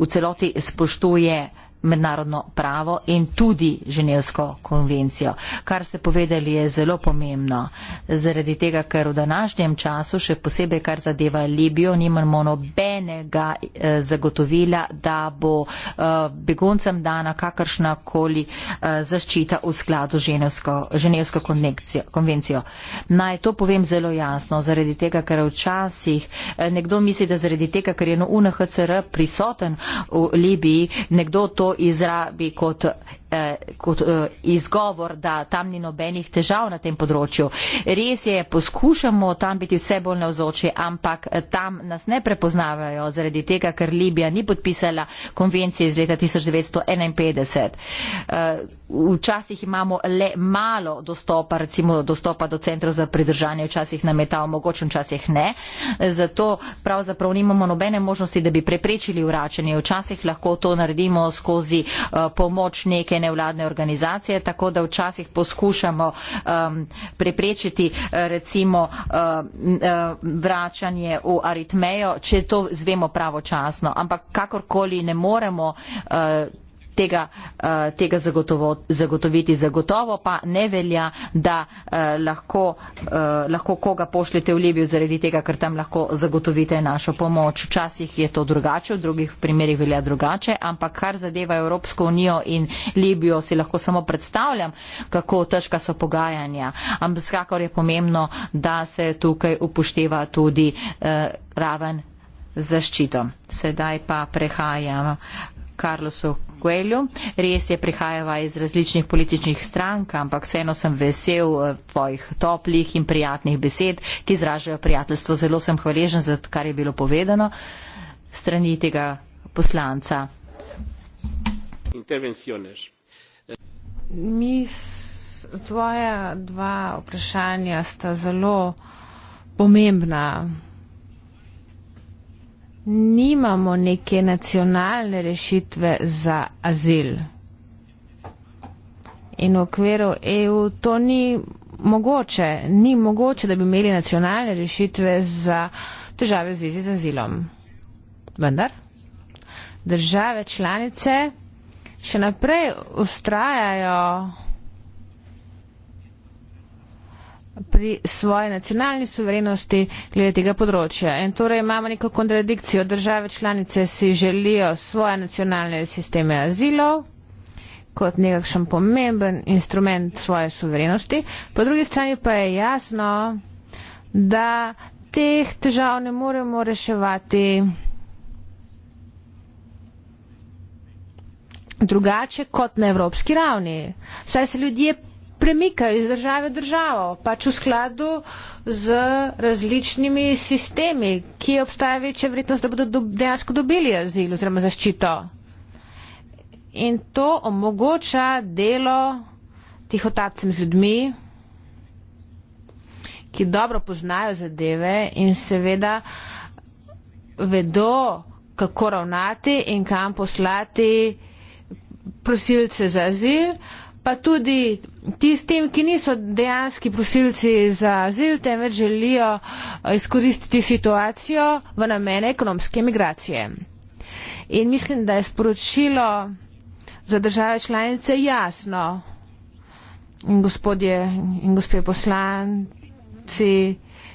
v celoti spoštuje mednarodno pravo in tudi Ženevsko konvencijo. Kar ste povedali je zelo pomembno, zaradi tega, ker v današnjem času, še posebej kar zadeva Libijo, nimamo nobenega eh, zagotovila, da bo eh, beguncem dana kakršna koli eh, zaščita v skladu z Ženevsko, Ženevsko konvencijo. Naj to povem zelo jasno, zaradi tega, ker včasih nekdo misli, da zaradi tega, ker je UNHCR prisoten v Libiji, nekdo to izrabi kot Eh, kot eh, izgovor, da tam ni nobenih težav na tem področju. Res je, poskušamo tam biti vse bolj navzoči, ampak eh, tam nas ne prepoznavajo zaradi tega, ker Libija ni podpisala konvencije iz leta 1951. Včasih imamo le malo dostopa, recimo dostopa do centrov za pridržanje, včasih nam je ta omogočen, včasih ne. Zato pravzaprav nimamo nobene možnosti, da bi preprečili vračanje. Včasih lahko to naredimo skozi pomoč neke nevladne organizacije, tako da včasih poskušamo um, preprečiti uh, recimo um, vračanje v aritmejo, če to zvemo pravočasno. Ampak kakorkoli ne moremo. Um, tega, uh, tega zagotoviti. Zagotovo pa ne velja, da uh, lahko, uh, lahko koga pošljete v Libijo zaradi tega, ker tam lahko zagotovite našo pomoč. Včasih je to drugače, v drugih primerjih velja drugače, ampak kar zadeva Evropsko unijo in Libijo, si lahko samo predstavljam, kako težka so pogajanja. Ampak skakor je pomembno, da se tukaj upošteva tudi uh, raven zaščito. Sedaj pa prehajamo. Carlosu Kuelju. Res je, prihajava iz različnih političnih strank, ampak vseeno sem vesel eh, tvojih toplih in prijatnih besed, ki izražajo prijateljstvo. Zelo sem hvaležen za to, kar je bilo povedano strani tega poslanca. Mi tvoja dva vprašanja sta zelo pomembna nimamo neke nacionalne rešitve za azil. In v okviru EU to ni mogoče, ni mogoče, da bi imeli nacionalne rešitve za težave v zvezi z azilom. Vendar države članice še naprej ustrajajo pri svoji nacionalni suverenosti glede tega področja. In torej imamo neko kontradikcijo. Države članice si želijo svoje nacionalne sisteme azilov kot nekakšen pomemben instrument svoje suverenosti. Po drugi strani pa je jasno, da teh težav ne moremo reševati drugače kot na evropski ravni. Saj se ljudje premikajo iz države v državo, pač v skladu z različnimi sistemi, ki obstaja večja vrednost, da bodo do, dejansko dobili azil oziroma zaščito. In to omogoča delo tih otapcem z ljudmi, ki dobro poznajo zadeve in seveda vedo, kako ravnati in kam poslati prosilce za azil pa tudi tistim, ki niso dejanski prosilci za azil, temveč želijo izkoristiti situacijo v namene ekonomske migracije. In mislim, da je sporočilo za države članice jasno. In gospodje in gospe poslanci,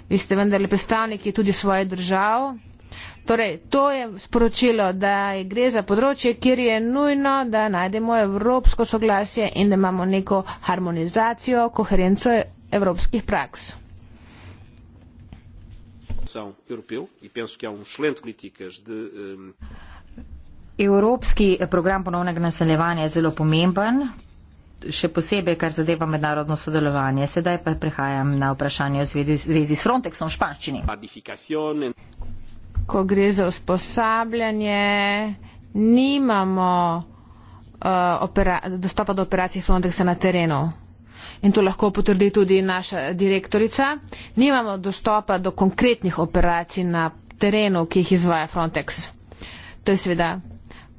vi ste vendarle predstavniki tudi svoje države. Torej, to je sporočilo, da gre za področje, kjer je nujno, da najdemo evropsko soglasje in da imamo neko harmonizacijo, koherenco evropskih praks. E um ehm, Evropski program ponovnega naseljevanja je zelo pomemben, še posebej, kar zadeva mednarodno sodelovanje. Sedaj pa prehajam na vprašanje v zvezi s Frontexom v španščini ko gre za usposabljanje, nimamo uh, dostopa do operacij Frontexa na terenu. In to lahko potrdi tudi naša direktorica. Nimamo dostopa do konkretnih operacij na terenu, ki jih izvaja Frontex. To je seveda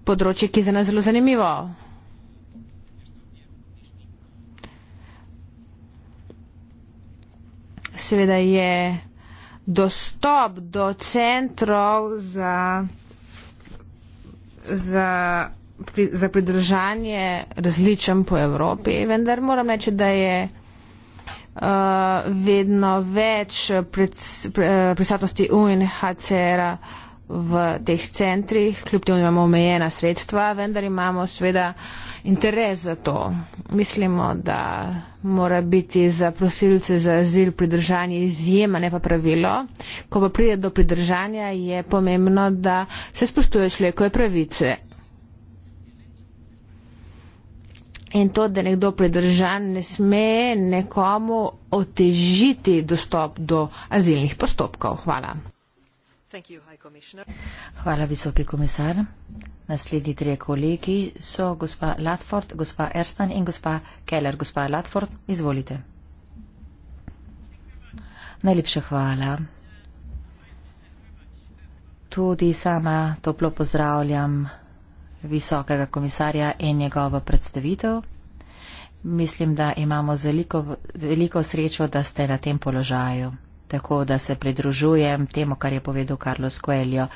področje, ki je za nas zelo zanimivo. Seveda je dostop do centrov za, za, za pridržanje različen po Evropi, vendar moram reči, da je uh, vedno več pred, pred, prisotnosti UNHCR-a uh, v teh centrih, kljub temu imamo omejena sredstva, vendar imamo seveda interes za to. Mislimo, da mora biti za prosilce za azil pridržanje izjema, ne pa pravilo. Ko pa pride do pridržanja, je pomembno, da se spoštuje človekove pravice. In to, da nekdo pridržan ne sme nekomu otežiti dostop do azilnih postopkov. Hvala. Hvala, visoki komisar. Naslednji tri kolegi so gospa Latford, gospa Erstan in gospa Keller. Gospa Latford, izvolite. Najlepša hvala. Tudi sama toplo pozdravljam visokega komisarja in njegovo predstavitev. Mislim, da imamo veliko, veliko srečo, da ste na tem položaju tako da se pridružujem temu, kar je povedal Carlos Coelho.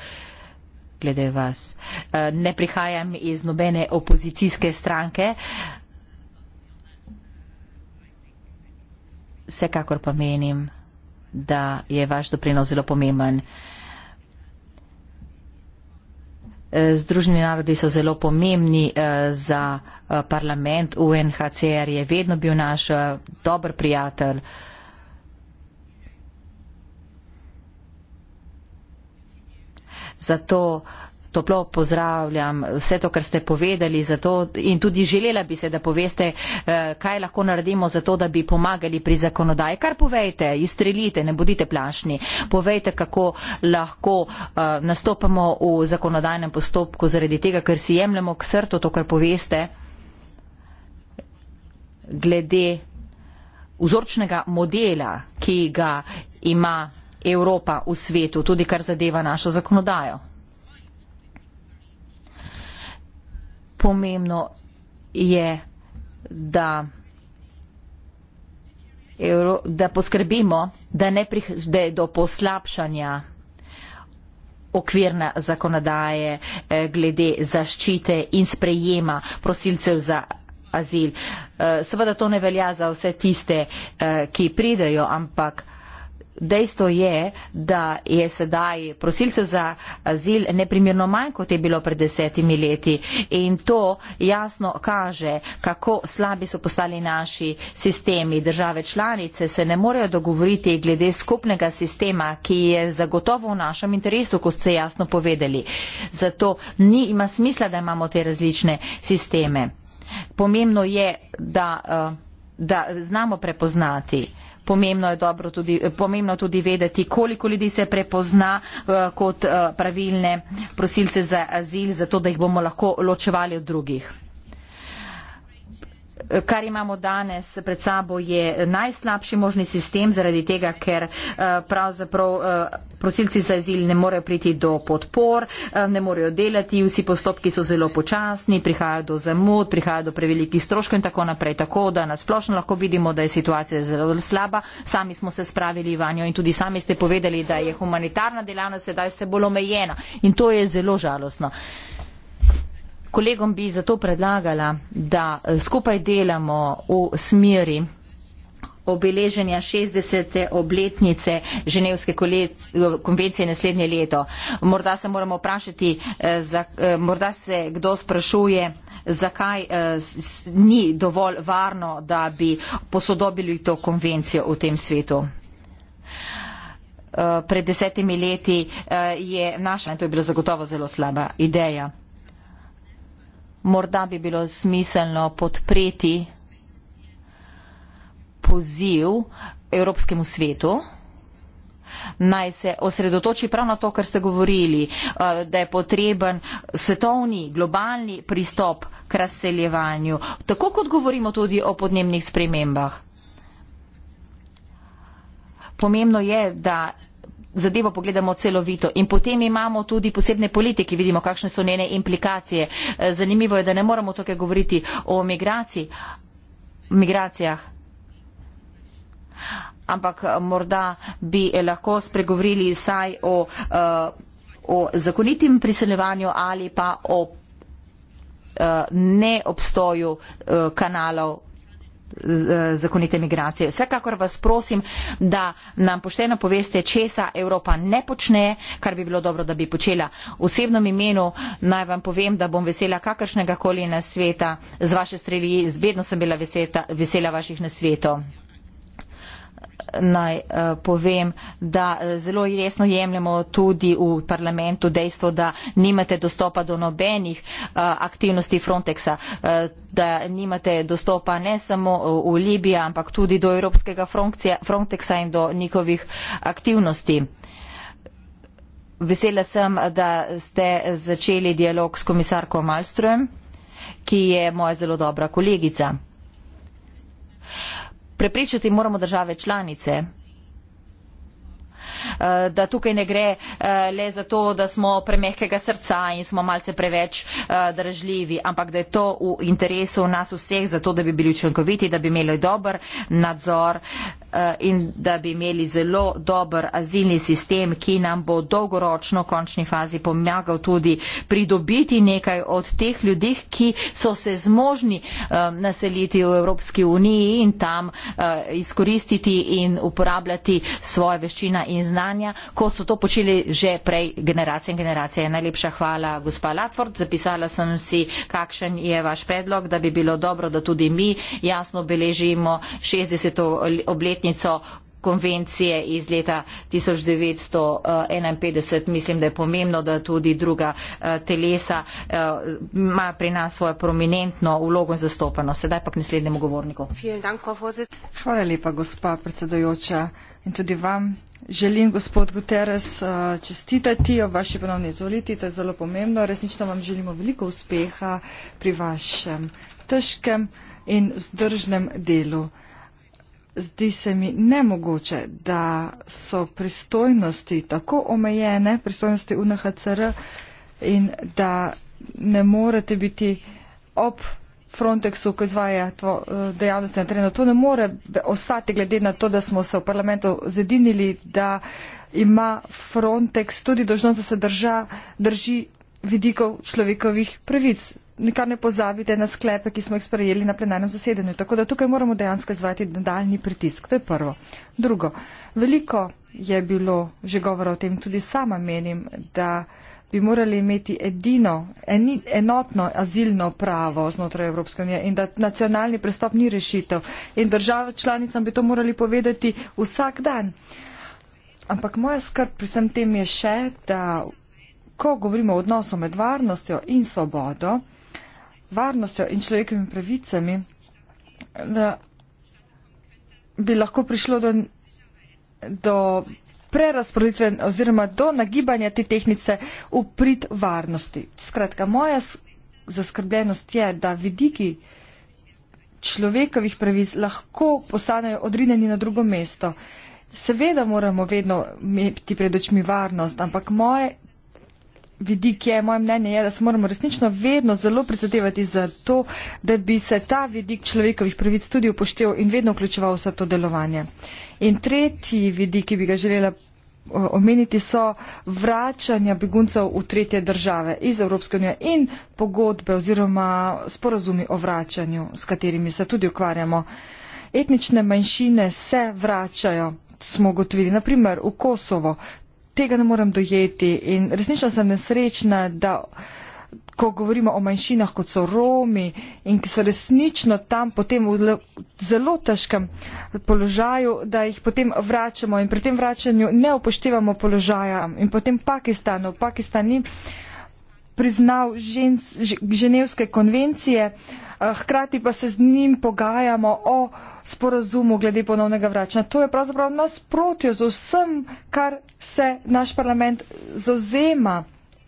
Glede vas. Eh, ne prihajam iz nobene opozicijske stranke. Vsekakor pa menim, da je vaš doprinos zelo pomemben. Eh, Združeni narodi so zelo pomembni eh, za parlament. UNHCR je vedno bil naš dober prijatelj. Zato toplo pozdravljam vse to, kar ste povedali to, in tudi želela bi se, da poveste, eh, kaj lahko naredimo za to, da bi pomagali pri zakonodaji. Kar povejte, izstrelite, ne bodite plašni. Povejte, kako lahko eh, nastopamo v zakonodajnem postopku zaradi tega, ker si jemljamo k srtu to, kar poveste glede vzorčnega modela, ki ga ima Evropa v svetu, tudi kar zadeva našo zakonodajo. Pomembno je, da, Evro, da poskrbimo, da ne prihde do poslabšanja okvirne zakonodaje eh, glede zaščite in sprejema prosilcev za azil. Eh, seveda to ne velja za vse tiste, eh, ki pridejo, ampak Dejstvo je, da je sedaj prosilcev za azil neprimerno manj, kot je bilo pred desetimi leti. In to jasno kaže, kako slabi so postali naši sistemi. Države članice se ne morejo dogovoriti glede skupnega sistema, ki je zagotovo v našem interesu, ko ste jasno povedali. Zato ni, ima smisla, da imamo te različne sisteme. Pomembno je, da, eh, da znamo prepoznati pomembno je tudi, pomembno tudi vedeti, koliko ljudi se prepozna eh, kot eh, pravilne prosilce za azil, zato da jih bomo lahko ločevali od drugih kar imamo danes pred sabo, je najslabši možni sistem zaradi tega, ker eh, pravzaprav eh, prosilci za azil ne morejo priti do podpor, eh, ne morejo delati, vsi postopki so zelo počasni, prihajajo do zamud, prihajajo do prevelikih stroškov in tako naprej. Tako da nasplošno lahko vidimo, da je situacija zelo slaba. Sami smo se spravili vanjo in tudi sami ste povedali, da je humanitarna delavnost sedaj se bolj omejena in to je zelo žalostno. Kolegom bi zato predlagala, da eh, skupaj delamo v smeri obeleženja 60. obletnice Ženevske konvencije naslednje leto. Morda se moramo vprašati, eh, eh, morda se kdo sprašuje, zakaj ni dovolj varno, da bi posodobili to konvencijo v tem svetu. Pred desetimi leti je naša, in to je bila zagotovo zelo slaba ideja, morda bi bilo smiselno podpreti poziv Evropskemu svetu, naj se osredotoči prav na to, kar ste govorili, eh, da je potreben svetovni, globalni pristop k razseljevanju, tako kot govorimo tudi o podnebnih spremembah. Pomembno je, da zadevo pogledamo celovito. In potem imamo tudi posebne politike, vidimo, kakšne so njene implikacije. E, zanimivo je, da ne moramo tukaj govoriti o migraciji, migracijah. Ampak e, morda bi lahko spregovorili saj o, e, o zakonitim priseljevanju ali pa o neobstoju kanalov Eh, zakonite migracije. Vsekakor vas prosim, da nam pošteno poveste, česa Evropa ne počne, kar bi bilo dobro, da bi počela. V osebnem imenu naj vam povem, da bom vesela kakršnega koli nasveta z vaše strelji, vedno sem bila vesela, vesela vaših nasvetov naj eh, povem, da eh, zelo resno jemljamo tudi v parlamentu dejstvo, da nimate dostopa do nobenih eh, aktivnosti Frontexa, da nimate dostopa ne samo v Libiji, ampak tudi do evropskega Frontexa in do njihovih aktivnosti. Vesela sem, da ste začeli dialog s komisarko Malmström, ki je moja zelo dobra kolegica. Preprečiti moramo države članice, Eh, da tukaj ne gre eh, le za to, da smo premehkega srca in smo malce preveč eh, držljivi, ampak da je to v interesu nas vseh, zato da bi bili učinkoviti, da bi imeli dober nadzor in da bi imeli zelo dober azilni sistem, ki nam bo dolgoročno v končni fazi pomagal tudi pridobiti nekaj od teh ljudi, ki so se zmožni naseliti v Evropski uniji in tam izkoristiti in uporabljati svoje veščina in znanje stanja, ko so to počeli že prej generacije in generacije. Najlepša hvala, gospa Latford. Zapisala sem si, kakšen je vaš predlog, da bi bilo dobro, da tudi mi jasno obeležimo 60. obletnico konvencije iz leta 1951. Mislim, da je pomembno, da tudi druga eh, telesa eh, ima pri nas svojo prominentno vlogo in zastopano. Sedaj pa k naslednjemu govorniku. Hvala lepa, gospa predsedujoča, in tudi vam. Želim gospod Guterres eh, čestitati o vaši ponovni izvolitvi, to je zelo pomembno. Resnično vam želimo veliko uspeha pri vašem težkem in vzdržnem delu. Zdi se mi nemogoče, da so pristojnosti tako omejene, pristojnosti UNHCR in da ne morete biti ob Frontexu, ko izvaja to eh, dejavnost na terenu. To ne more ostati glede na to, da smo se v parlamentu zedinili, da ima Frontex tudi dožnost, da se drža, drži vidikov človekovih pravic. Nikar ne pozabite na sklepe, ki smo jih sprejeli na plenarnem zasedanju. Tako da tukaj moramo dejansko izvajati nadaljni pritisk. To je prvo. Drugo. Veliko je bilo že govora o tem, tudi sama menim, da bi morali imeti edino, eni, enotno azilno pravo znotraj Evropske unije in da nacionalni prestop ni rešitev. In država članicam bi to morali povedati vsak dan. Ampak moja skrb pri vsem tem je še, da ko govorimo o odnosu med varnostjo in svobodo, varnostjo in človekovimi pravicami, da bi lahko prišlo do, do prerasporeditve oziroma do nagibanja te tehnice v prid varnosti. Skratka, moja zaskrbljenost je, da vidiki človekovih pravic lahko postanejo odrineni na drugo mesto. Seveda moramo vedno imeti pred očmi varnost, ampak moje vidik je, moje mnenje je, da se moramo resnično vedno zelo prizadevati za to, da bi se ta vidik človekovih pravic tudi upošteval in vedno vključeval vsa to delovanje. In tretji vidik, ki bi ga želela omeniti, so vračanja beguncev v tretje države iz Evropske unije in pogodbe oziroma sporazumi o vračanju, s katerimi se tudi ukvarjamo. Etnične manjšine se vračajo smo gotovili, naprimer v Kosovo, tega ne morem dojeti in resnično sem nesrečna, da ko govorimo o manjšinah, kot so Romi in ki so resnično tam potem v zelo težkem položaju, da jih potem vračamo in pri tem vračanju ne upoštevamo položaja in potem Pakistanu. Pakistan ni priznav Ženevske konvencije, eh, hkrati pa se z njim pogajamo o sporazumu glede ponovnega vračanja. To je pravzaprav nasprotjo z vsem, kar se naš parlament zauzema,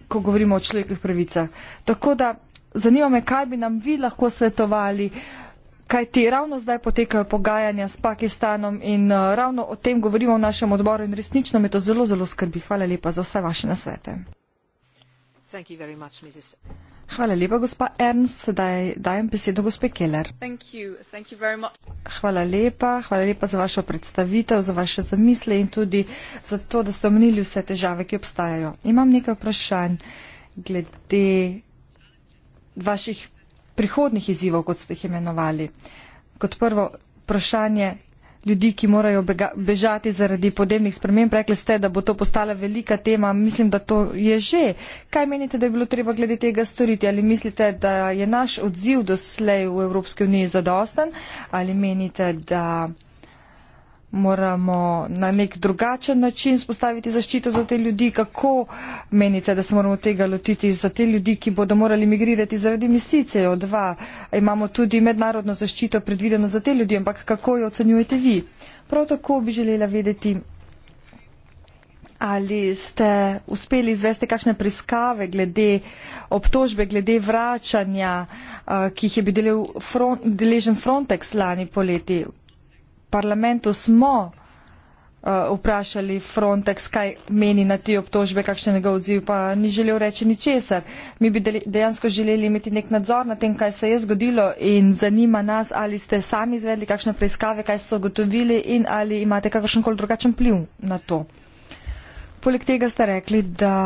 ko govorimo o človekih pravicah. Tako da zanima me, kaj bi nam vi lahko svetovali, kaj ti ravno zdaj potekajo pogajanja s Pakistanom in eh, ravno o tem govorimo v našem odboru in resnično me to zelo, zelo skrbi. Hvala lepa za vse vaše nasvete. Hvala lepa, gospa Ernst. Sedaj dajem besedo gospe Keller. Thank you. Thank you hvala lepa, hvala lepa za vašo predstavitev, za vaše zamisle in tudi za to, da ste omenili vse težave, ki obstajajo. Imam nekaj vprašanj glede vaših prihodnih izzivov, kot ste jih imenovali. Kot prvo, vprašanje, ljudi, ki morajo bega, bežati zaradi podnebnih sprememb. Rekli ste, da bo to postala velika tema. Mislim, da to je že. Kaj menite, da je bilo treba glede tega storiti? Ali mislite, da je naš odziv doslej v Evropski uniji zadosten? Ali menite, da moramo na nek drugačen način spostaviti zaščito za te ljudi? Kako menite, da se moramo tega lotiti za te ljudi, ki bodo morali migrirati zaradi misice O2? Imamo tudi mednarodno zaščito predvideno za te ljudi, ampak kako jo ocenjujete vi? Prav tako bi želela vedeti, ali ste uspeli izvesti kakšne preiskave glede obtožbe, glede vračanja, eh, ki jih je bil deležen Frontex lani poleti parlamentu smo uh, vprašali Frontex, kaj meni na te obtožbe, kakšen njegov odziv, pa ni želel reči ničesar. Mi bi dejansko želeli imeti nek nadzor na tem, kaj se je zgodilo in zanima nas, ali ste sami izvedli kakšne preiskave, kaj ste ugotovili in ali imate kakršen koli drugačen pliv na to. Poleg tega ste rekli, da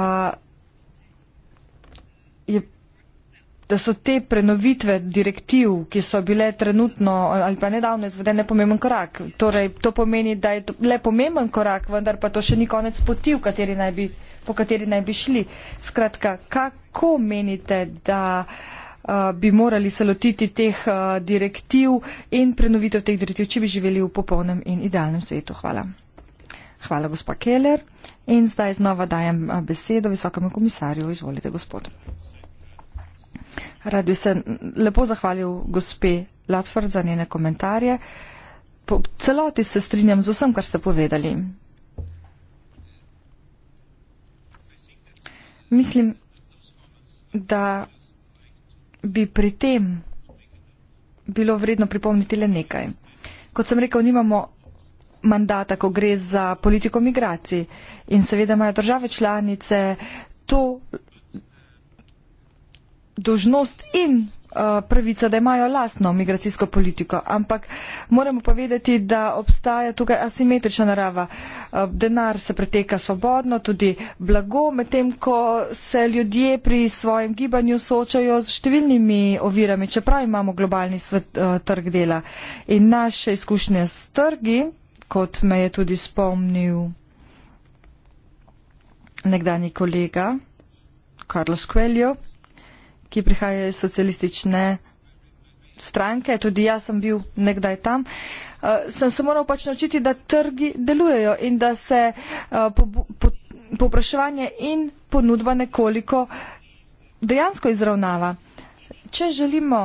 da so te prenovitve direktiv, ki so bile trenutno ali pa nedavno izvedene, pomemben korak. Torej, to pomeni, da je to le pomemben korak, vendar pa to še ni konec poti, kateri bi, po kateri naj bi šli. Skratka, kako menite, da uh, bi morali se lotiti teh uh, direktiv in prenovitev teh direktiv, če bi živeli v popolnem in idealnem svetu? Hvala. Hvala, gospa Keller. In zdaj znova dajem eh, besedo visokemu komisarju. Izvolite, gospod. Rad bi se lepo zahvalil gospe Latford za njene komentarje. Po celoti se strinjam z vsem, kar ste povedali. Mislim, da bi pri tem bilo vredno pripomniti le nekaj. Kot sem rekel, nimamo mandata, ko gre za politiko migracij in seveda imajo države članice to dožnost in eh, pravica, da imajo lastno migracijsko politiko. Ampak moramo povedati, da obstaja tukaj asimetrična narava. Eh, denar se preteka svobodno, tudi blago, medtem ko se ljudje pri svojem gibanju soočajo z številnimi ovirami, čeprav imamo globalni svet, eh, trg dela. In naše izkušnje s trgi, kot me je tudi spomnil nekdani kolega Carlos Quelio, ki prihaja iz socialistične stranke, tudi jaz sem bil nekdaj tam, uh, sem se moral pač naučiti, da trgi delujejo in da se uh, eh, popraševanje po, po in ponudba nekoliko dejansko izravnava. Če želimo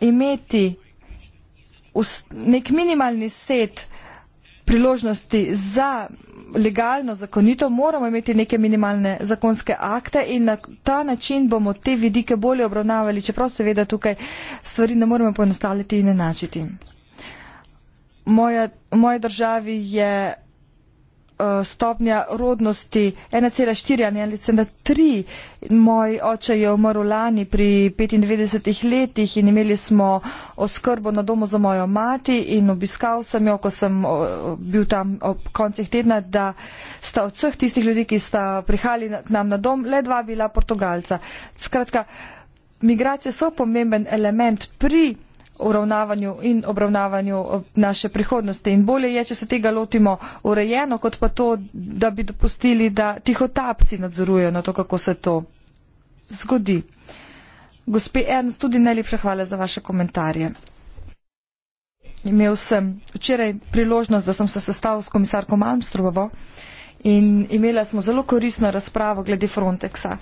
imeti nek minimalni set priložnosti za legalno, zakonito, moramo imeti neke minimalne zakonske akte in na ta način bomo te vidike bolje obravnavali, čeprav seveda tukaj stvari ne moremo poenostaviti in enačiti. Moja, v moji državi je uh, stopnja rodnosti 1,4 ali 1,3. Moj oče je umrl lani pri 95 letih in imeli smo oskrbo na domu za mojo mati in obiskal sem jo, ko sem uh, bil tam ob koncih tedna, da sta od vseh tistih ljudi, ki sta prihali k nam na dom, le dva bila Portugalca. Skratka, migracije so pomemben element pri uravnavanju in obravnavanju eh, naše prihodnosti. In bolje je, če se tega lotimo urejeno, kot pa to, da bi dopustili, da tihotapci nadzorujejo na to, kako se to zgodi. Gospe Ernst, tudi najlepša hvala za vaše komentarje. Imel sem včeraj priložnost, da sem se sestal s komisarko Malmstrovovo in imela smo zelo koristno razpravo glede Frontexa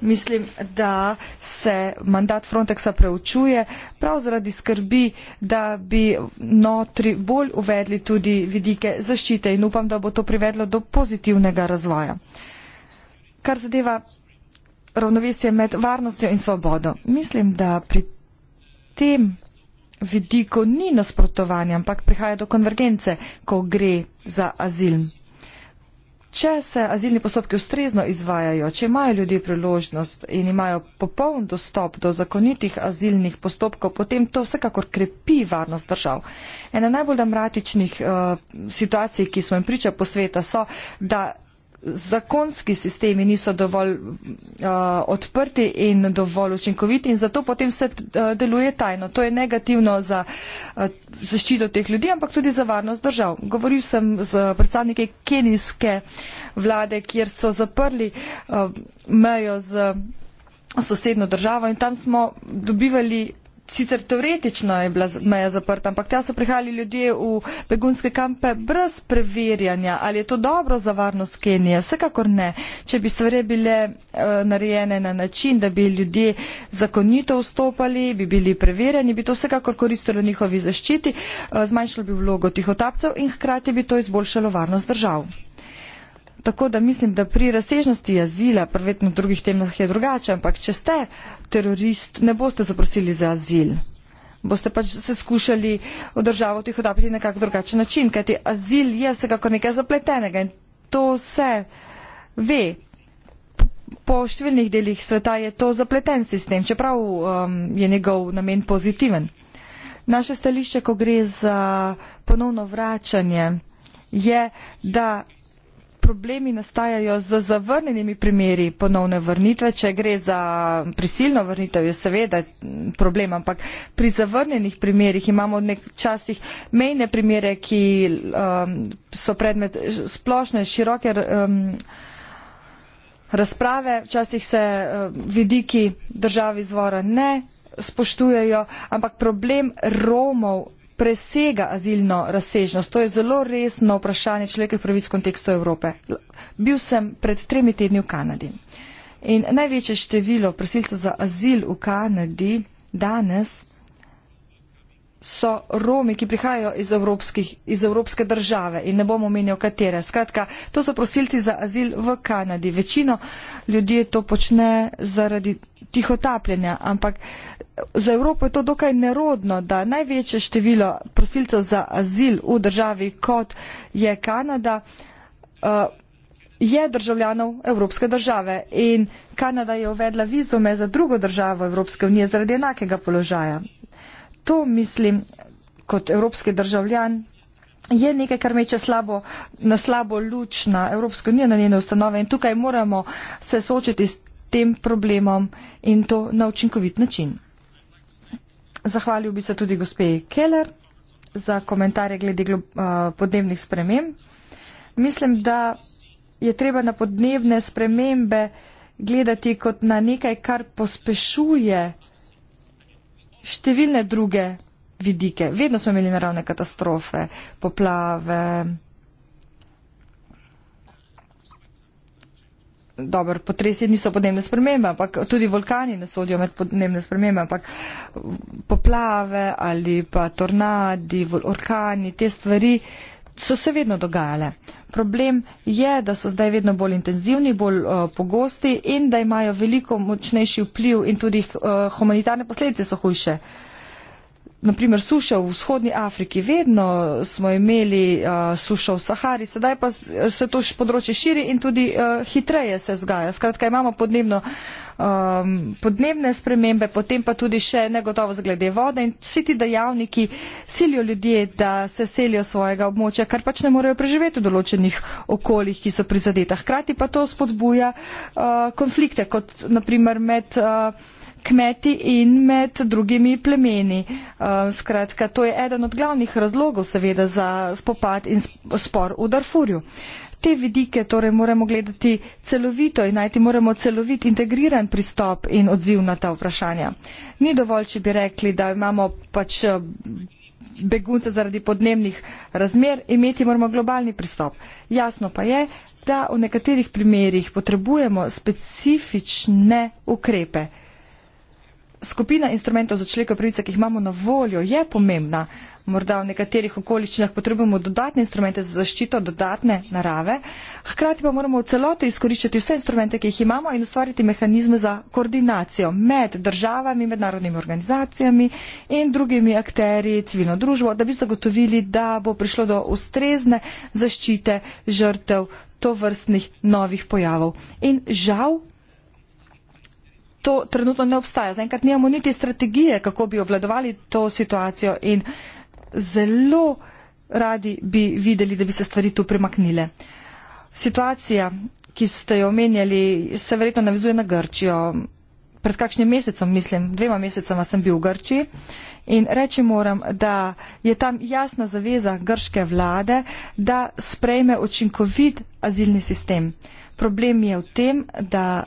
mislim, da se mandat Frontexa preučuje prav zaradi skrbi, da bi notri bolj uvedli tudi vidike zaščite in upam, da bo to privedlo do pozitivnega razvoja. Kar zadeva ravnovesje med varnostjo in svobodo. Mislim, da pri tem vidiku ni nasprotovanja, ampak prihaja do konvergence, ko gre za azil. Če se azilni postopki ustrezno izvajajo, če imajo ljudje priložnost in imajo popoln dostop do zakonitih azilnih postopkov, potem to vsekakor krepi varnost držav. Ena najbolj dramatičnih uh, situacij, ki smo jim priča po sveta, so, da zakonski sistemi niso dovolj uh, odprti in dovolj učinkoviti in zato potem se uh, deluje tajno. To je negativno za uh, zaščito teh ljudi, ampak tudi za varnost držav. Govoril sem z predstavniki kenijske vlade, kjer so zaprli uh, mejo z sosedno državo in tam smo dobivali sicer teoretično je bila meja zaprta, ampak tja so prihajali ljudje v begunske kampe brez preverjanja, ali je to dobro za varnost Kenije. Vsekakor ne. Če bi stvari bile uh, narejene na način, da bi ljudje zakonito vstopali, bi bili preverjeni, bi to vsekakor koristilo njihovi zaščiti, uh, zmanjšalo bi vlogo tih otapcev in hkrati bi to izboljšalo varnost držav. Tako da mislim, da pri razsežnosti azila, pravetno v drugih temah je drugače, ampak če ste terorist, ne boste zaprosili za azil. Boste pač se skušali v državo tih odapiti na kakor drugačen način, kajti azil je vsekakor nekaj zapletenega in to se ve. Po številnih delih sveta je to zapleten sistem, čeprav um, je njegov namen pozitiven. Naše stališče, ko gre za ponovno vračanje, je, da problemi nastajajo z zavrnenimi primeri ponovne vrnitve, če gre za prisilno vrnitev, je seveda problem, ampak pri zavrnenih primerih imamo nekčasih mejne primere, ki um, so predmet splošne, široke. Um, Razprave, včasih se uh, vidiki državi izvora ne spoštujejo, ampak problem Romov presega azilno razsežnost. To je zelo resno vprašanje človekovih pravic v kontekstu Evrope. Bil sem pred tremi tedni v Kanadi in največje število prosilcev za azil v Kanadi danes so Romi, ki prihajajo iz, iz Evropske države in ne bom omenjal katere. Skratka, to so prosilci za azil v Kanadi. Večino ljudi to počne zaradi tihotapljenja, ampak za Evropo je to dokaj nerodno, da največje število prosilcev za azil v državi, kot je Kanada, eh, je državljanov Evropske države. In Kanada je uvedla vizume za drugo državo Evropske unije zaradi enakega položaja. To mislim kot evropski državljan. Je nekaj, kar meče slabo, na slabo luč na Evropsko unijo, na njene ustanove in tukaj moramo se soočiti s tem problemom in to na učinkovit način. Zahvalil bi se tudi gospe Keller za komentarje glede glob, uh, podnebnih sprememb. Mislim, da je treba na podnebne spremembe gledati kot na nekaj, kar pospešuje številne druge vidike. Vedno smo imeli naravne katastrofe, poplave, dobro, potresi niso podnebne spremembe, ampak tudi vulkani ne sodijo med podnebne spremembe, ampak poplave ali pa tornadi, orkani, te stvari so se vedno dogajale. Problem je, da so zdaj vedno bolj intenzivni, bolj uh, pogosti in da imajo veliko močnejši vpliv in tudi uh, humanitarne posledice so hujše. Uh, naprimer suše v vzhodni Afriki, vedno smo imeli uh, sušo v Sahari, sedaj pa se to področje širi in tudi uh, hitreje se zgaja. Skratka, imamo podnebno, um, podnebne spremembe, potem pa tudi še negotovost glede vode in vsi ti dejavniki silijo ljudje, da se selijo svojega območja, kar pač ne morejo preživeti v določenih okoljih, ki so prizadeta. Hkrati pa to spodbuja uh, konflikte, kot naprimer med. Uh, kmeti in med drugimi plemeni. Uh, skratka, to je eden od glavnih razlogov seveda za spopad in spor v Darfurju. Te vidike torej moramo gledati celovito in najti moramo celovit integriran pristop in odziv na ta vprašanja. Ni dovolj, če bi rekli, da imamo pač uh, begunce zaradi podnebnih razmer, imeti moramo globalni pristop. Jasno pa je, da v nekaterih primerjih potrebujemo specifične ukrepe skupina instrumentov za človekove pravice, ki jih imamo na voljo, je pomembna. Morda v nekaterih okoliščinah potrebujemo dodatne instrumente za zaščito dodatne narave, hkrati pa moramo v celoti izkoriščati vse instrumente, ki jih imamo in ustvariti mehanizme za koordinacijo med državami, mednarodnimi organizacijami in drugimi akteri, civilno družbo, da bi zagotovili, da bo prišlo do ustrezne zaščite žrtev to vrstnih novih pojavov. In žal to trenutno ne obstaja. Zaenkrat nimamo niti strategije, kako bi obvladovali to situacijo in zelo radi bi videli, da bi se stvari tu premaknile. Situacija, ki ste jo omenjali, se verjetno navezuje na Grčijo. Pred kakšnim mesecem, mislim, dvema mesecema sem bil v Grčiji in reči moram, da je tam jasna zaveza grške vlade, da sprejme učinkovit azilni sistem. Problem je v tem, da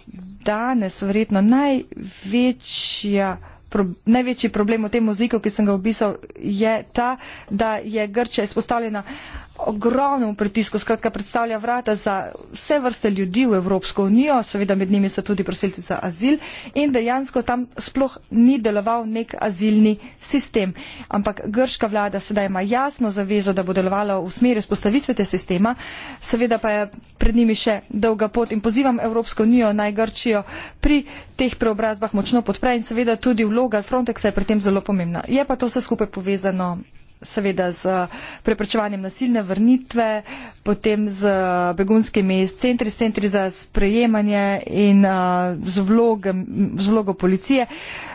danes verjetno največja. Pro, največji problem v tem oziku, ki sem ga obisal, je ta, da je Grčija izpostavljena uh, ogromnemu pritisku, skratka predstavlja vrata za vse vrste ljudi v Evropsko unijo, seveda med njimi so tudi prosilci za azil in dejansko tam sploh ni deloval nek azilni sistem. Ampak grška vlada sedaj ima jasno zavezo, da bo delovala v smeri spostavitve te sistema, seveda pa je pred njimi še dolga pot in pozivam Evropsko unijo naj Grčijo pri teh preobrazbah močno podpre in seveda tudi vloga Frontexa je pri tem zelo pomembna. Je pa to vse skupaj povezano seveda z preprečevanjem nasilne vrnitve, potem z begunskimi centri, centri za sprejemanje in uh, z, vlogem, z vlogo policije.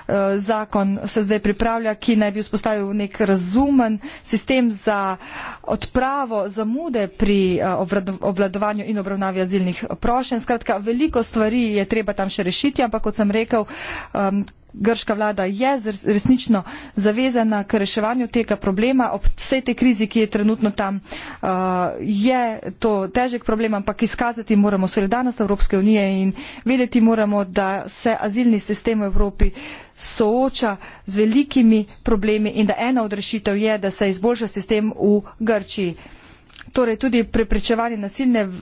Uh, zakon se zdaj pripravlja, ki naj bi vzpostavil nek razumen sistem za odpravo zamude pri uh, obvladovanju in obravnavi azilnih prošenj. Skratka, veliko stvari je treba tam še rešiti, ampak kot sem rekel, um, grška vlada je resnično zavezana k reševanju tega problema. Ob vsej tej krizi, ki je trenutno tam, uh, je to težek problem, ampak izkazati moramo solidarnost Evropske unije in vedeti moramo, da se azilni sistem v Evropi sooča z velikimi problemi in da ena od rešitev je, da se izboljša sistem v Grčiji. Torej tudi preprečevanje nasilne um,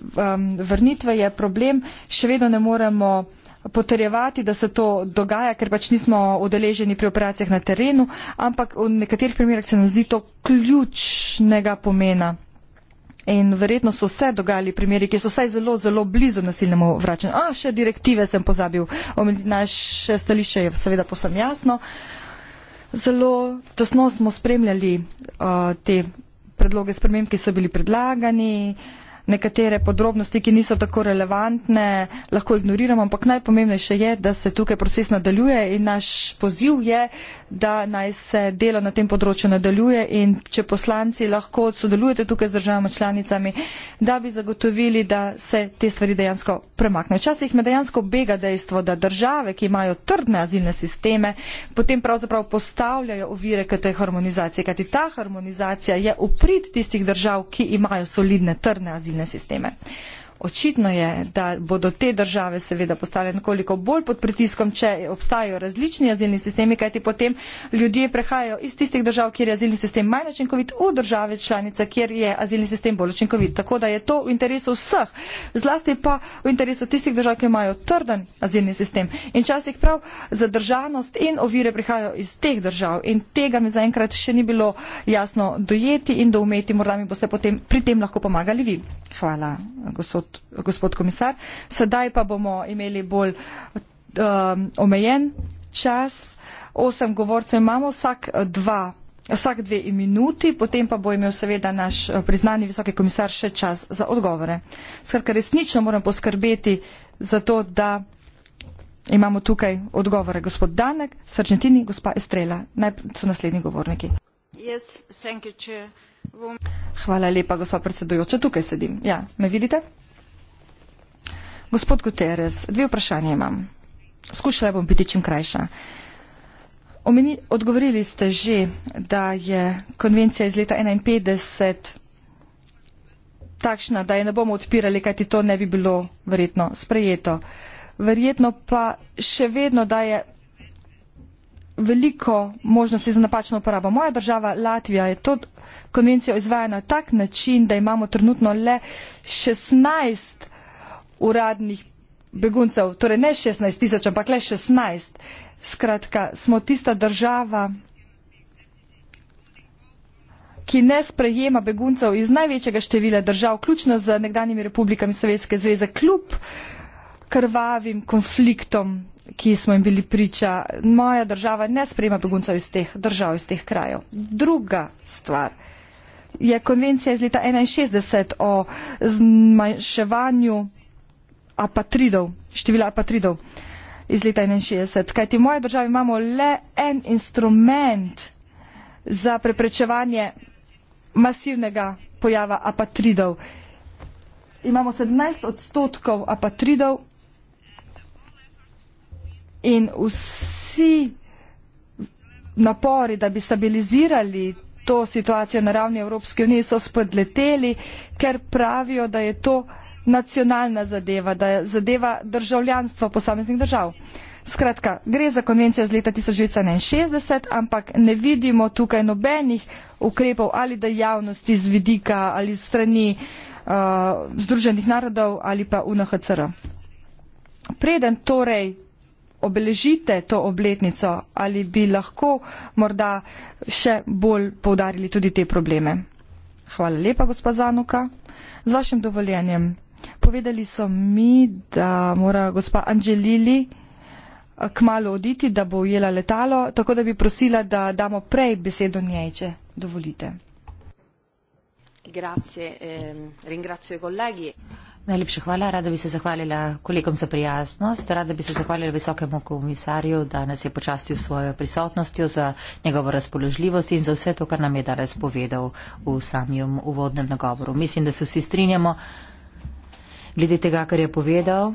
vrnitve je problem, še vedno ne moremo potrjevati, da se to dogaja, ker pač nismo odeleženi pri operacijah na terenu, ampak v nekaterih primerjah se nam zdi to ključnega pomena. In verjetno so se dogajali primeri, ki so vsaj zelo, zelo blizu nasilnemu vračanju. A, še direktive sem pozabil. Naše stališče je seveda posem jasno. Zelo tesno smo spremljali uh, te predloge sprememb, ki so bili predlagani. Uh, nekatere podrobnosti, ki niso tako relevantne, lahko ignoriramo, ampak najpomembnejše je, da se tukaj proces nadaljuje in naš poziv je, da naj se delo na tem področju nadaljuje in če poslanci lahko sodelujete tukaj z državama članicami, da bi zagotovili, da se te stvari dejansko premaknejo. Včasih me dejansko bega dejstvo, da države, ki imajo trdne azilne sisteme, potem pravzaprav postavljajo ovire k tej harmonizaciji, kajti ta harmonizacija je uprit tistih držav, ki imajo solidne trdne azilne sisteme civilne sisteme očitno je, da bodo te države seveda postale nekoliko bolj pod pritiskom, če obstajajo različni azilni sistemi, kajti potem ljudje prehajajo iz tistih držav, kjer je azilni sistem manj učinkovit, v države članice, kjer je azilni sistem bolj učinkovit. Tako da je to v interesu vseh, zlasti pa v interesu tistih držav, ki imajo trden azilni sistem. In časih prav zadržanost in ovire prihajajo iz teh držav. In tega mi zaenkrat še ni bilo jasno dojeti in doumeti. Morda mi boste potem pri tem lahko pomagali vi. Hvala, gospod gospod komisar. Sedaj pa bomo imeli bolj um, omejen čas. Osem govorcev imamo, vsak dva. Vsak dve minuti, potem pa bo imel seveda naš eh, priznani visoki komisar še čas za odgovore. Skratka, resnično moram poskrbeti za to, da imamo tukaj odgovore. Gospod Danek, Sržentini, gospa Estrela, najprej so naslednji govorniki. Yes, you, Hvala lepa, gospa predsedujoča, tukaj sedim. Ja, me vidite? Gospod Guterres, dve vprašanje imam. Skušala bom biti čim krajša. Omeni, odgovorili ste že, da je konvencija iz leta 1951 takšna, da je ne bomo odpirali, kajti to ne bi bilo verjetno sprejeto. Verjetno pa še vedno daje veliko možnosti za napačno uporabo. Moja država Latvija je to konvencijo izvaja na tak način, da imamo trenutno le 16 uradnih beguncev, torej ne 16 tisoč, ampak le 16. Skratka, smo tista država, ki ne sprejema beguncev iz največjega števila držav, ključno z nekdanjimi republikami Sovjetske zveze, kljub krvavim konfliktom, ki smo jim bili priča. Moja država ne sprejema beguncev iz teh držav, iz teh krajev. Druga stvar je konvencija iz leta 1961 o zmanjševanju apatridov, števila apatridov iz leta 61. Kajti v moji državi imamo le en instrument za preprečevanje masivnega pojava apatridov. Imamo 17 odstotkov apatridov in vsi napori, da bi stabilizirali to situacijo na ravni Evropske unije, so spodleteli, ker pravijo, da je to nacionalna zadeva, da je zadeva državljanstva posameznih držav. Skratka, gre za konvencijo iz leta 1961, ampak ne vidimo tukaj nobenih ukrepov ali da javnosti z vidika ali strani uh, Združenih narodov ali pa UNHCR. Preden torej obeležite to obletnico ali bi lahko morda še bolj poudarili tudi te probleme. Hvala lepa, gospod Zanuka. Z vašim dovoljenjem povedali so mi, da mora gospa Angelili eh, kmalo oditi, da bo ujela letalo, tako da bi prosila, da damo prej besedo njej, če dovolite. Ehm, Najlepša hvala, rada bi se zahvalila kolegom za prijaznost, rada bi se zahvalila visokemu komisarju, da nas je počastil svojo prisotnostjo, za njegovo razpoložljivost in za vse to, kar nam je danes povedal v samem uvodnem nagovoru. Mislim, da se vsi strinjamo, glede tega, kar je povedal,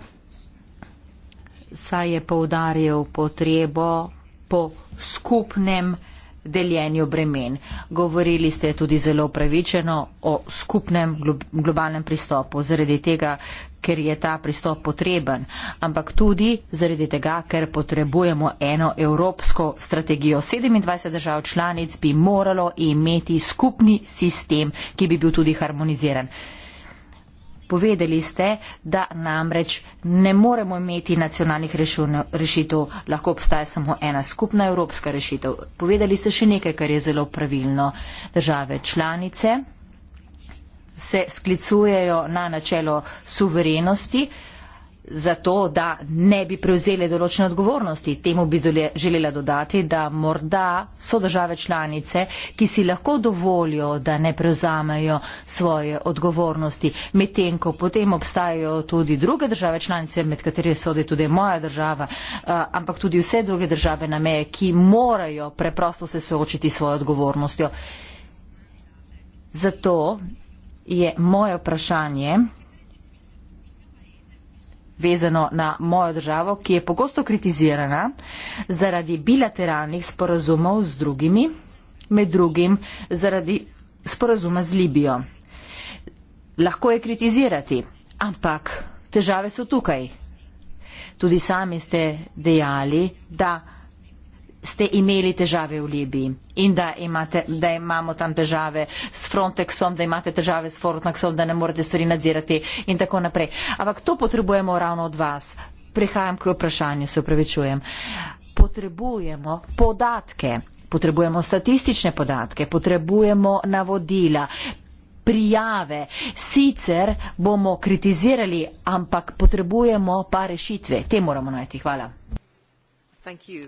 saj je poudarjal potrebo po skupnem deljenju bremen. Govorili ste tudi zelo pravičeno o skupnem globalnem pristopu, zaradi tega, ker je ta pristop potreben, ampak tudi zaradi tega, ker potrebujemo eno evropsko strategijo. 27 držav članic bi moralo imeti skupni sistem, ki bi bil tudi harmoniziran. Povedali ste, da namreč ne moremo imeti nacionalnih rešitev, lahko obstaja samo ena skupna evropska rešitev. Povedali ste še nekaj, kar je zelo pravilno. Države članice se sklicujejo na načelo suverenosti. Uh, zato, da ne bi prevzeli določene odgovornosti. Temu bi želela dodati, da morda so države članice, ki si lahko dovolijo, da ne prevzamejo svoje odgovornosti, medtem ko potem obstajajo tudi druge države članice, med katere sodi tudi moja država, eh, ampak tudi vse druge države na meje, ki morajo preprosto se soočiti s svojo odgovornostjo. Zato je moje vprašanje, vezano na mojo državo, ki je pogosto kritizirana zaradi bilateralnih sporazumov z drugimi, med drugim zaradi sporazuma z Libijo. Lahko je kritizirati, ampak težave so tukaj. Tudi sami ste dejali, da ste imeli težave v Libiji in da, imate, da imamo tam težave s Frontexom, da imate težave s Frontexom, da ne morete stvari nadzirati in tako naprej. Ampak to potrebujemo ravno od vas. Prihajam k vprašanju, se upravičujem. Potrebujemo podatke, potrebujemo statistične podatke, potrebujemo navodila. Prijave. Sicer bomo kritizirali, ampak potrebujemo pa rešitve. Te moramo najti. Hvala. Thank you.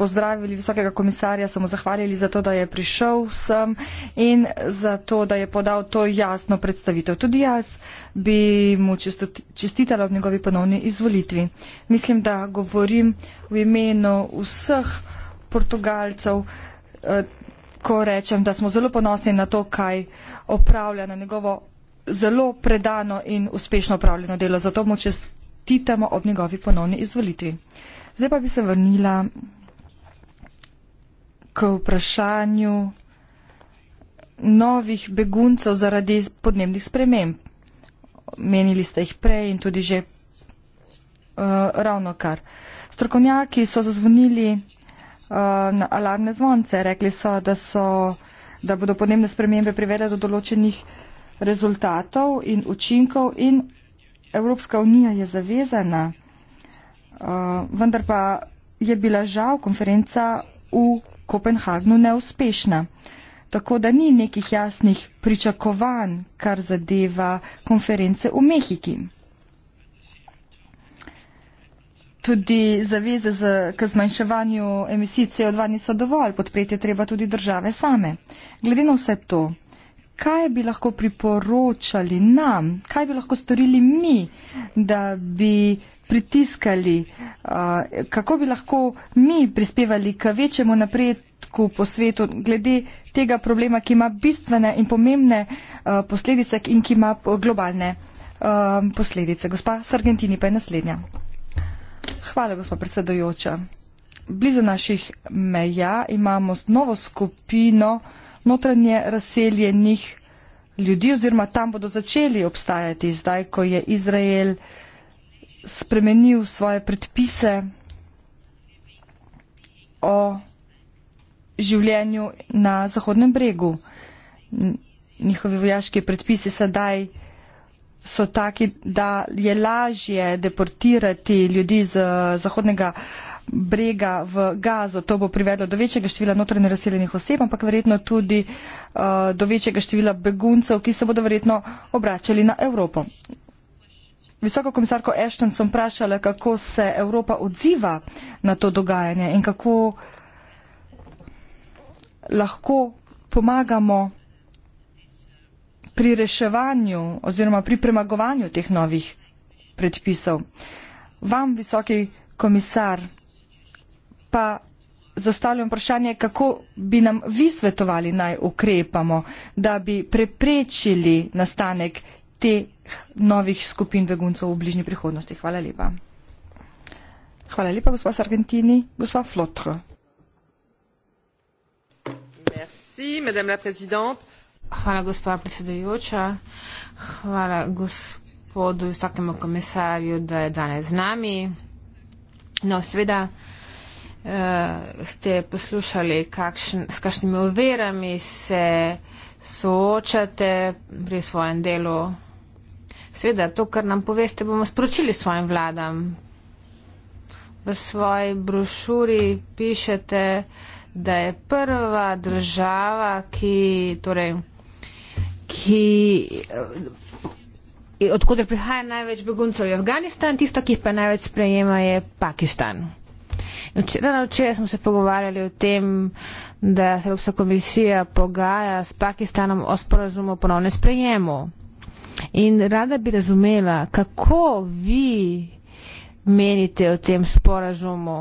pozdravili visokega komisarja, se mu zahvalili za to, da je prišel sem in za to, da je podal to jasno predstavitev. Tudi jaz bi mu čestitala ob njegovi ponovni izvolitvi. Mislim, da govorim v imenu vseh portugalcev, eh, ko rečem, da smo zelo ponosni na to, kaj opravlja na njegovo zelo predano in uspešno opravljeno delo. Zato mu čestitamo ob njegovi ponovni izvolitvi. Zdaj pa bi se vrnila k vprašanju novih beguncev zaradi podnebnih sprememb. Menili ste jih prej in tudi že uh, ravno kar. Strokovnjaki so zazvonili uh, na alarmne zvonce. Rekli so da, so, da bodo podnebne spremembe privele do določenih rezultatov in učinkov in Evropska unija je zavezana, uh, vendar pa je bila žal konferenca v Kopenhagnu neuspešna. Tako da ni nekih jasnih pričakovanj, kar zadeva konference v Mehiki. Tudi zaveze z, k zmanjševanju emisij CO2 niso dovolj, podpreti je treba tudi države same. Glede na vse to, kaj bi lahko priporočali nam, kaj bi lahko storili mi, da bi pritiskali, eh, kako bi lahko mi prispevali k večjemu napredku po svetu glede tega problema, ki ima bistvene in pomembne eh, posledice in ki ima globalne eh, posledice. Gospa Sargentini pa je naslednja. Hvala, gospa predsedojoča. Blizu naših meja imamo novo skupino notranje razseljenih ljudi oziroma tam bodo začeli obstajati zdaj, ko je Izrael spremenil svoje predpise o življenju na Zahodnem bregu. Njihovi vojaški predpisi sedaj so taki, da je lažje deportirati ljudi z Zahodnega brega v gazo. To bo privedlo do večjega števila notranje razseljenih oseb, ampak verjetno tudi uh, do večjega števila beguncev, ki se bodo verjetno obračali na Evropo visoko komisarko Ashton sem vprašala, kako se Evropa odziva na to dogajanje in kako lahko pomagamo pri reševanju oziroma pri premagovanju teh novih predpisov. Vam, visoki komisar, pa zastavljam vprašanje, kako bi nam vi svetovali naj ukrepamo, da bi preprečili nastanek teh novih skupin beguncev v bližnji prihodnosti. Hvala lepa. Hvala lepa, gospod Sargentini. Gospod Flotro. Merci, madame la présidente. Hvala, gospod predsedujoča. Hvala gospodu vsakemu komisarju, da je danes z nami. No, seveda eh, ste poslušali, kakšen, s kakšnimi overami se soočate pri svojem delu Seveda, to, kar nam poveste, bomo sporočili svojim vladam. V svoji brošuri pišete, da je prva država, ki, torej, ki, eh, odkuder prihaja največ beguncev, je Afganistan, tista, ki jih pa največ sprejema, je Pakistan. Včeraj včera smo se pogovarjali o tem, da se Evropska komisija pogaja s Pakistanom o sporazumu o ponovnem sprejemu. In rada bi razumela, kako vi menite o tem sporazumu,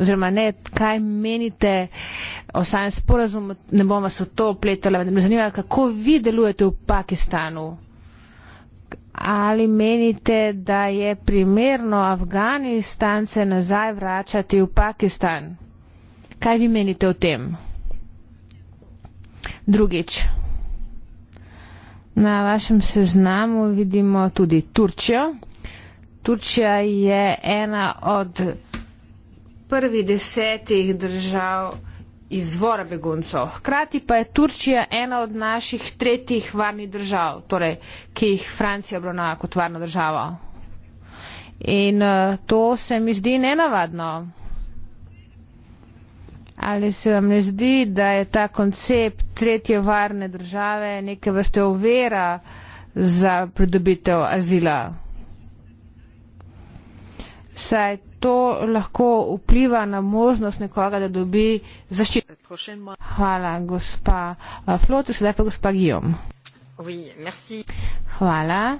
oziroma ne, kaj menite o samem sporazumu, ne bom vas v to opletala, me zanima, kako vi delujete v Pakistanu. Ali menite, da je primerno Afganistance nazaj vračati v Pakistan? Kaj vi menite o tem? Drugič. Na vašem seznamu vidimo tudi Turčijo. Turčija je ena od prvih desetih držav izvora beguncev. Hkrati pa je Turčija ena od naših tretjih varnih držav, torej, ki jih Francija obravnava kot varno državo. In uh, to se mi zdi nenavadno. Ali se vam ne zdi, da je ta koncept tretje varne države neke vrste ovira za pridobitev azila? Saj to lahko vpliva na možnost nekoga, da dobi zaščito. Hvala, gospa eh, Flotus, sedaj pa gospa Gijom. Hvala,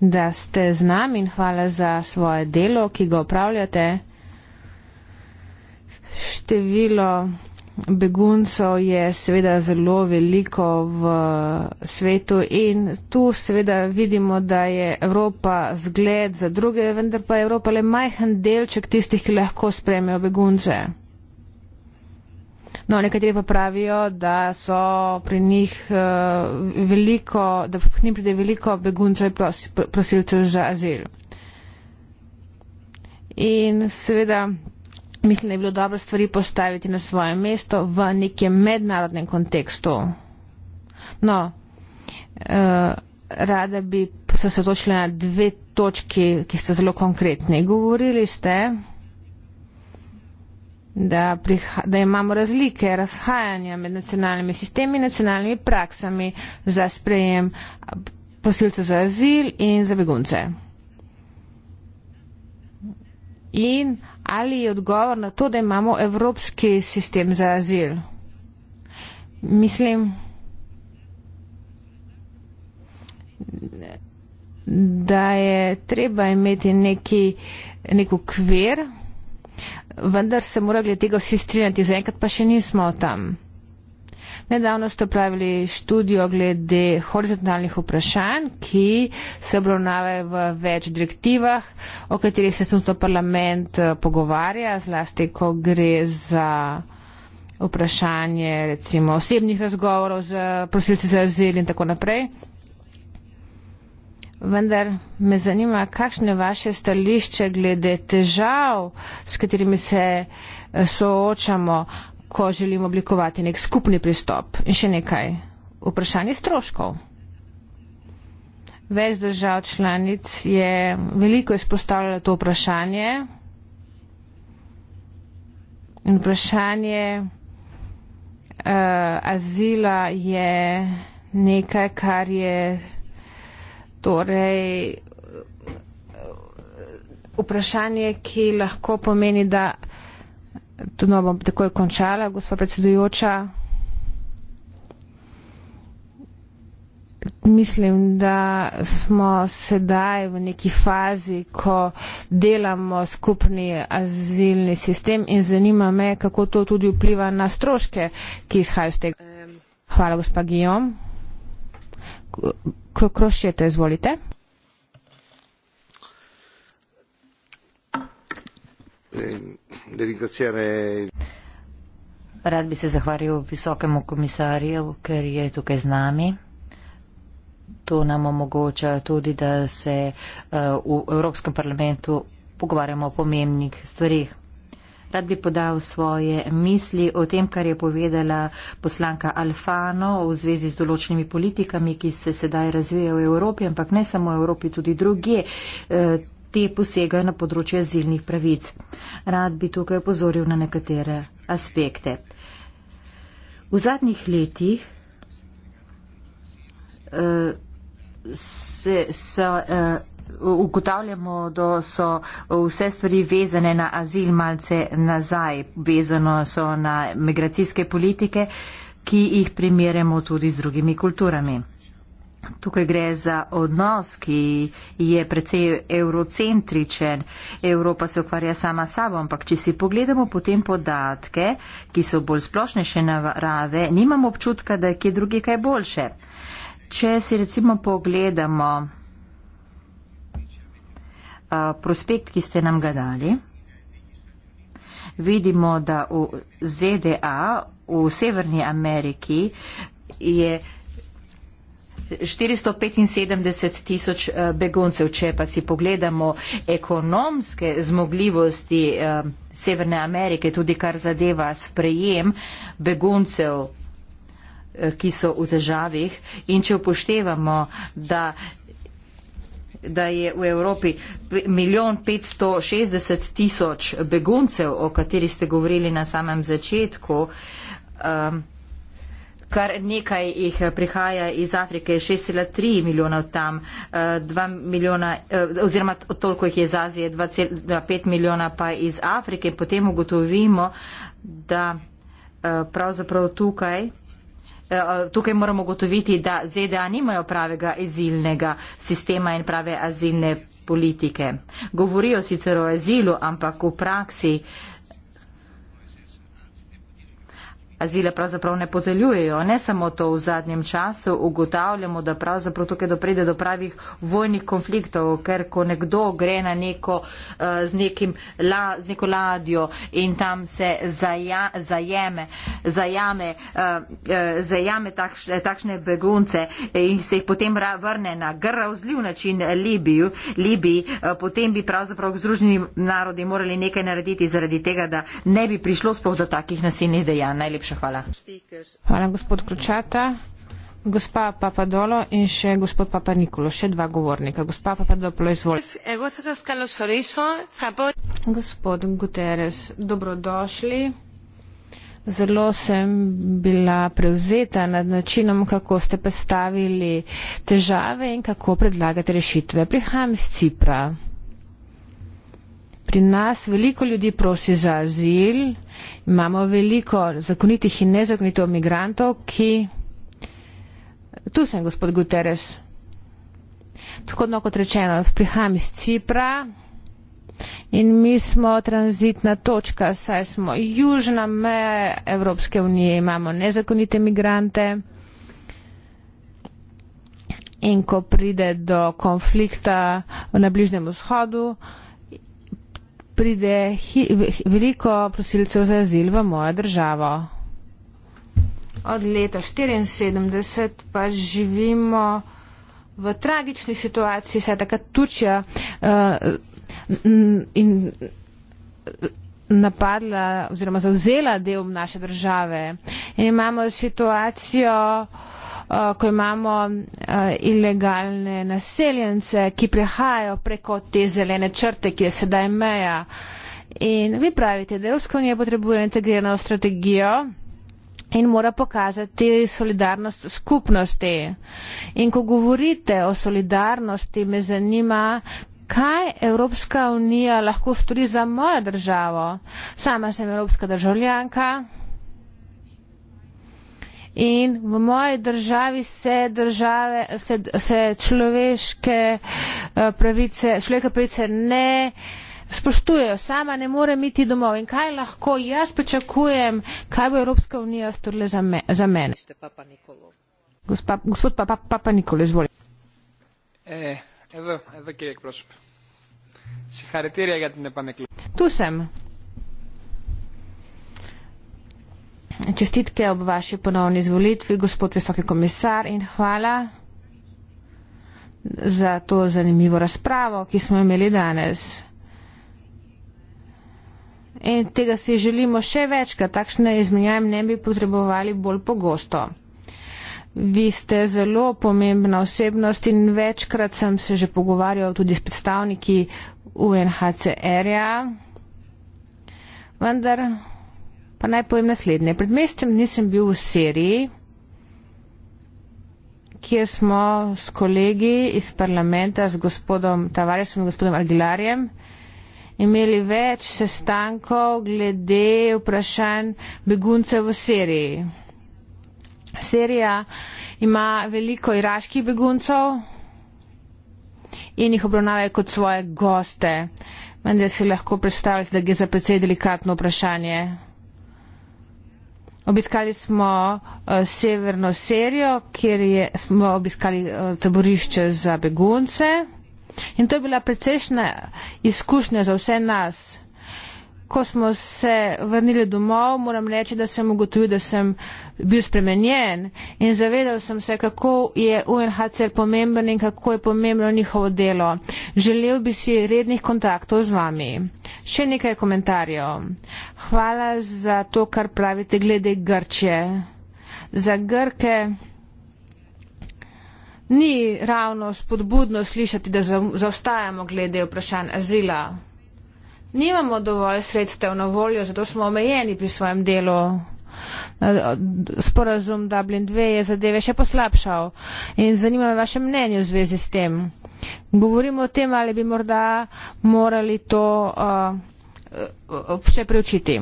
da ste z nami in hvala za svoje delo, ki ga upravljate. Število beguncev je seveda zelo veliko v svetu in tu seveda vidimo, da je Evropa zgled za druge, vendar pa je Evropa le majhen delček tistih, ki lahko spremijo begunce. No, nekateri pa pravijo, da so pri njih eh, veliko, da pri njih pride veliko beguncev in prosilcev za azil. In seveda mislim, da je bilo dobro stvari postaviti na svoje mesto v nekem mednarodnem kontekstu. No, uh, rada bi se sotočila na dve točki, ki ste zelo konkretni. Govorili ste, da, priha, da imamo razlike, razhajanja med nacionalnimi sistemi in nacionalnimi praksami za sprejem prosilcev za azil in za begunce. In ali je odgovor na to, da imamo evropski sistem za azil? Mislim, da je treba imeti neki, nek ukvir, vendar se mora glede tega vsi strinjati, zaenkrat pa še nismo tam. Nedavno ste upravili študijo glede horizontalnih vprašanj, ki se obravnavajo v več direktivah, o katerih se sem to parlament eh, pogovarja, zlasti, ko gre za vprašanje recimo osebnih razgovorov z prosilci za azil in tako naprej. Vendar me zanima, kakšne vaše stališče glede težav, s katerimi se eh, soočamo, ko želimo oblikovati nek skupni pristop. In še nekaj, vprašanje stroškov. Več držav članic je veliko izpostavljalo to vprašanje. In vprašanje uh, azila je nekaj, kar je torej vprašanje, ki lahko pomeni, da No, bom takoj končala, gospod predsedujoča. Mislim, da smo sedaj v neki fazi, ko delamo skupni azilni sistem in zanima me, kako to tudi vpliva na stroške, ki izhajajo z tega. Hvala, gospod Gijom. Krošete, izvolite. Eh, ringraziare. Rad bi se zahvalil visokemu komisarju, ker je tukaj z nami. To nam omogoča tudi, da se eh, v Evropskem parlamentu pogovarjamo o pomembnih stvarih. Rad bi podal svoje misli o tem, kar je povedala poslanka Alfano v zvezi z določenimi politikami, ki se sedaj razvijajo v Evropi, ampak ne samo v Evropi, tudi druge. Eh, te posegajo na področje azilnih pravic. Rad bi tukaj opozoril na nekatere aspekte. V zadnjih letih eh, se, se eh, ugotavljamo, da so vse stvari vezane na azil malce nazaj, vezano so na migracijske politike, ki jih primerjamo tudi z drugimi kulturami. Tukaj gre za odnos, ki je precej eurocentričen. Evropa se ukvarja sama sabo, ampak če si pogledamo potem podatke, ki so bolj splošne še narave, nimamo občutka, da je kje druge kaj boljše. Če si recimo pogledamo uh, prospekt, ki ste nam ga dali, vidimo, da v ZDA, v Severni Ameriki, je. 475 tisoč eh, beguncev, če pa si pogledamo ekonomske zmogljivosti eh, Severne Amerike, tudi kar zadeva sprejem beguncev eh, ki so v težavih in če upoštevamo, da, da je v Evropi milijon 560 tisoč beguncev, o kateri ste govorili na samem začetku, um, kar nekaj jih eh, prihaja iz Afrike, 6,3 milijonov tam, 2 eh, milijona, eh, oziroma toliko jih je iz Azije, 2,5 milijona pa iz Afrike. Potem ugotovimo, da pravzaprav tukaj. Tukaj moramo gotoviti, da ZDA nimajo pravega azilnega sistema in prave azilne politike. Govorijo sicer o azilu, ampak v praksi uh, azile pravzaprav ne podeljujejo. Ne samo to v zadnjem času ugotavljamo, da pravzaprav tukaj doprede do pravih vojnih konfliktov, ker ko nekdo gre na neko eh, z, nekim, la, z neko ladjo in tam se zaja, zajeme, zajame, eh, eh, zajame takš, takšne begunce in se jih potem vrne na grozljiv način Libiju, Libiji, potem bi pravzaprav združeni narodi morali nekaj narediti zaradi tega, da ne bi prišlo sploh do takih nasilnih dejanj. Najlepši Najlepša hvala. Hvala, gospod Kručata. Gospa Papadolo in še gospod Papanikolo, še dva govornika. Gospa Papadolo, izvolite. Gospod Guterres, dobrodošli. Zelo sem bila prevzeta nad načinom, kako ste postavili težave in kako predlagate rešitve. Prihajam iz Cipra. Pri nas veliko ljudi prosi za azil, imamo veliko zakonitih in nezakonitih migrantov, ki. Tu sem, gospod Guterres. Tako no, kot rečeno, prihajam iz Cipra in mi smo tranzitna točka, saj smo južna meja Evropske unije, imamo nezakonite migrante. In ko pride do konflikta na Bližnjem vzhodu, pride hi, veliko prosilcev za azil v mojo državo. Od leta 1974 pa živimo v tragični situaciji, saj takrat Turčija uh, in napadla oziroma zauzela del naše države. In imamo situacijo, Eh, ko imamo eh, ilegalne naseljence, ki prehajajo preko te zelene črte, ki je sedaj meja. In vi pravite, da Evropska unija potrebuje integrirano strategijo in mora pokazati solidarnost skupnosti. In ko govorite o solidarnosti, me zanima, kaj Evropska unija lahko stori za mojo državo. Sama sem evropska državljanka. In v moji državi se, države, se, se človeške eh, pravice, človeške pravice ne spoštujejo, sama ne more iti domov. In kaj lahko jaz pričakujem, kaj bo Evropska unija storila za, me, za mene? Papa Gospa, gospod pa, pa, Papa Nikolo, izvolite. Eh, evo, evo, kjer je prosim. Si haretirja, ga ti ne pa ne Tu sem. čestitke ob vaši ponovni izvolitvi, gospod visoki komisar, in hvala za to zanimivo razpravo, ki smo imeli danes. In tega si želimo še več, ker takšne izmenjave ne bi potrebovali bolj pogosto. Vi ste zelo pomembna osebnost in večkrat sem se že pogovarjal tudi s predstavniki UNHCR-ja. Vendar Pa naj povem naslednje. Pred mestem nisem bil v Siriji, kjer smo s kolegi iz parlamenta, s gospodom Tavaresom in gospodom Aguilarjem, imeli več sestankov glede vprašanj beguncev v Siriji. Sirija ima veliko iraških beguncev in jih obravnavajo kot svoje goste. Vendar si lahko predstavljate, da gre za precej delikatno vprašanje. Obiskali smo uh, severno Serijo, kjer je, smo obiskali uh, taborišče za begunce. In to je bila precejšna izkušnja za vse nas ko smo se vrnili domov, moram reči, da sem ugotovil, da sem bil spremenjen in zavedal sem se, kako je UNHCR pomemben in kako je pomembno njihovo delo. Želel bi si rednih kontaktov z vami. Še nekaj komentarjev. Hvala za to, kar pravite glede Grče. Za Grke ni ravno spodbudno slišati, da zaostajamo glede vprašanj azila nimamo dovolj sredstev na voljo, zato smo omejeni pri svojem delu. Sporazum Dublin 2 je zadeve še poslabšal in zanima me vaše mnenje v zvezi s tem. Govorimo o tem, ali bi morda morali to uh, uh še preučiti.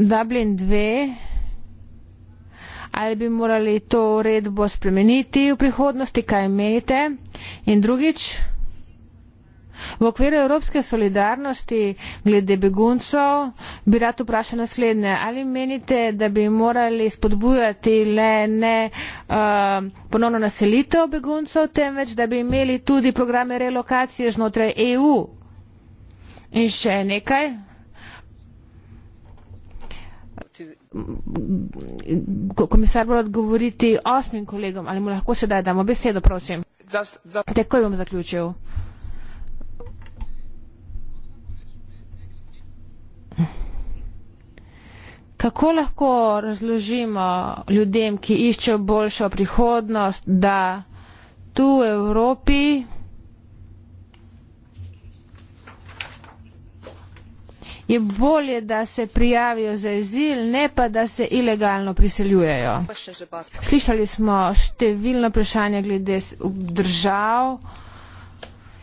Dublin 2, ali bi morali to uredbo spremeniti v prihodnosti, kaj menite? In drugič. V okviru Evropske solidarnosti glede beguncov bi rad vprašal naslednje. Ali menite, da bi morali spodbujati le ne uh, ponovno naselitev beguncov, temveč da bi imeli tudi programe relokacije znotraj EU? In še nekaj. Komisar bo odgovoriti osmim kolegom, ali mu lahko sedaj damo besedo, prosim. Takoj bom zaključil. Kako lahko razložimo ljudem, ki iščejo boljšo prihodnost, da tu v Evropi je bolje, da se prijavijo za azil, ne pa da se ilegalno priseljujejo? Slišali smo številno vprašanje glede držav.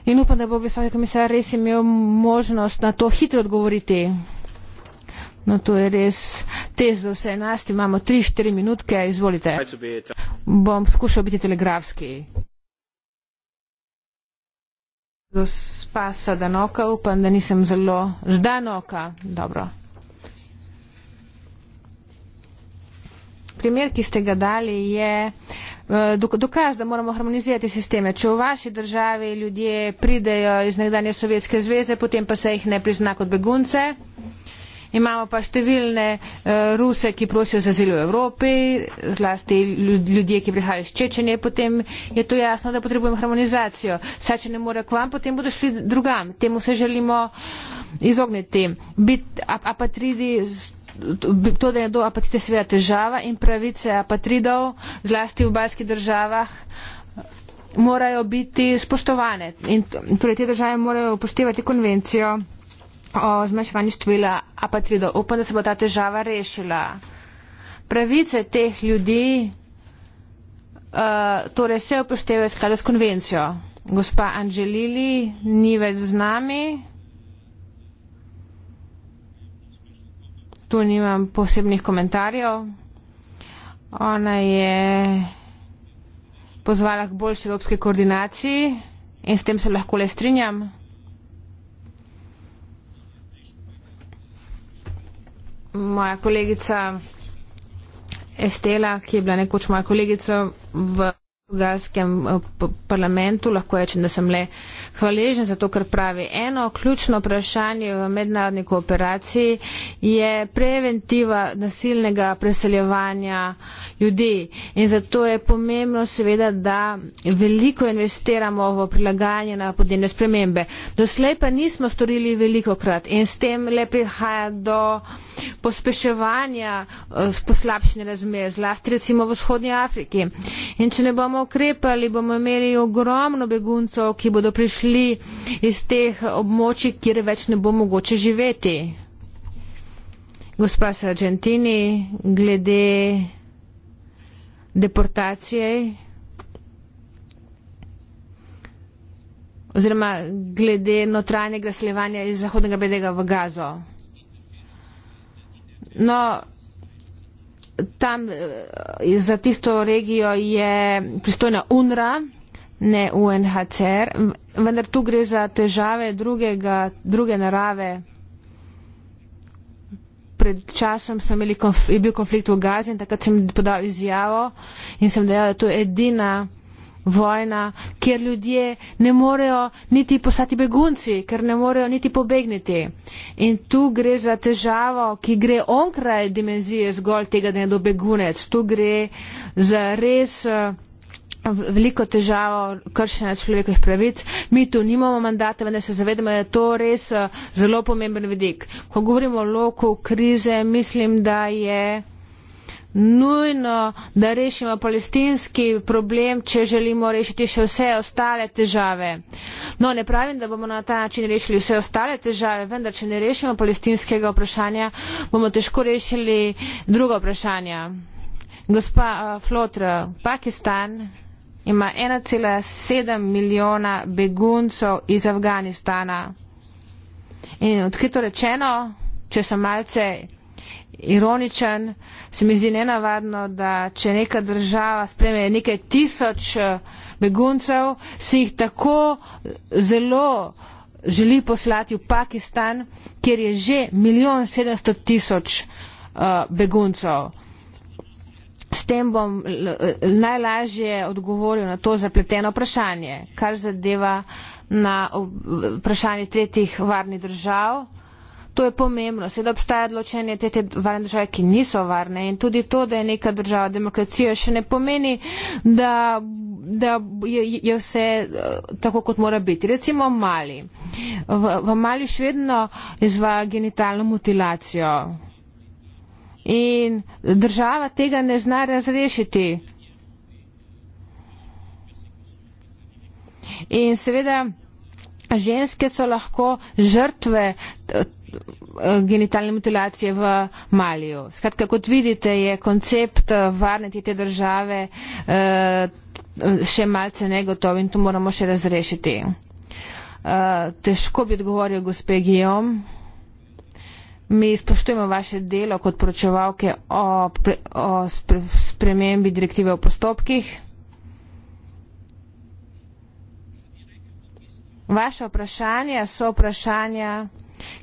In upam, da bo visoki komisar res imel možnost na to hitro odgovoriti. No, to je res test za vse nas. Imamo 3-4 minutke, izvolite. Bom skušal biti telegrafski. Spasa Danoka, upam, da nisem zelo ždanoka. Dobro. Primer, ki ste ga dali, je eh, dokaz, da moramo harmonizirati sisteme. Če v vaši državi ljudje pridejo iz nekdanje Sovjetske zveze, potem pa se jih ne prizna kot begunce. Imamo pa številne eh, ruse, ki prosijo za zil v Evropi, zlasti ljudje, ki prihajajo iz Čečenje, potem je to jasno, da potrebujemo harmonizacijo. Saj, če ne more k vam, potem bodo šli drugam. Temu se želimo izogniti. Biti apatridi, to, da je do apatite seveda težava in pravice apatridov, zlasti v balskih državah morajo biti spoštovane. In torej te države morajo upoštevati konvencijo o zmanjševanju števila apatridov. Upam, da se bo ta težava rešila. Pravice teh ljudi uh, torej se upoštevajo skladu s konvencijo. Gospa Anželili ni več z nami. Tu nimam posebnih komentarjev. Ona je pozvala k boljši evropski koordinaciji in s tem se lahko le strinjam. moja kolegica Estela, ki je bila nekoč moja kolegica v portugalskem eh, parlamentu, lahko rečem, da sem le hvaležen za to, kar pravi. Eno ključno vprašanje v mednarodni kooperaciji je preventiva nasilnega preseljevanja ljudi in zato je pomembno seveda, da veliko investiramo v prilagajanje na podnebne spremembe. Doslej pa nismo storili veliko krat in s tem le prihaja do pospeševanja eh, poslabšenja razmer, zlasti recimo v vzhodnji Afriki. In če ne bomo bomo ukrepali, bomo imeli ogromno beguncev, ki bodo prišli iz teh območij, kjer več ne bo mogoče živeti. Gospa Sargentini, glede deportacije oziroma glede notranjega sleljevanja iz Zahodnega Bedega v Gazo. No, tam eh, za tisto regijo je pristojna UNRA, ne UNHCR, vendar tu gre za težave drugega, druge narave. Pred časom imeli konf, je bil konflikt v Gazi in takrat sem podal izjavo in sem dejal, da to je edina vojna, kjer ljudje ne morejo niti postati begunci, ker ne morejo niti pobegniti. In tu gre za težavo, ki gre onkraj dimenzije zgolj tega, da je nekdo begunec. Tu gre za res eh, veliko težavo kršenja človekovih pravic. Mi tu nimamo mandata, vendar se zavedamo, da je to res eh, zelo pomemben vidik. Ko govorimo o loku krize, mislim, da je nujno, da rešimo palestinski problem, če želimo rešiti še vse ostale težave. No, ne pravim, da bomo na ta način rešili vse ostale težave, vendar, če ne rešimo palestinskega vprašanja, bomo težko rešili druga vprašanja. Gospa eh, Flotra, Pakistan ima 1,7 milijona beguncov iz Afganistana. In odkrito rečeno, če sem malce ironičen, se mi zdi nenavadno, da če neka država spreme nekaj tisoč eh, beguncev, si jih tako zelo želi poslati v Pakistan, kjer je že milijon sedemsto tisoč eh, beguncev. S tem bom eh, najlažje odgovoril na to zapleteno vprašanje, kar zadeva na vprašanje tretjih varnih držav. To je pomembno. Sedaj obstaja odločenje te, te varne države, ki niso varne in tudi to, da je neka država demokracija, še ne pomeni, da, da je, je vse eh, tako, kot mora biti. Recimo Mali. V, v Mali še vedno izvaja genitalno mutilacijo in država tega ne zna razrešiti. In seveda ženske so lahko žrtve Eh, genitalne mutilacije v Maliju. Skratka, kot vidite, je koncept eh, varne te države eh, še malce negotov in to moramo še razrešiti. Težko bi odgovoril gospe Gijom. Mi spoštujemo vaše delo kot poročevalke o, pre, o spre, spremembi direktive o postopkih. Vaše vprašanje so vprašanja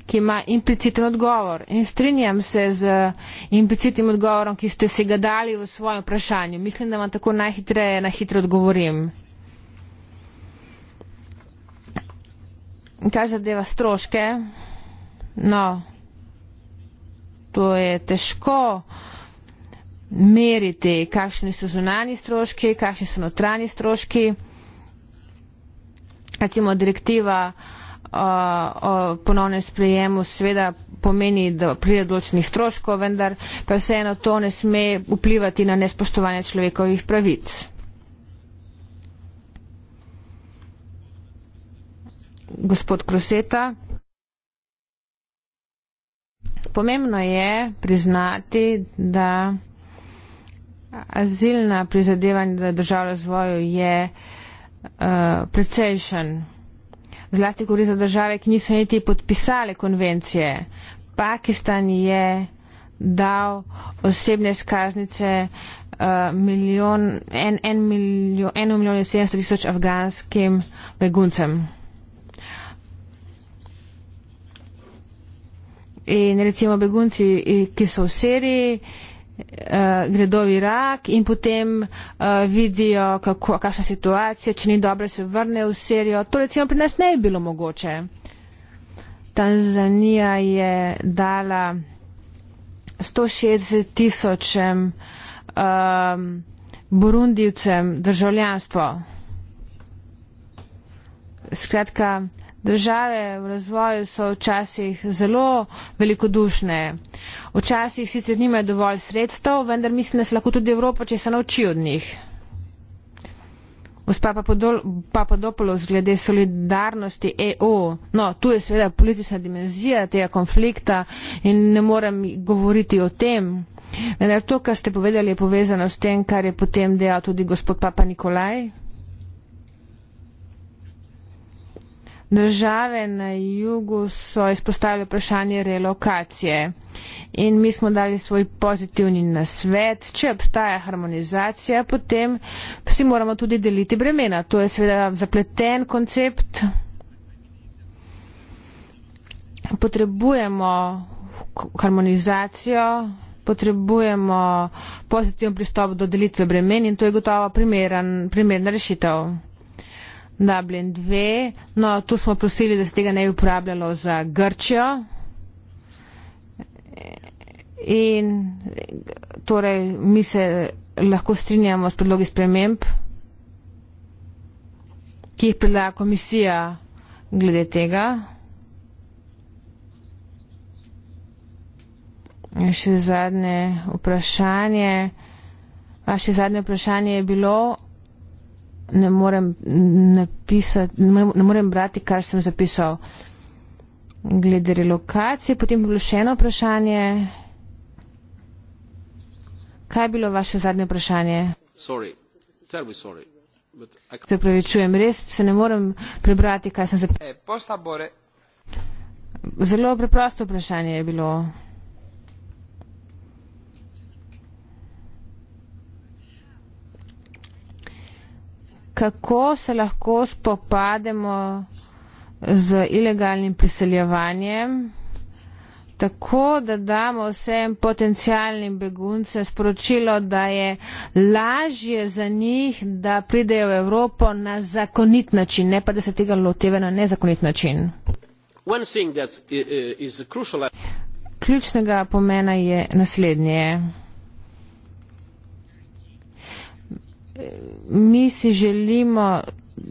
ki ima impliciten odgovor. In strinjam se z implicitnim odgovorom, ki ste si ga dali v svojem vprašanju. Mislim, da vam tako najhitreje na hitro odgovorim. Kaj zadeva stroške? No, to je težko meriti, kakšni so zunani stroški, kakšni so notranji stroški. Recimo direktiva uh, o ponovnem sprejemu seveda pomeni, da pride določenih stroškov, vendar pa vseeno to ne sme vplivati na nespoštovanje človekovih pravic. Gospod Kroseta. Pomembno je priznati, da azilna prizadevanja za državo razvoju je uh, precejšen zlasti gori za države, ki niso niti podpisale konvencije. Pakistan je dal osebne skaznice uh, eh, milijon, en, en milijon, eno milijon in sedemsto tisoč afganskim beguncem. In recimo begunci, eh, ki so v Siriji, uh, uh, gredo v Irak in potem uh, vidijo, kako, kakšna situacija, če ni dobro, se vrnejo v Sirijo. To recimo pri nas ne je bilo mogoče. Tanzanija je dala 160 tisočem um, burundijcem državljanstvo. Skratka, Države v razvoju so včasih zelo velikodušne. Včasih sicer nimajo dovolj sredstev, vendar mislim, da se lahko tudi Evropa, če se nauči od njih. Gospa Papadopoulos, glede solidarnosti EU, no, tu je seveda politična dimenzija tega konflikta in ne morem govoriti o tem. Vendar to, kar ste povedali, je povezano s tem, kar je potem dejal tudi gospod Papa Nikolaj. države na jugu so izpostavili vprašanje relokacije in mi smo dali svoj pozitivni nasvet. Če obstaja harmonizacija, potem si moramo tudi deliti bremena. To je seveda zapleten koncept. Potrebujemo harmonizacijo, potrebujemo pozitiven pristop do delitve bremen in to je gotovo primeren, primerna rešitev. Dublin 2, no tu smo prosili, da se tega ne bi uporabljalo za Grčijo. In torej mi se lahko strinjamo s predlogi sprememb, ki jih predlaga komisija glede tega. In še zadnje vprašanje. Vaše zadnje vprašanje je bilo, ne morem napisati, ne morem brati, kar sem zapisal glede relokacije. Potem je bilo še eno vprašanje. Kaj je bilo vaše zadnje vprašanje? Se pravi, čujem, res se ne morem prebrati, kaj sem zapisal. Eh, Zelo preprosto vprašanje je bilo. kako se lahko spopademo z ilegalnim priseljevanjem, tako da damo vsem potencijalnim beguncem sporočilo, da je lažje za njih, da pridejo v Evropo na zakonit način, ne pa da se tega loteve na nezakonit način. Uh, uh, Ključnega pomena je naslednje. mi si želimo